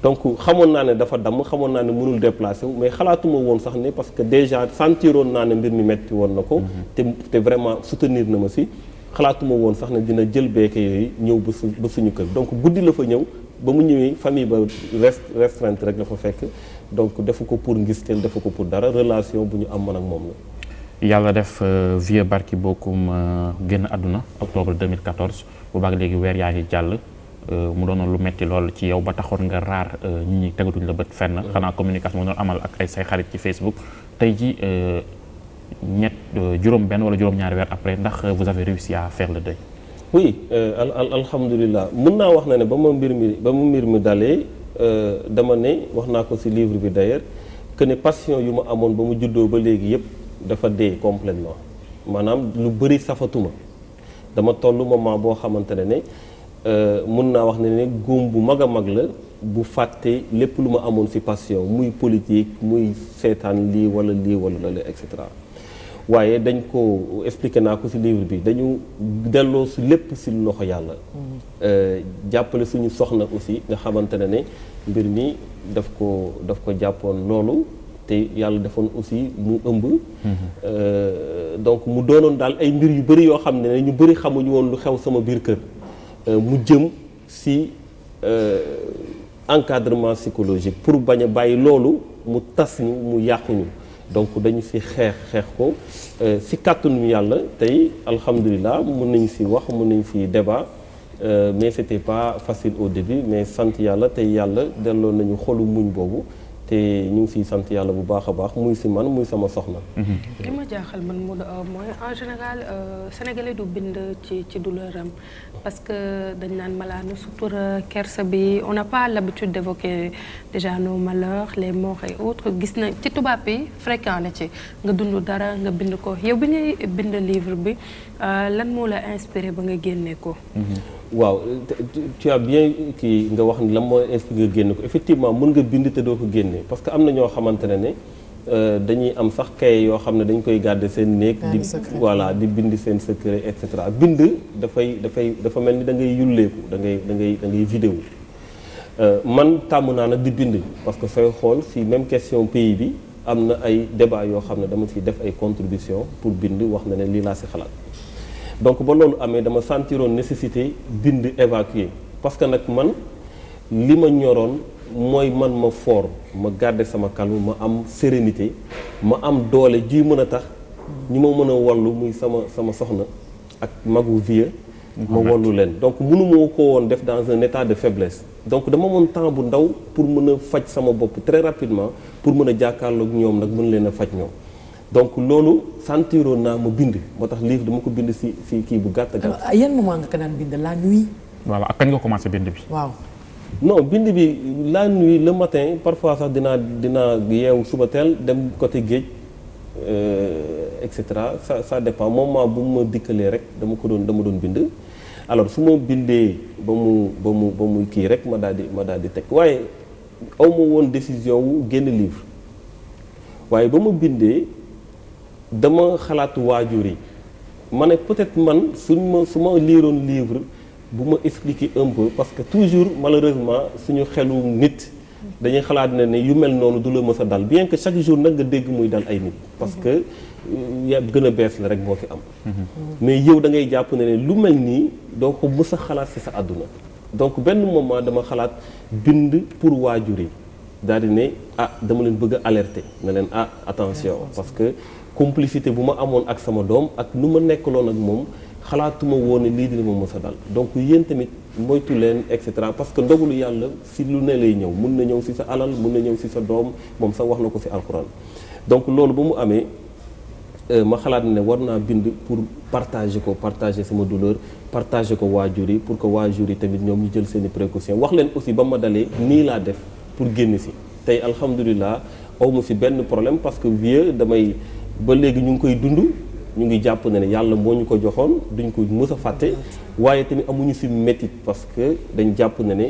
donc xamoon naa ne dafa damm xamoon naa ne mënul déplacé wu mais xalaatuma woon sax ne parce que déjà sentiroon naa ne mbir mi metti woon na ko. Mhm. te te vraiment soutenir na ma si. xalaatuma woon sax ne dina jël beeke yooyu ñëw ba su ba suñu kër donc guddi la fa ñëw ba mu ñëwee famille ba rest restreinte rek la fa fekk. donc defu ko pour ngisteel defu ko pour dara relation bu ñu am man ak moom la. yàlla def euh, vieux Barky Bokum euh, génn àdduna octobre 2014 bu baax léegi weer yaa ngi jàll euh, mu doonoon lu metti lool ci yow ba taxoon nga raar nit ñi tegatuñ la bët fenn. Mm-hmm. xanaa communication mu doon amal ak ay say xarit ci Facebook tey ji ñett juróom benn wala juróom ñaari weer après ndax vous avez réussi à faire le deuil. oui al mun naa wax na ne ba ma mbir mi dalee. Euh, dama ne wax naa ko ci livre bi d'ailleurs que ne passion yu ma amoon ba mu juddoo ba léegi yépp dafa dee complètement maanaam lu bëri safatuma dama toll moment boo xamante ne ne euh, mun naa wax ne ne góom bu mag a mag la bu fàtte lépp lu ma amoon ci passion muy politique muy seetaan lii walla lii walla lale et cetera waaye dañ ko expliqué naa ko ci livre bi dañu delloo su lépp ci loxo yàlla. Mm-hmm. Euh, jàppale suñu soxna aussi nga xamante ne ne mbir mi daf ko daf ko jàppoon loolu te yàlla defoon aussi mu ëmb. Mm-hmm. Euh, donc mu doonoon daal ay mbir yu bari yoo xam ne ñu bari xamuñu woon lu xew sama biir kër euh, mu jëm ci encadrement psychologique pour bañ a bàyyi loolu mu tas ñu mu yàquñu donc dañu si xeex xeex ko euh, si kàttanu yàlla tey alhamdulilah mun nañu si wax mun nañu si débat euh, mais c'était pas facile au début mais sant yàlla tey yàlla delloo nañu xolu muñ boobu te ñu ngi siy sant yàlla bu baax a baax muy si man muy sama soxna. Mhm. li ma jaaxal man euh, mooy en général sénégalais du bind ci ci parce que dañ naan malaanu sutura kerse bi on n'a pas l'habitude d'évoquer déjà nos malheurs les morts et autres gis na ci tubaab yi fréquent na ci nga dundu dara nga bind ko yow bi ñuy bind livre bi euh, lan moo la inspiré ba nga génnee ko mm-hmm. waaw tu as bien kii nga wax ni lan moo inspiré nga génne ko effectivement mën nga bind te doo ko génne parce que am na ñoo xamante ne ni Euh, dañuy am sax kay yoo xam ne dañ koy garder seen néeg di voilà di bind seen secret et cetera bind dafay dafay dafa mel ni da ngay yulleeku da ngay da ngay da ngay vidéo euh, man tàmm naa nag di bind parce que sooy xool si même question pays bi am na ay débat yoo xam ne dama si def ay contribution pour bind wax na leen lii laa si xalaat donc ba loolu amee dama sentiroon nécessité bind évacuer parce que nag man li ma ñoroon mooy man ma foor ma garder sama calme ma am sérénité ma am doole ji mën a tax ñu ma mën a wallu muy sama sama soxna ak magu vieux ma wallu leen donc mënu moo ko woon def dans un état de faiblesse donc dama moon temps bu ndaw pour mën a faj sama bopp très rapidement pour mën a jàkkaarlook ñoom nag mën leen a faj ñoom donc loolu sentiroon naa ma bind moo tax livre dama ko bind si si kii bu gàtt gàtt yan moment nga ko daan bind la nuit. voilà ak kañ nga commencé bind bi non bind bi la nuit le matin parfois sax dinaa dinaa yeewu suba teel dem côté géej euh, et cetera ça ça dépend moment bu ma dikkalee rek dama ko doon dama doon bind alors su ma bindee ba mu ba mu kii rek ma daal di teg waaye aw woon décision wu génn livre waaye ba ma bindee dama xalaat waajur yi ma ne peut-être man suñ ma su ma liiroon livre bu ma expliquer un peu parce que toujours malheureusement suñu xelu nit dañuy xalaat ne ne yu mel noonu du la mës a dal bien que chaque jour nag nga dégg muy dal ay nit parce que euh, ya gën a bees la rek moo fi am mais yow da ngay jàpp ne ne lu mel nii doo ko mës xalaat ci sa àdduna donc benn moment dama xalaat bind pour waajur yi daal di ne ah dama leen bëgg a alerter ne leen ah attention parce que complicité bu ma amoon ak sama doom ak nu ma nekkaloon ak moom xalaatuma woon ne lii dina ma mës sa dal donc yéen tamit moytu leen et cetera parce que ndogalu yàlla si lu ne lay ñëw mun na ñëw si sa alal mun na ñëw si sa doom moom sax wax na ko si alxuraan donc loolu ba mu amee euh, ma xalaat ne war naa bind pour partager ko partager sama douleur partager ko waajur yi pour que waajur yi tamit ñoom ñu jël seen i précaution wax leen aussi ba ma dalee nii laa def pour génn si tey alhamdulilah aw ma si benn problème parce que vieux damay ba léegi ñu ngi koy dund ñu ngi jàpp na ne yàlla moo ñu ko joxoon duñ ko mës a fàtte waaye tamit amuñu si métit parce que dañ jàpp ne ne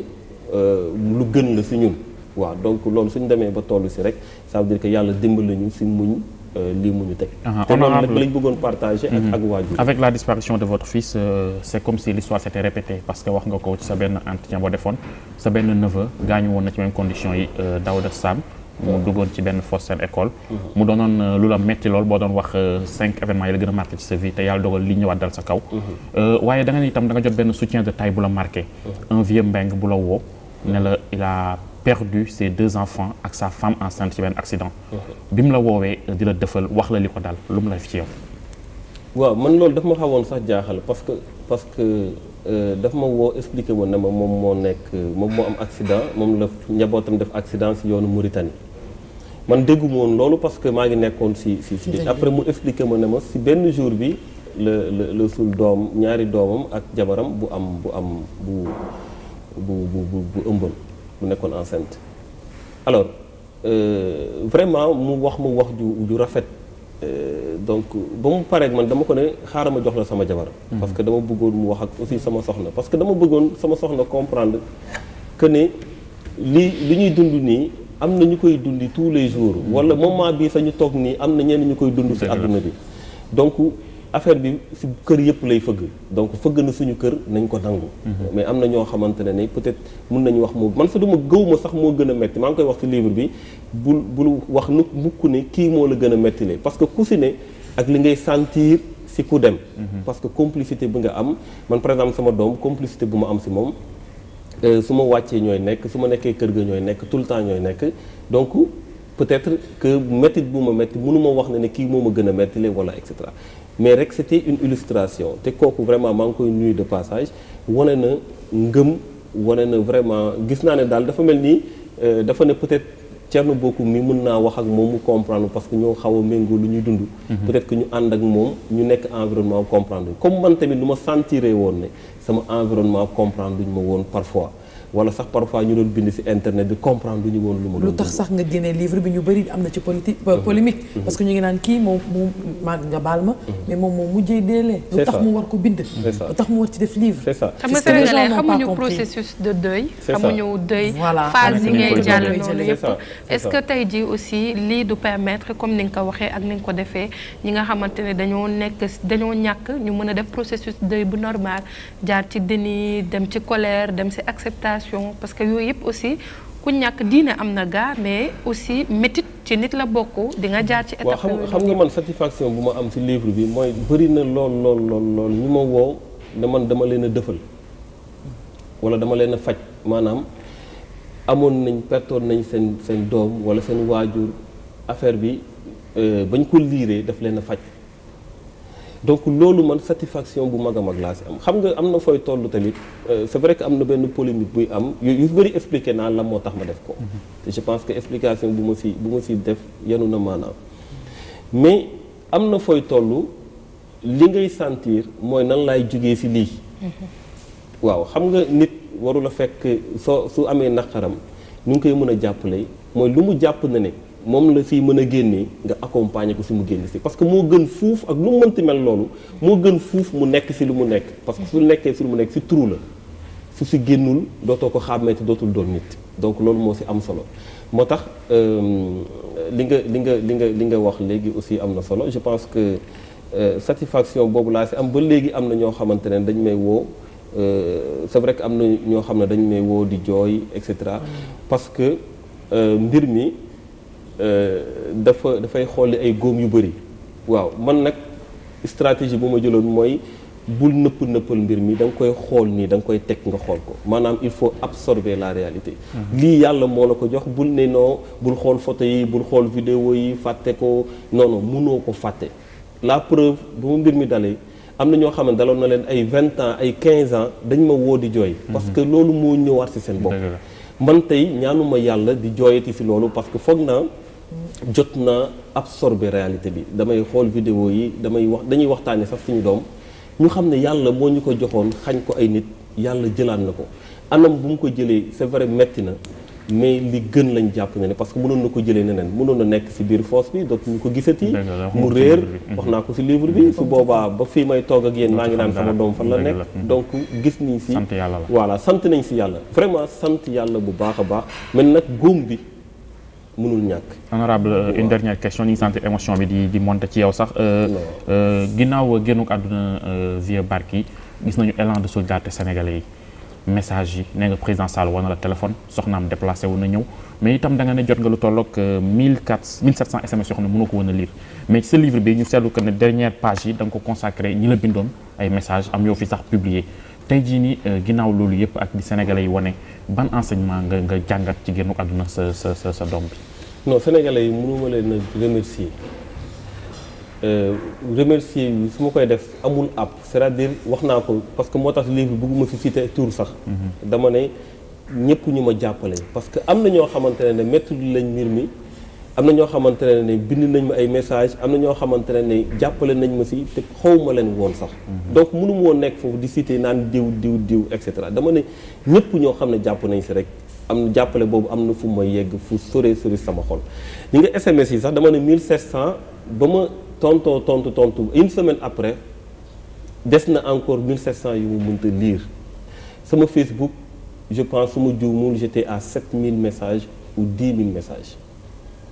euh, lu gën la si ñun waaw donc loolu suñ demee ba toll si rek ça veut dire que yàlla dimbali ñu si muñ euh, lii mu ñu teg. Ah, te loolu nag lañ bëggoon partager ak ak mhm. waajur avec la disparition de votre fils euh, c' est comme si l'histoire s'était répétée parce que wax nga ko ci sa benn entretien boo defoon sa benn neveu gaañu woon na ci même condition yi euh, Daouda Sam mu hmm. duggoon ci benn fosse seen école hmm. mu doonoon euh, lu la metti lool boo doon wax euh, cinq événements yi la gën a marqué ci sa vie te yàlla dogal li ñëwaat dal sa kaw hmm. euh, waaye da ne itam da jot benn soutien de taille bu la marqué un vieux bu la woo ne la il a perdu ses deux enfants ak sa femme enceinte ci benn accident bi mu la woowee di la dëfal wax la li ko dal lu mu la fi ci yow waaw man loolu daf ma xawoon sax jaaxal parce que Euh, daf ma woo expliqué woon ne ma moom moo nekk moom moo am accident moom la njabootam def accident si yoonu Mauritanie man déggu woon loolu parce que maa ngi nekkoon si si si après mu expliqué ma ne ma si benn jour bi la la la doom ñaari doomam ak jabaram bu am bu am bu bu bu bu ëmbal bu nekkoon enceinte alors euh, vraiment mu wax mu wax ju ju rafet Euh, donc ba mu paree pareeg man dama ko ne xaaral ma jox la sama jabar. Mhm. parce que dama bëggoon mu wax ak aussi sama soxna parce que dama bëggoon sama soxna comprendre que ne li li ñuy dund nii am na ñu koy dundi tous les jours. Mhm. wala moment bii sax ñu toog nii am na ñeen ñu koy dund. si àdduna bi donc. affaire bi si kër yëpp lay fëgg donc fëgg na suñu kër nañ ko nangu mhm. mais am na ñoo xamante ne ne peut-être mun nañu wax moo man sa duma gëw ma sax moo gën a metti maa ngi koy wax si livre bi bul bul wax nu mukk ne kii moo la gën a metti parce que ku si ak li ngay sentir si ku dem mhm. parce que complicité bi nga am man par exemple sama doom complicité bu ma am si moom euh, su ma wàccee ñooy nekk su ma nekkee kër gi ñooy nekk tout le temps ñooy nekk donc peut-être que méttit bu ma métti mënu wax ne ne kii moo ma gën a metti wala et cetera mais rek c'était une illustration te kooku vraiment maa ngi koy nuyu de passage wane na ngëm wane na vraiment gis naa ne daal dafa mel ni euh, dafa ne peut-être Thierno Bocoum mi mën naa wax ak moom mu comprendre parce que ñoo xaw a méngoo lu ñuy dund mhm. peut-être que ñu ànd ak moom ñu nekk environnement comprendre comme man tamit lu ma sentiré woon ne sama environnement comprendre luñ ma woon parfois wala sax parfois ñu doon bind ci internet bi comprendre lu tax sax nga génne livre bi ñu bëri am na ci politique euh, mhm. polémique. Mhm. parce que ñu ngi naan kii moom mu nga baal ma. Mhm. mais moom moo mujjee deelee. lu tax mu war ko bind. lu tax mu war ci def livre. c'est ça xam nga sénégalais xamuñu processus de deuil. xamuñu deuil. voilà phase yi ngay jàll loolu yëpp. est que tey jii aussi lii du permettre comme ni nga ko waxee ak ni nga ko defee ñi nga xamante ne dañoo nekk dañoo ñàkk ñu mën a def processus deuil bu normal jaar ci déni dem ci colère dem ci acceptation association parce que yooyu yëpp aussi ku ñàkk diine am na gaa mais aussi métit ci nit la bokk di nga jaar ci étape. waaw xam nga man satisfaction bu ma am si livre bi mooy bëri na lool lool lool lool ñu ma woow ne man dama leen a dëfal wala dama leen a faj maanaam amoon nañ pertoon nañ seen seen doom wala seen waajur affaire bi euh, bañ ko liiree daf leen a faj. donc loolu man satisfaction bu mag a mag laa si am xam nga am na fooy toll tamit euh, c'est vrai que am na benn polémique buy am yu bëri expliqué naa la moo tax ma def ko. Mm-hmm. te je pense que explication bu ma si bu ma si def yanu na maanaam mais am na fooy toll li ngay sentir mooy nan laay jugee si lii. Mm-hmm. waaw xam nga nit warul a fekk soo su amee naqaram ñu ngi koy mën a jàppale mooy lu mu jàpp na ne. moom la si mën a génnee nga accompagner ko si mu génn si parce que moo gën fuuf ak lu mu mënti mel noonu moo gën fuuf mu nekk si lu mu nekk parce que su nekkee si lu mu nekk si trou la su si génnul dootoo ko xàmmee te dootul doon nit donc loolu moo si am solo moo tax euh, li nga li nga li nga li nga wax léegi aussi am na solo je pense que euh, satisfaction boobu laa si am ba léegi am na ñoo xamante ne dañ may woo euh, c'est vrai que am na ñoo xam ne dañ may woo di jooy et cetera parce que mbir mi Euh, dafa dafay xool ay góom yu bëri waaw man nag stratégie bu ma jëloon mooy bul nëpp nëppal mbir mi da nga koy xool nii da nga koy teg nga xool ko maanaam il faut absorber la réalité mhm. lii yàlla moo la ko jox bul ne noo bul xool photo yi bul xool vidéo yi fàtte ko non non mënoo ko fàtte la preuve bu mu mbir mi dalee am na ñoo xam ne daloon na leen ay vingt ans ay quinze ans dañ ma woo di jooy mhm. parce que loolu moo ñëwaat si seen bopp man tey ñaanuma yàlla di jot naa absorber réalité bi damay xool vidéo yi damay wax dañuy waxtaane sax ñu doom ñu xam ne yàlla moo ñu ko joxoon xañ ko ay nit yàlla jëlaat na ko anam bu mu ko jëlee c'est vrai metti na mais li gën lañ jàpp na ne parce que mënoon na ko jëlee neneen mënoon na nekk si biir force bi dootu ñu ko gisati mu réer wax naa ko si mhm. livre bi su boobaa ba fi may toog ak yéen maa ngi naan sama doom fan la nekk donc gis nañ si voilà sant nañ si yàlla vraiment sant yàlla bu baax a baax bi mënul ñàkk. honorable euh, une dernière question ñu ngi sant émotion bi di di monter ci yow sax. Euh, euh, ginnaaw génnuk àdduna Vieux Barky gis nañu élan de solidarité sénégalais yi. message yi nee nga président Sall war na la téléphone soxnaam déplacé wu na ñëw mais itam da nga ne jot nga lu tolloog mille quatre mille sept cent SMS yoo xam ne mënoo ko woon a mais ci sa livre bi ñu seetlu que ne dernière page yi da nga ko consacré ñi la bindoon ay message am yoo fi sax publié tey jii nii euh, ginnaaw loolu yëpp ak di sénégalais yi wane ban enseignement nga nga jàngat ci génnu àdduna sa sa sa sa doom bi. non sénégalais yi mënuma leen a remercier euh, remercier yi su ma koy def amul app c'est-à-dire wax naa ko parce que moo tax livre bi bëgguma fi citer tur sax. Mhm. dama ne ñëpp ñu ma jàppale. parce que am na ñoo xamante ne métti lañ mbir mi. am na ñoo xamante ne ne bind nañ ma ay message am na ñoo xamante ne ne jàppale nañ ma si te xawma leen woon sax mhm. donc mënu woon nekk foofu di cité naan diw diw diw et cetera dama ne ñëpp ñoo xam ne jàpp nañ si rek am na jàppale boobu am na fu ma yegg fu sore sori sama xol ñi nga sms yi sax dama ne 1700 ba ma tontoo tontu tontu une semaine après des na encore 1700 yu ma mënta lire sama Facebook je pense su ma juumul j'étais à 7000 messages ou 10 mil messages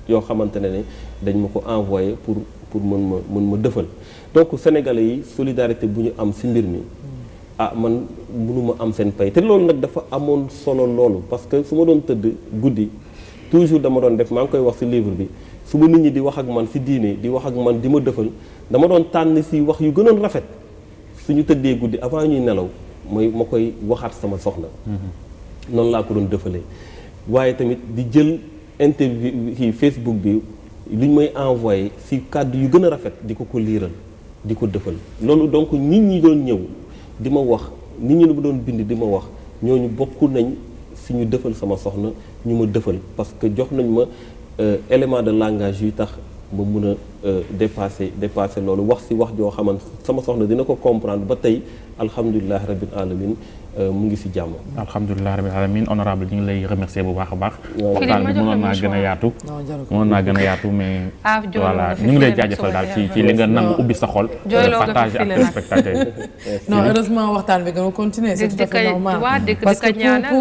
yoo xamante ne ne dañ ma ko envoyé pour pour mën ma mën ma dëfal donc sénégalais yi solidarité bu ñu am si mbir mi ah man mënuma am seen pay te loolu nag dafa amoon solo loolu parce que su ma doon tëdd guddi toujours dama doon def maa ngi koy wax si livre bi su ma nit ñi di wax ak man si diine di wax ak man di ma dëfal dama doon tànn si wax yu gënoon rafet suñu tëddee guddi avant ñuy nelaw mooy ma koy waxaat sama soxna mm-hmm. noonu laa ko doon dëfalee waaye interview kii Facebook bi lu ñu may envoyé si kàddu yu gën a rafet di ko ko liiral di ko dëfal loolu donc nit ñi doon ñëw di ma wax nit ñi bu doon bind di ma wax ñoo ñu bokk nañ si ñu dëfal sama soxna ñu ma dëfal parce que jox nañ ma euh, élément de langage yu tax ba mun a euh, dépasser dépasser loolu wax si wax joo xamante sama soxna dina ko comprendre ba tey alhamdulilah rabbil alamin euh, mu ngi si jàmm. alhamdulilah rabbil alamin honorable ñu ngi lay remercier bu baax a baax. waxtaan bi mënoon naa gën a yaatu. mënoon naa gën a yaatu mais. Ah, voilà ñu ngi lay jaajëfal daal ci ci li nga nangu ubbi sa xol. Euh, partage ak spectateur waxtaan bi gën a continuer. c'est tout à fait normal que pour pour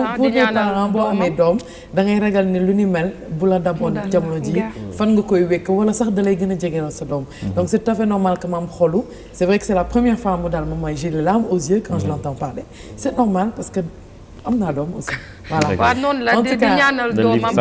ah, les boo amee doom da ngay ragal ne lu ni mel bu la daboon jamono ji fan nga koy wékk wala sax da gën a jegeeral sa doom. Mhm. donc c'est tout normal que xolu c'est vrai que c'est la première fois mu daal moom mooy Gilles là larmes aux yeux quand je parce que am naa doom aussi. voilà waaw la di ñaanal doomam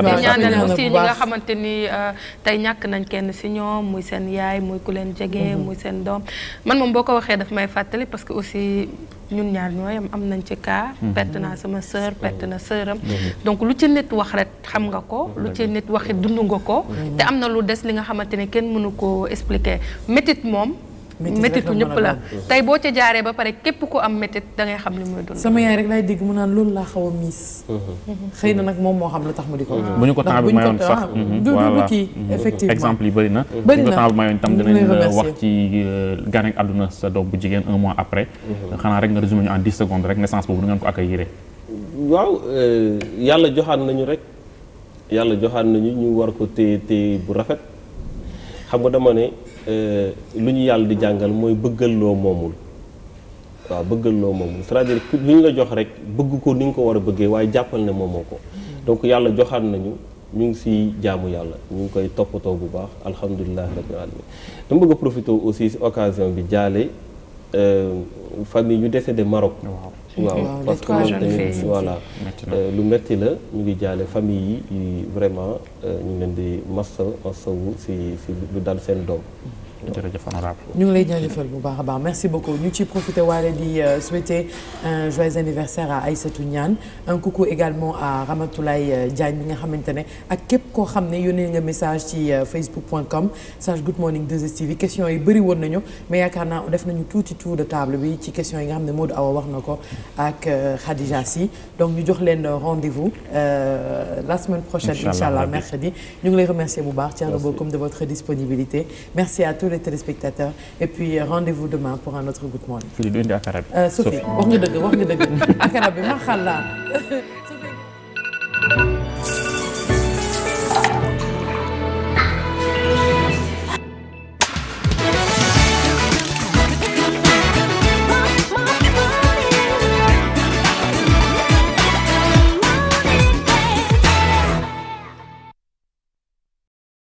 di nga xamante ni euh, tey ñàkk nañ kenn si ñoom muy seen yaay muy ku leen jege. Mhm. muy seen doom man moom boo ko waxee daf may fàttali parce que aussi ñun ñaar ñooyam am nañ ci cas. Mhm. perte naa sama sœur perte na sœuram. Mhm. donc lu ci nit wax rek xam nga ko. lu ci nit waxit dund nga ko. te am na lu des li nga xamante ni kenn mënu koo expliquer métit moom. méttitu ñëpp la tey boo ca jaaree ba pare képp ku am méttit da ngay xam li muy dund sama yaay rek laay dégg mu naan loolu laa xaw miis mhm. xëy na nag moom moo xam la tax mu di ko mhm. bu ñu ko temps bi mayoon sax mhm, du du kii effectivement exemple yi bëri na bëri na temps bi mayoon tam dinañ wax ci euh, gane ak sa doom bu jigéen un mois après xanaa rek nga résumé ñu en dix secondes rek naissance boobu nu ko accueillir waaw euh, yàlla joxaan nañu rek yàlla joxaan nañu ñu war ko téye téye bu rafet xam nga ne Euh, lu ñu yàlla di jàngal mooy bëggal loo moomul waaw bëggal loo moomul c'est-à-dire lu ñu la jox rek bëgg ko ni nga ko war a bëggee waaye jàppal ne moomoo ko donc yàlla joxaat nañu ñu ngi si jaamu yàlla ñu ngi koy toppatoo bu baax alhamdulilah rabbil alamin dama bëgg a profité aussi si occasion bi jaale euh, famille yu décédé Maroc waaw parce que loolu voilà euh, lu metti la ñu ngi jaale famille yi vraiment euh, ñu leen di massa massawu si si lu dal seen doom jërëjëf honorable ñu ngi lay jëfal bu baax a baax merci beaucoup ñu ci profité waale di euh, souhaiter un joyeux anniversaire à Aïssatou Niane un coucou également à Ramatoulaye euh, Diagne bi nga xamante ne ak képp koo xam ne yónnee nga message ci euh, facebook.com slash good morning 2STV question yi bëri woon nañu mais yaakaar naa def nañu tuuti tour de table bi ci question yi nga xam ne Modou Awa wax na ko ak Khadija si donc ñu jox leen rendez-vous la semaine prochaine incha allah mercredi ñu ngi lay remercier bu baax Thierno Bocoum de votre disponibilité merci à les téléspectateurs et puis euh, rendez-vous demain pour un autre Good Morning. lii du indi akara bi. Euh, Sophie wax nga dëgg wax nga dëgg akara bi ma xalaat.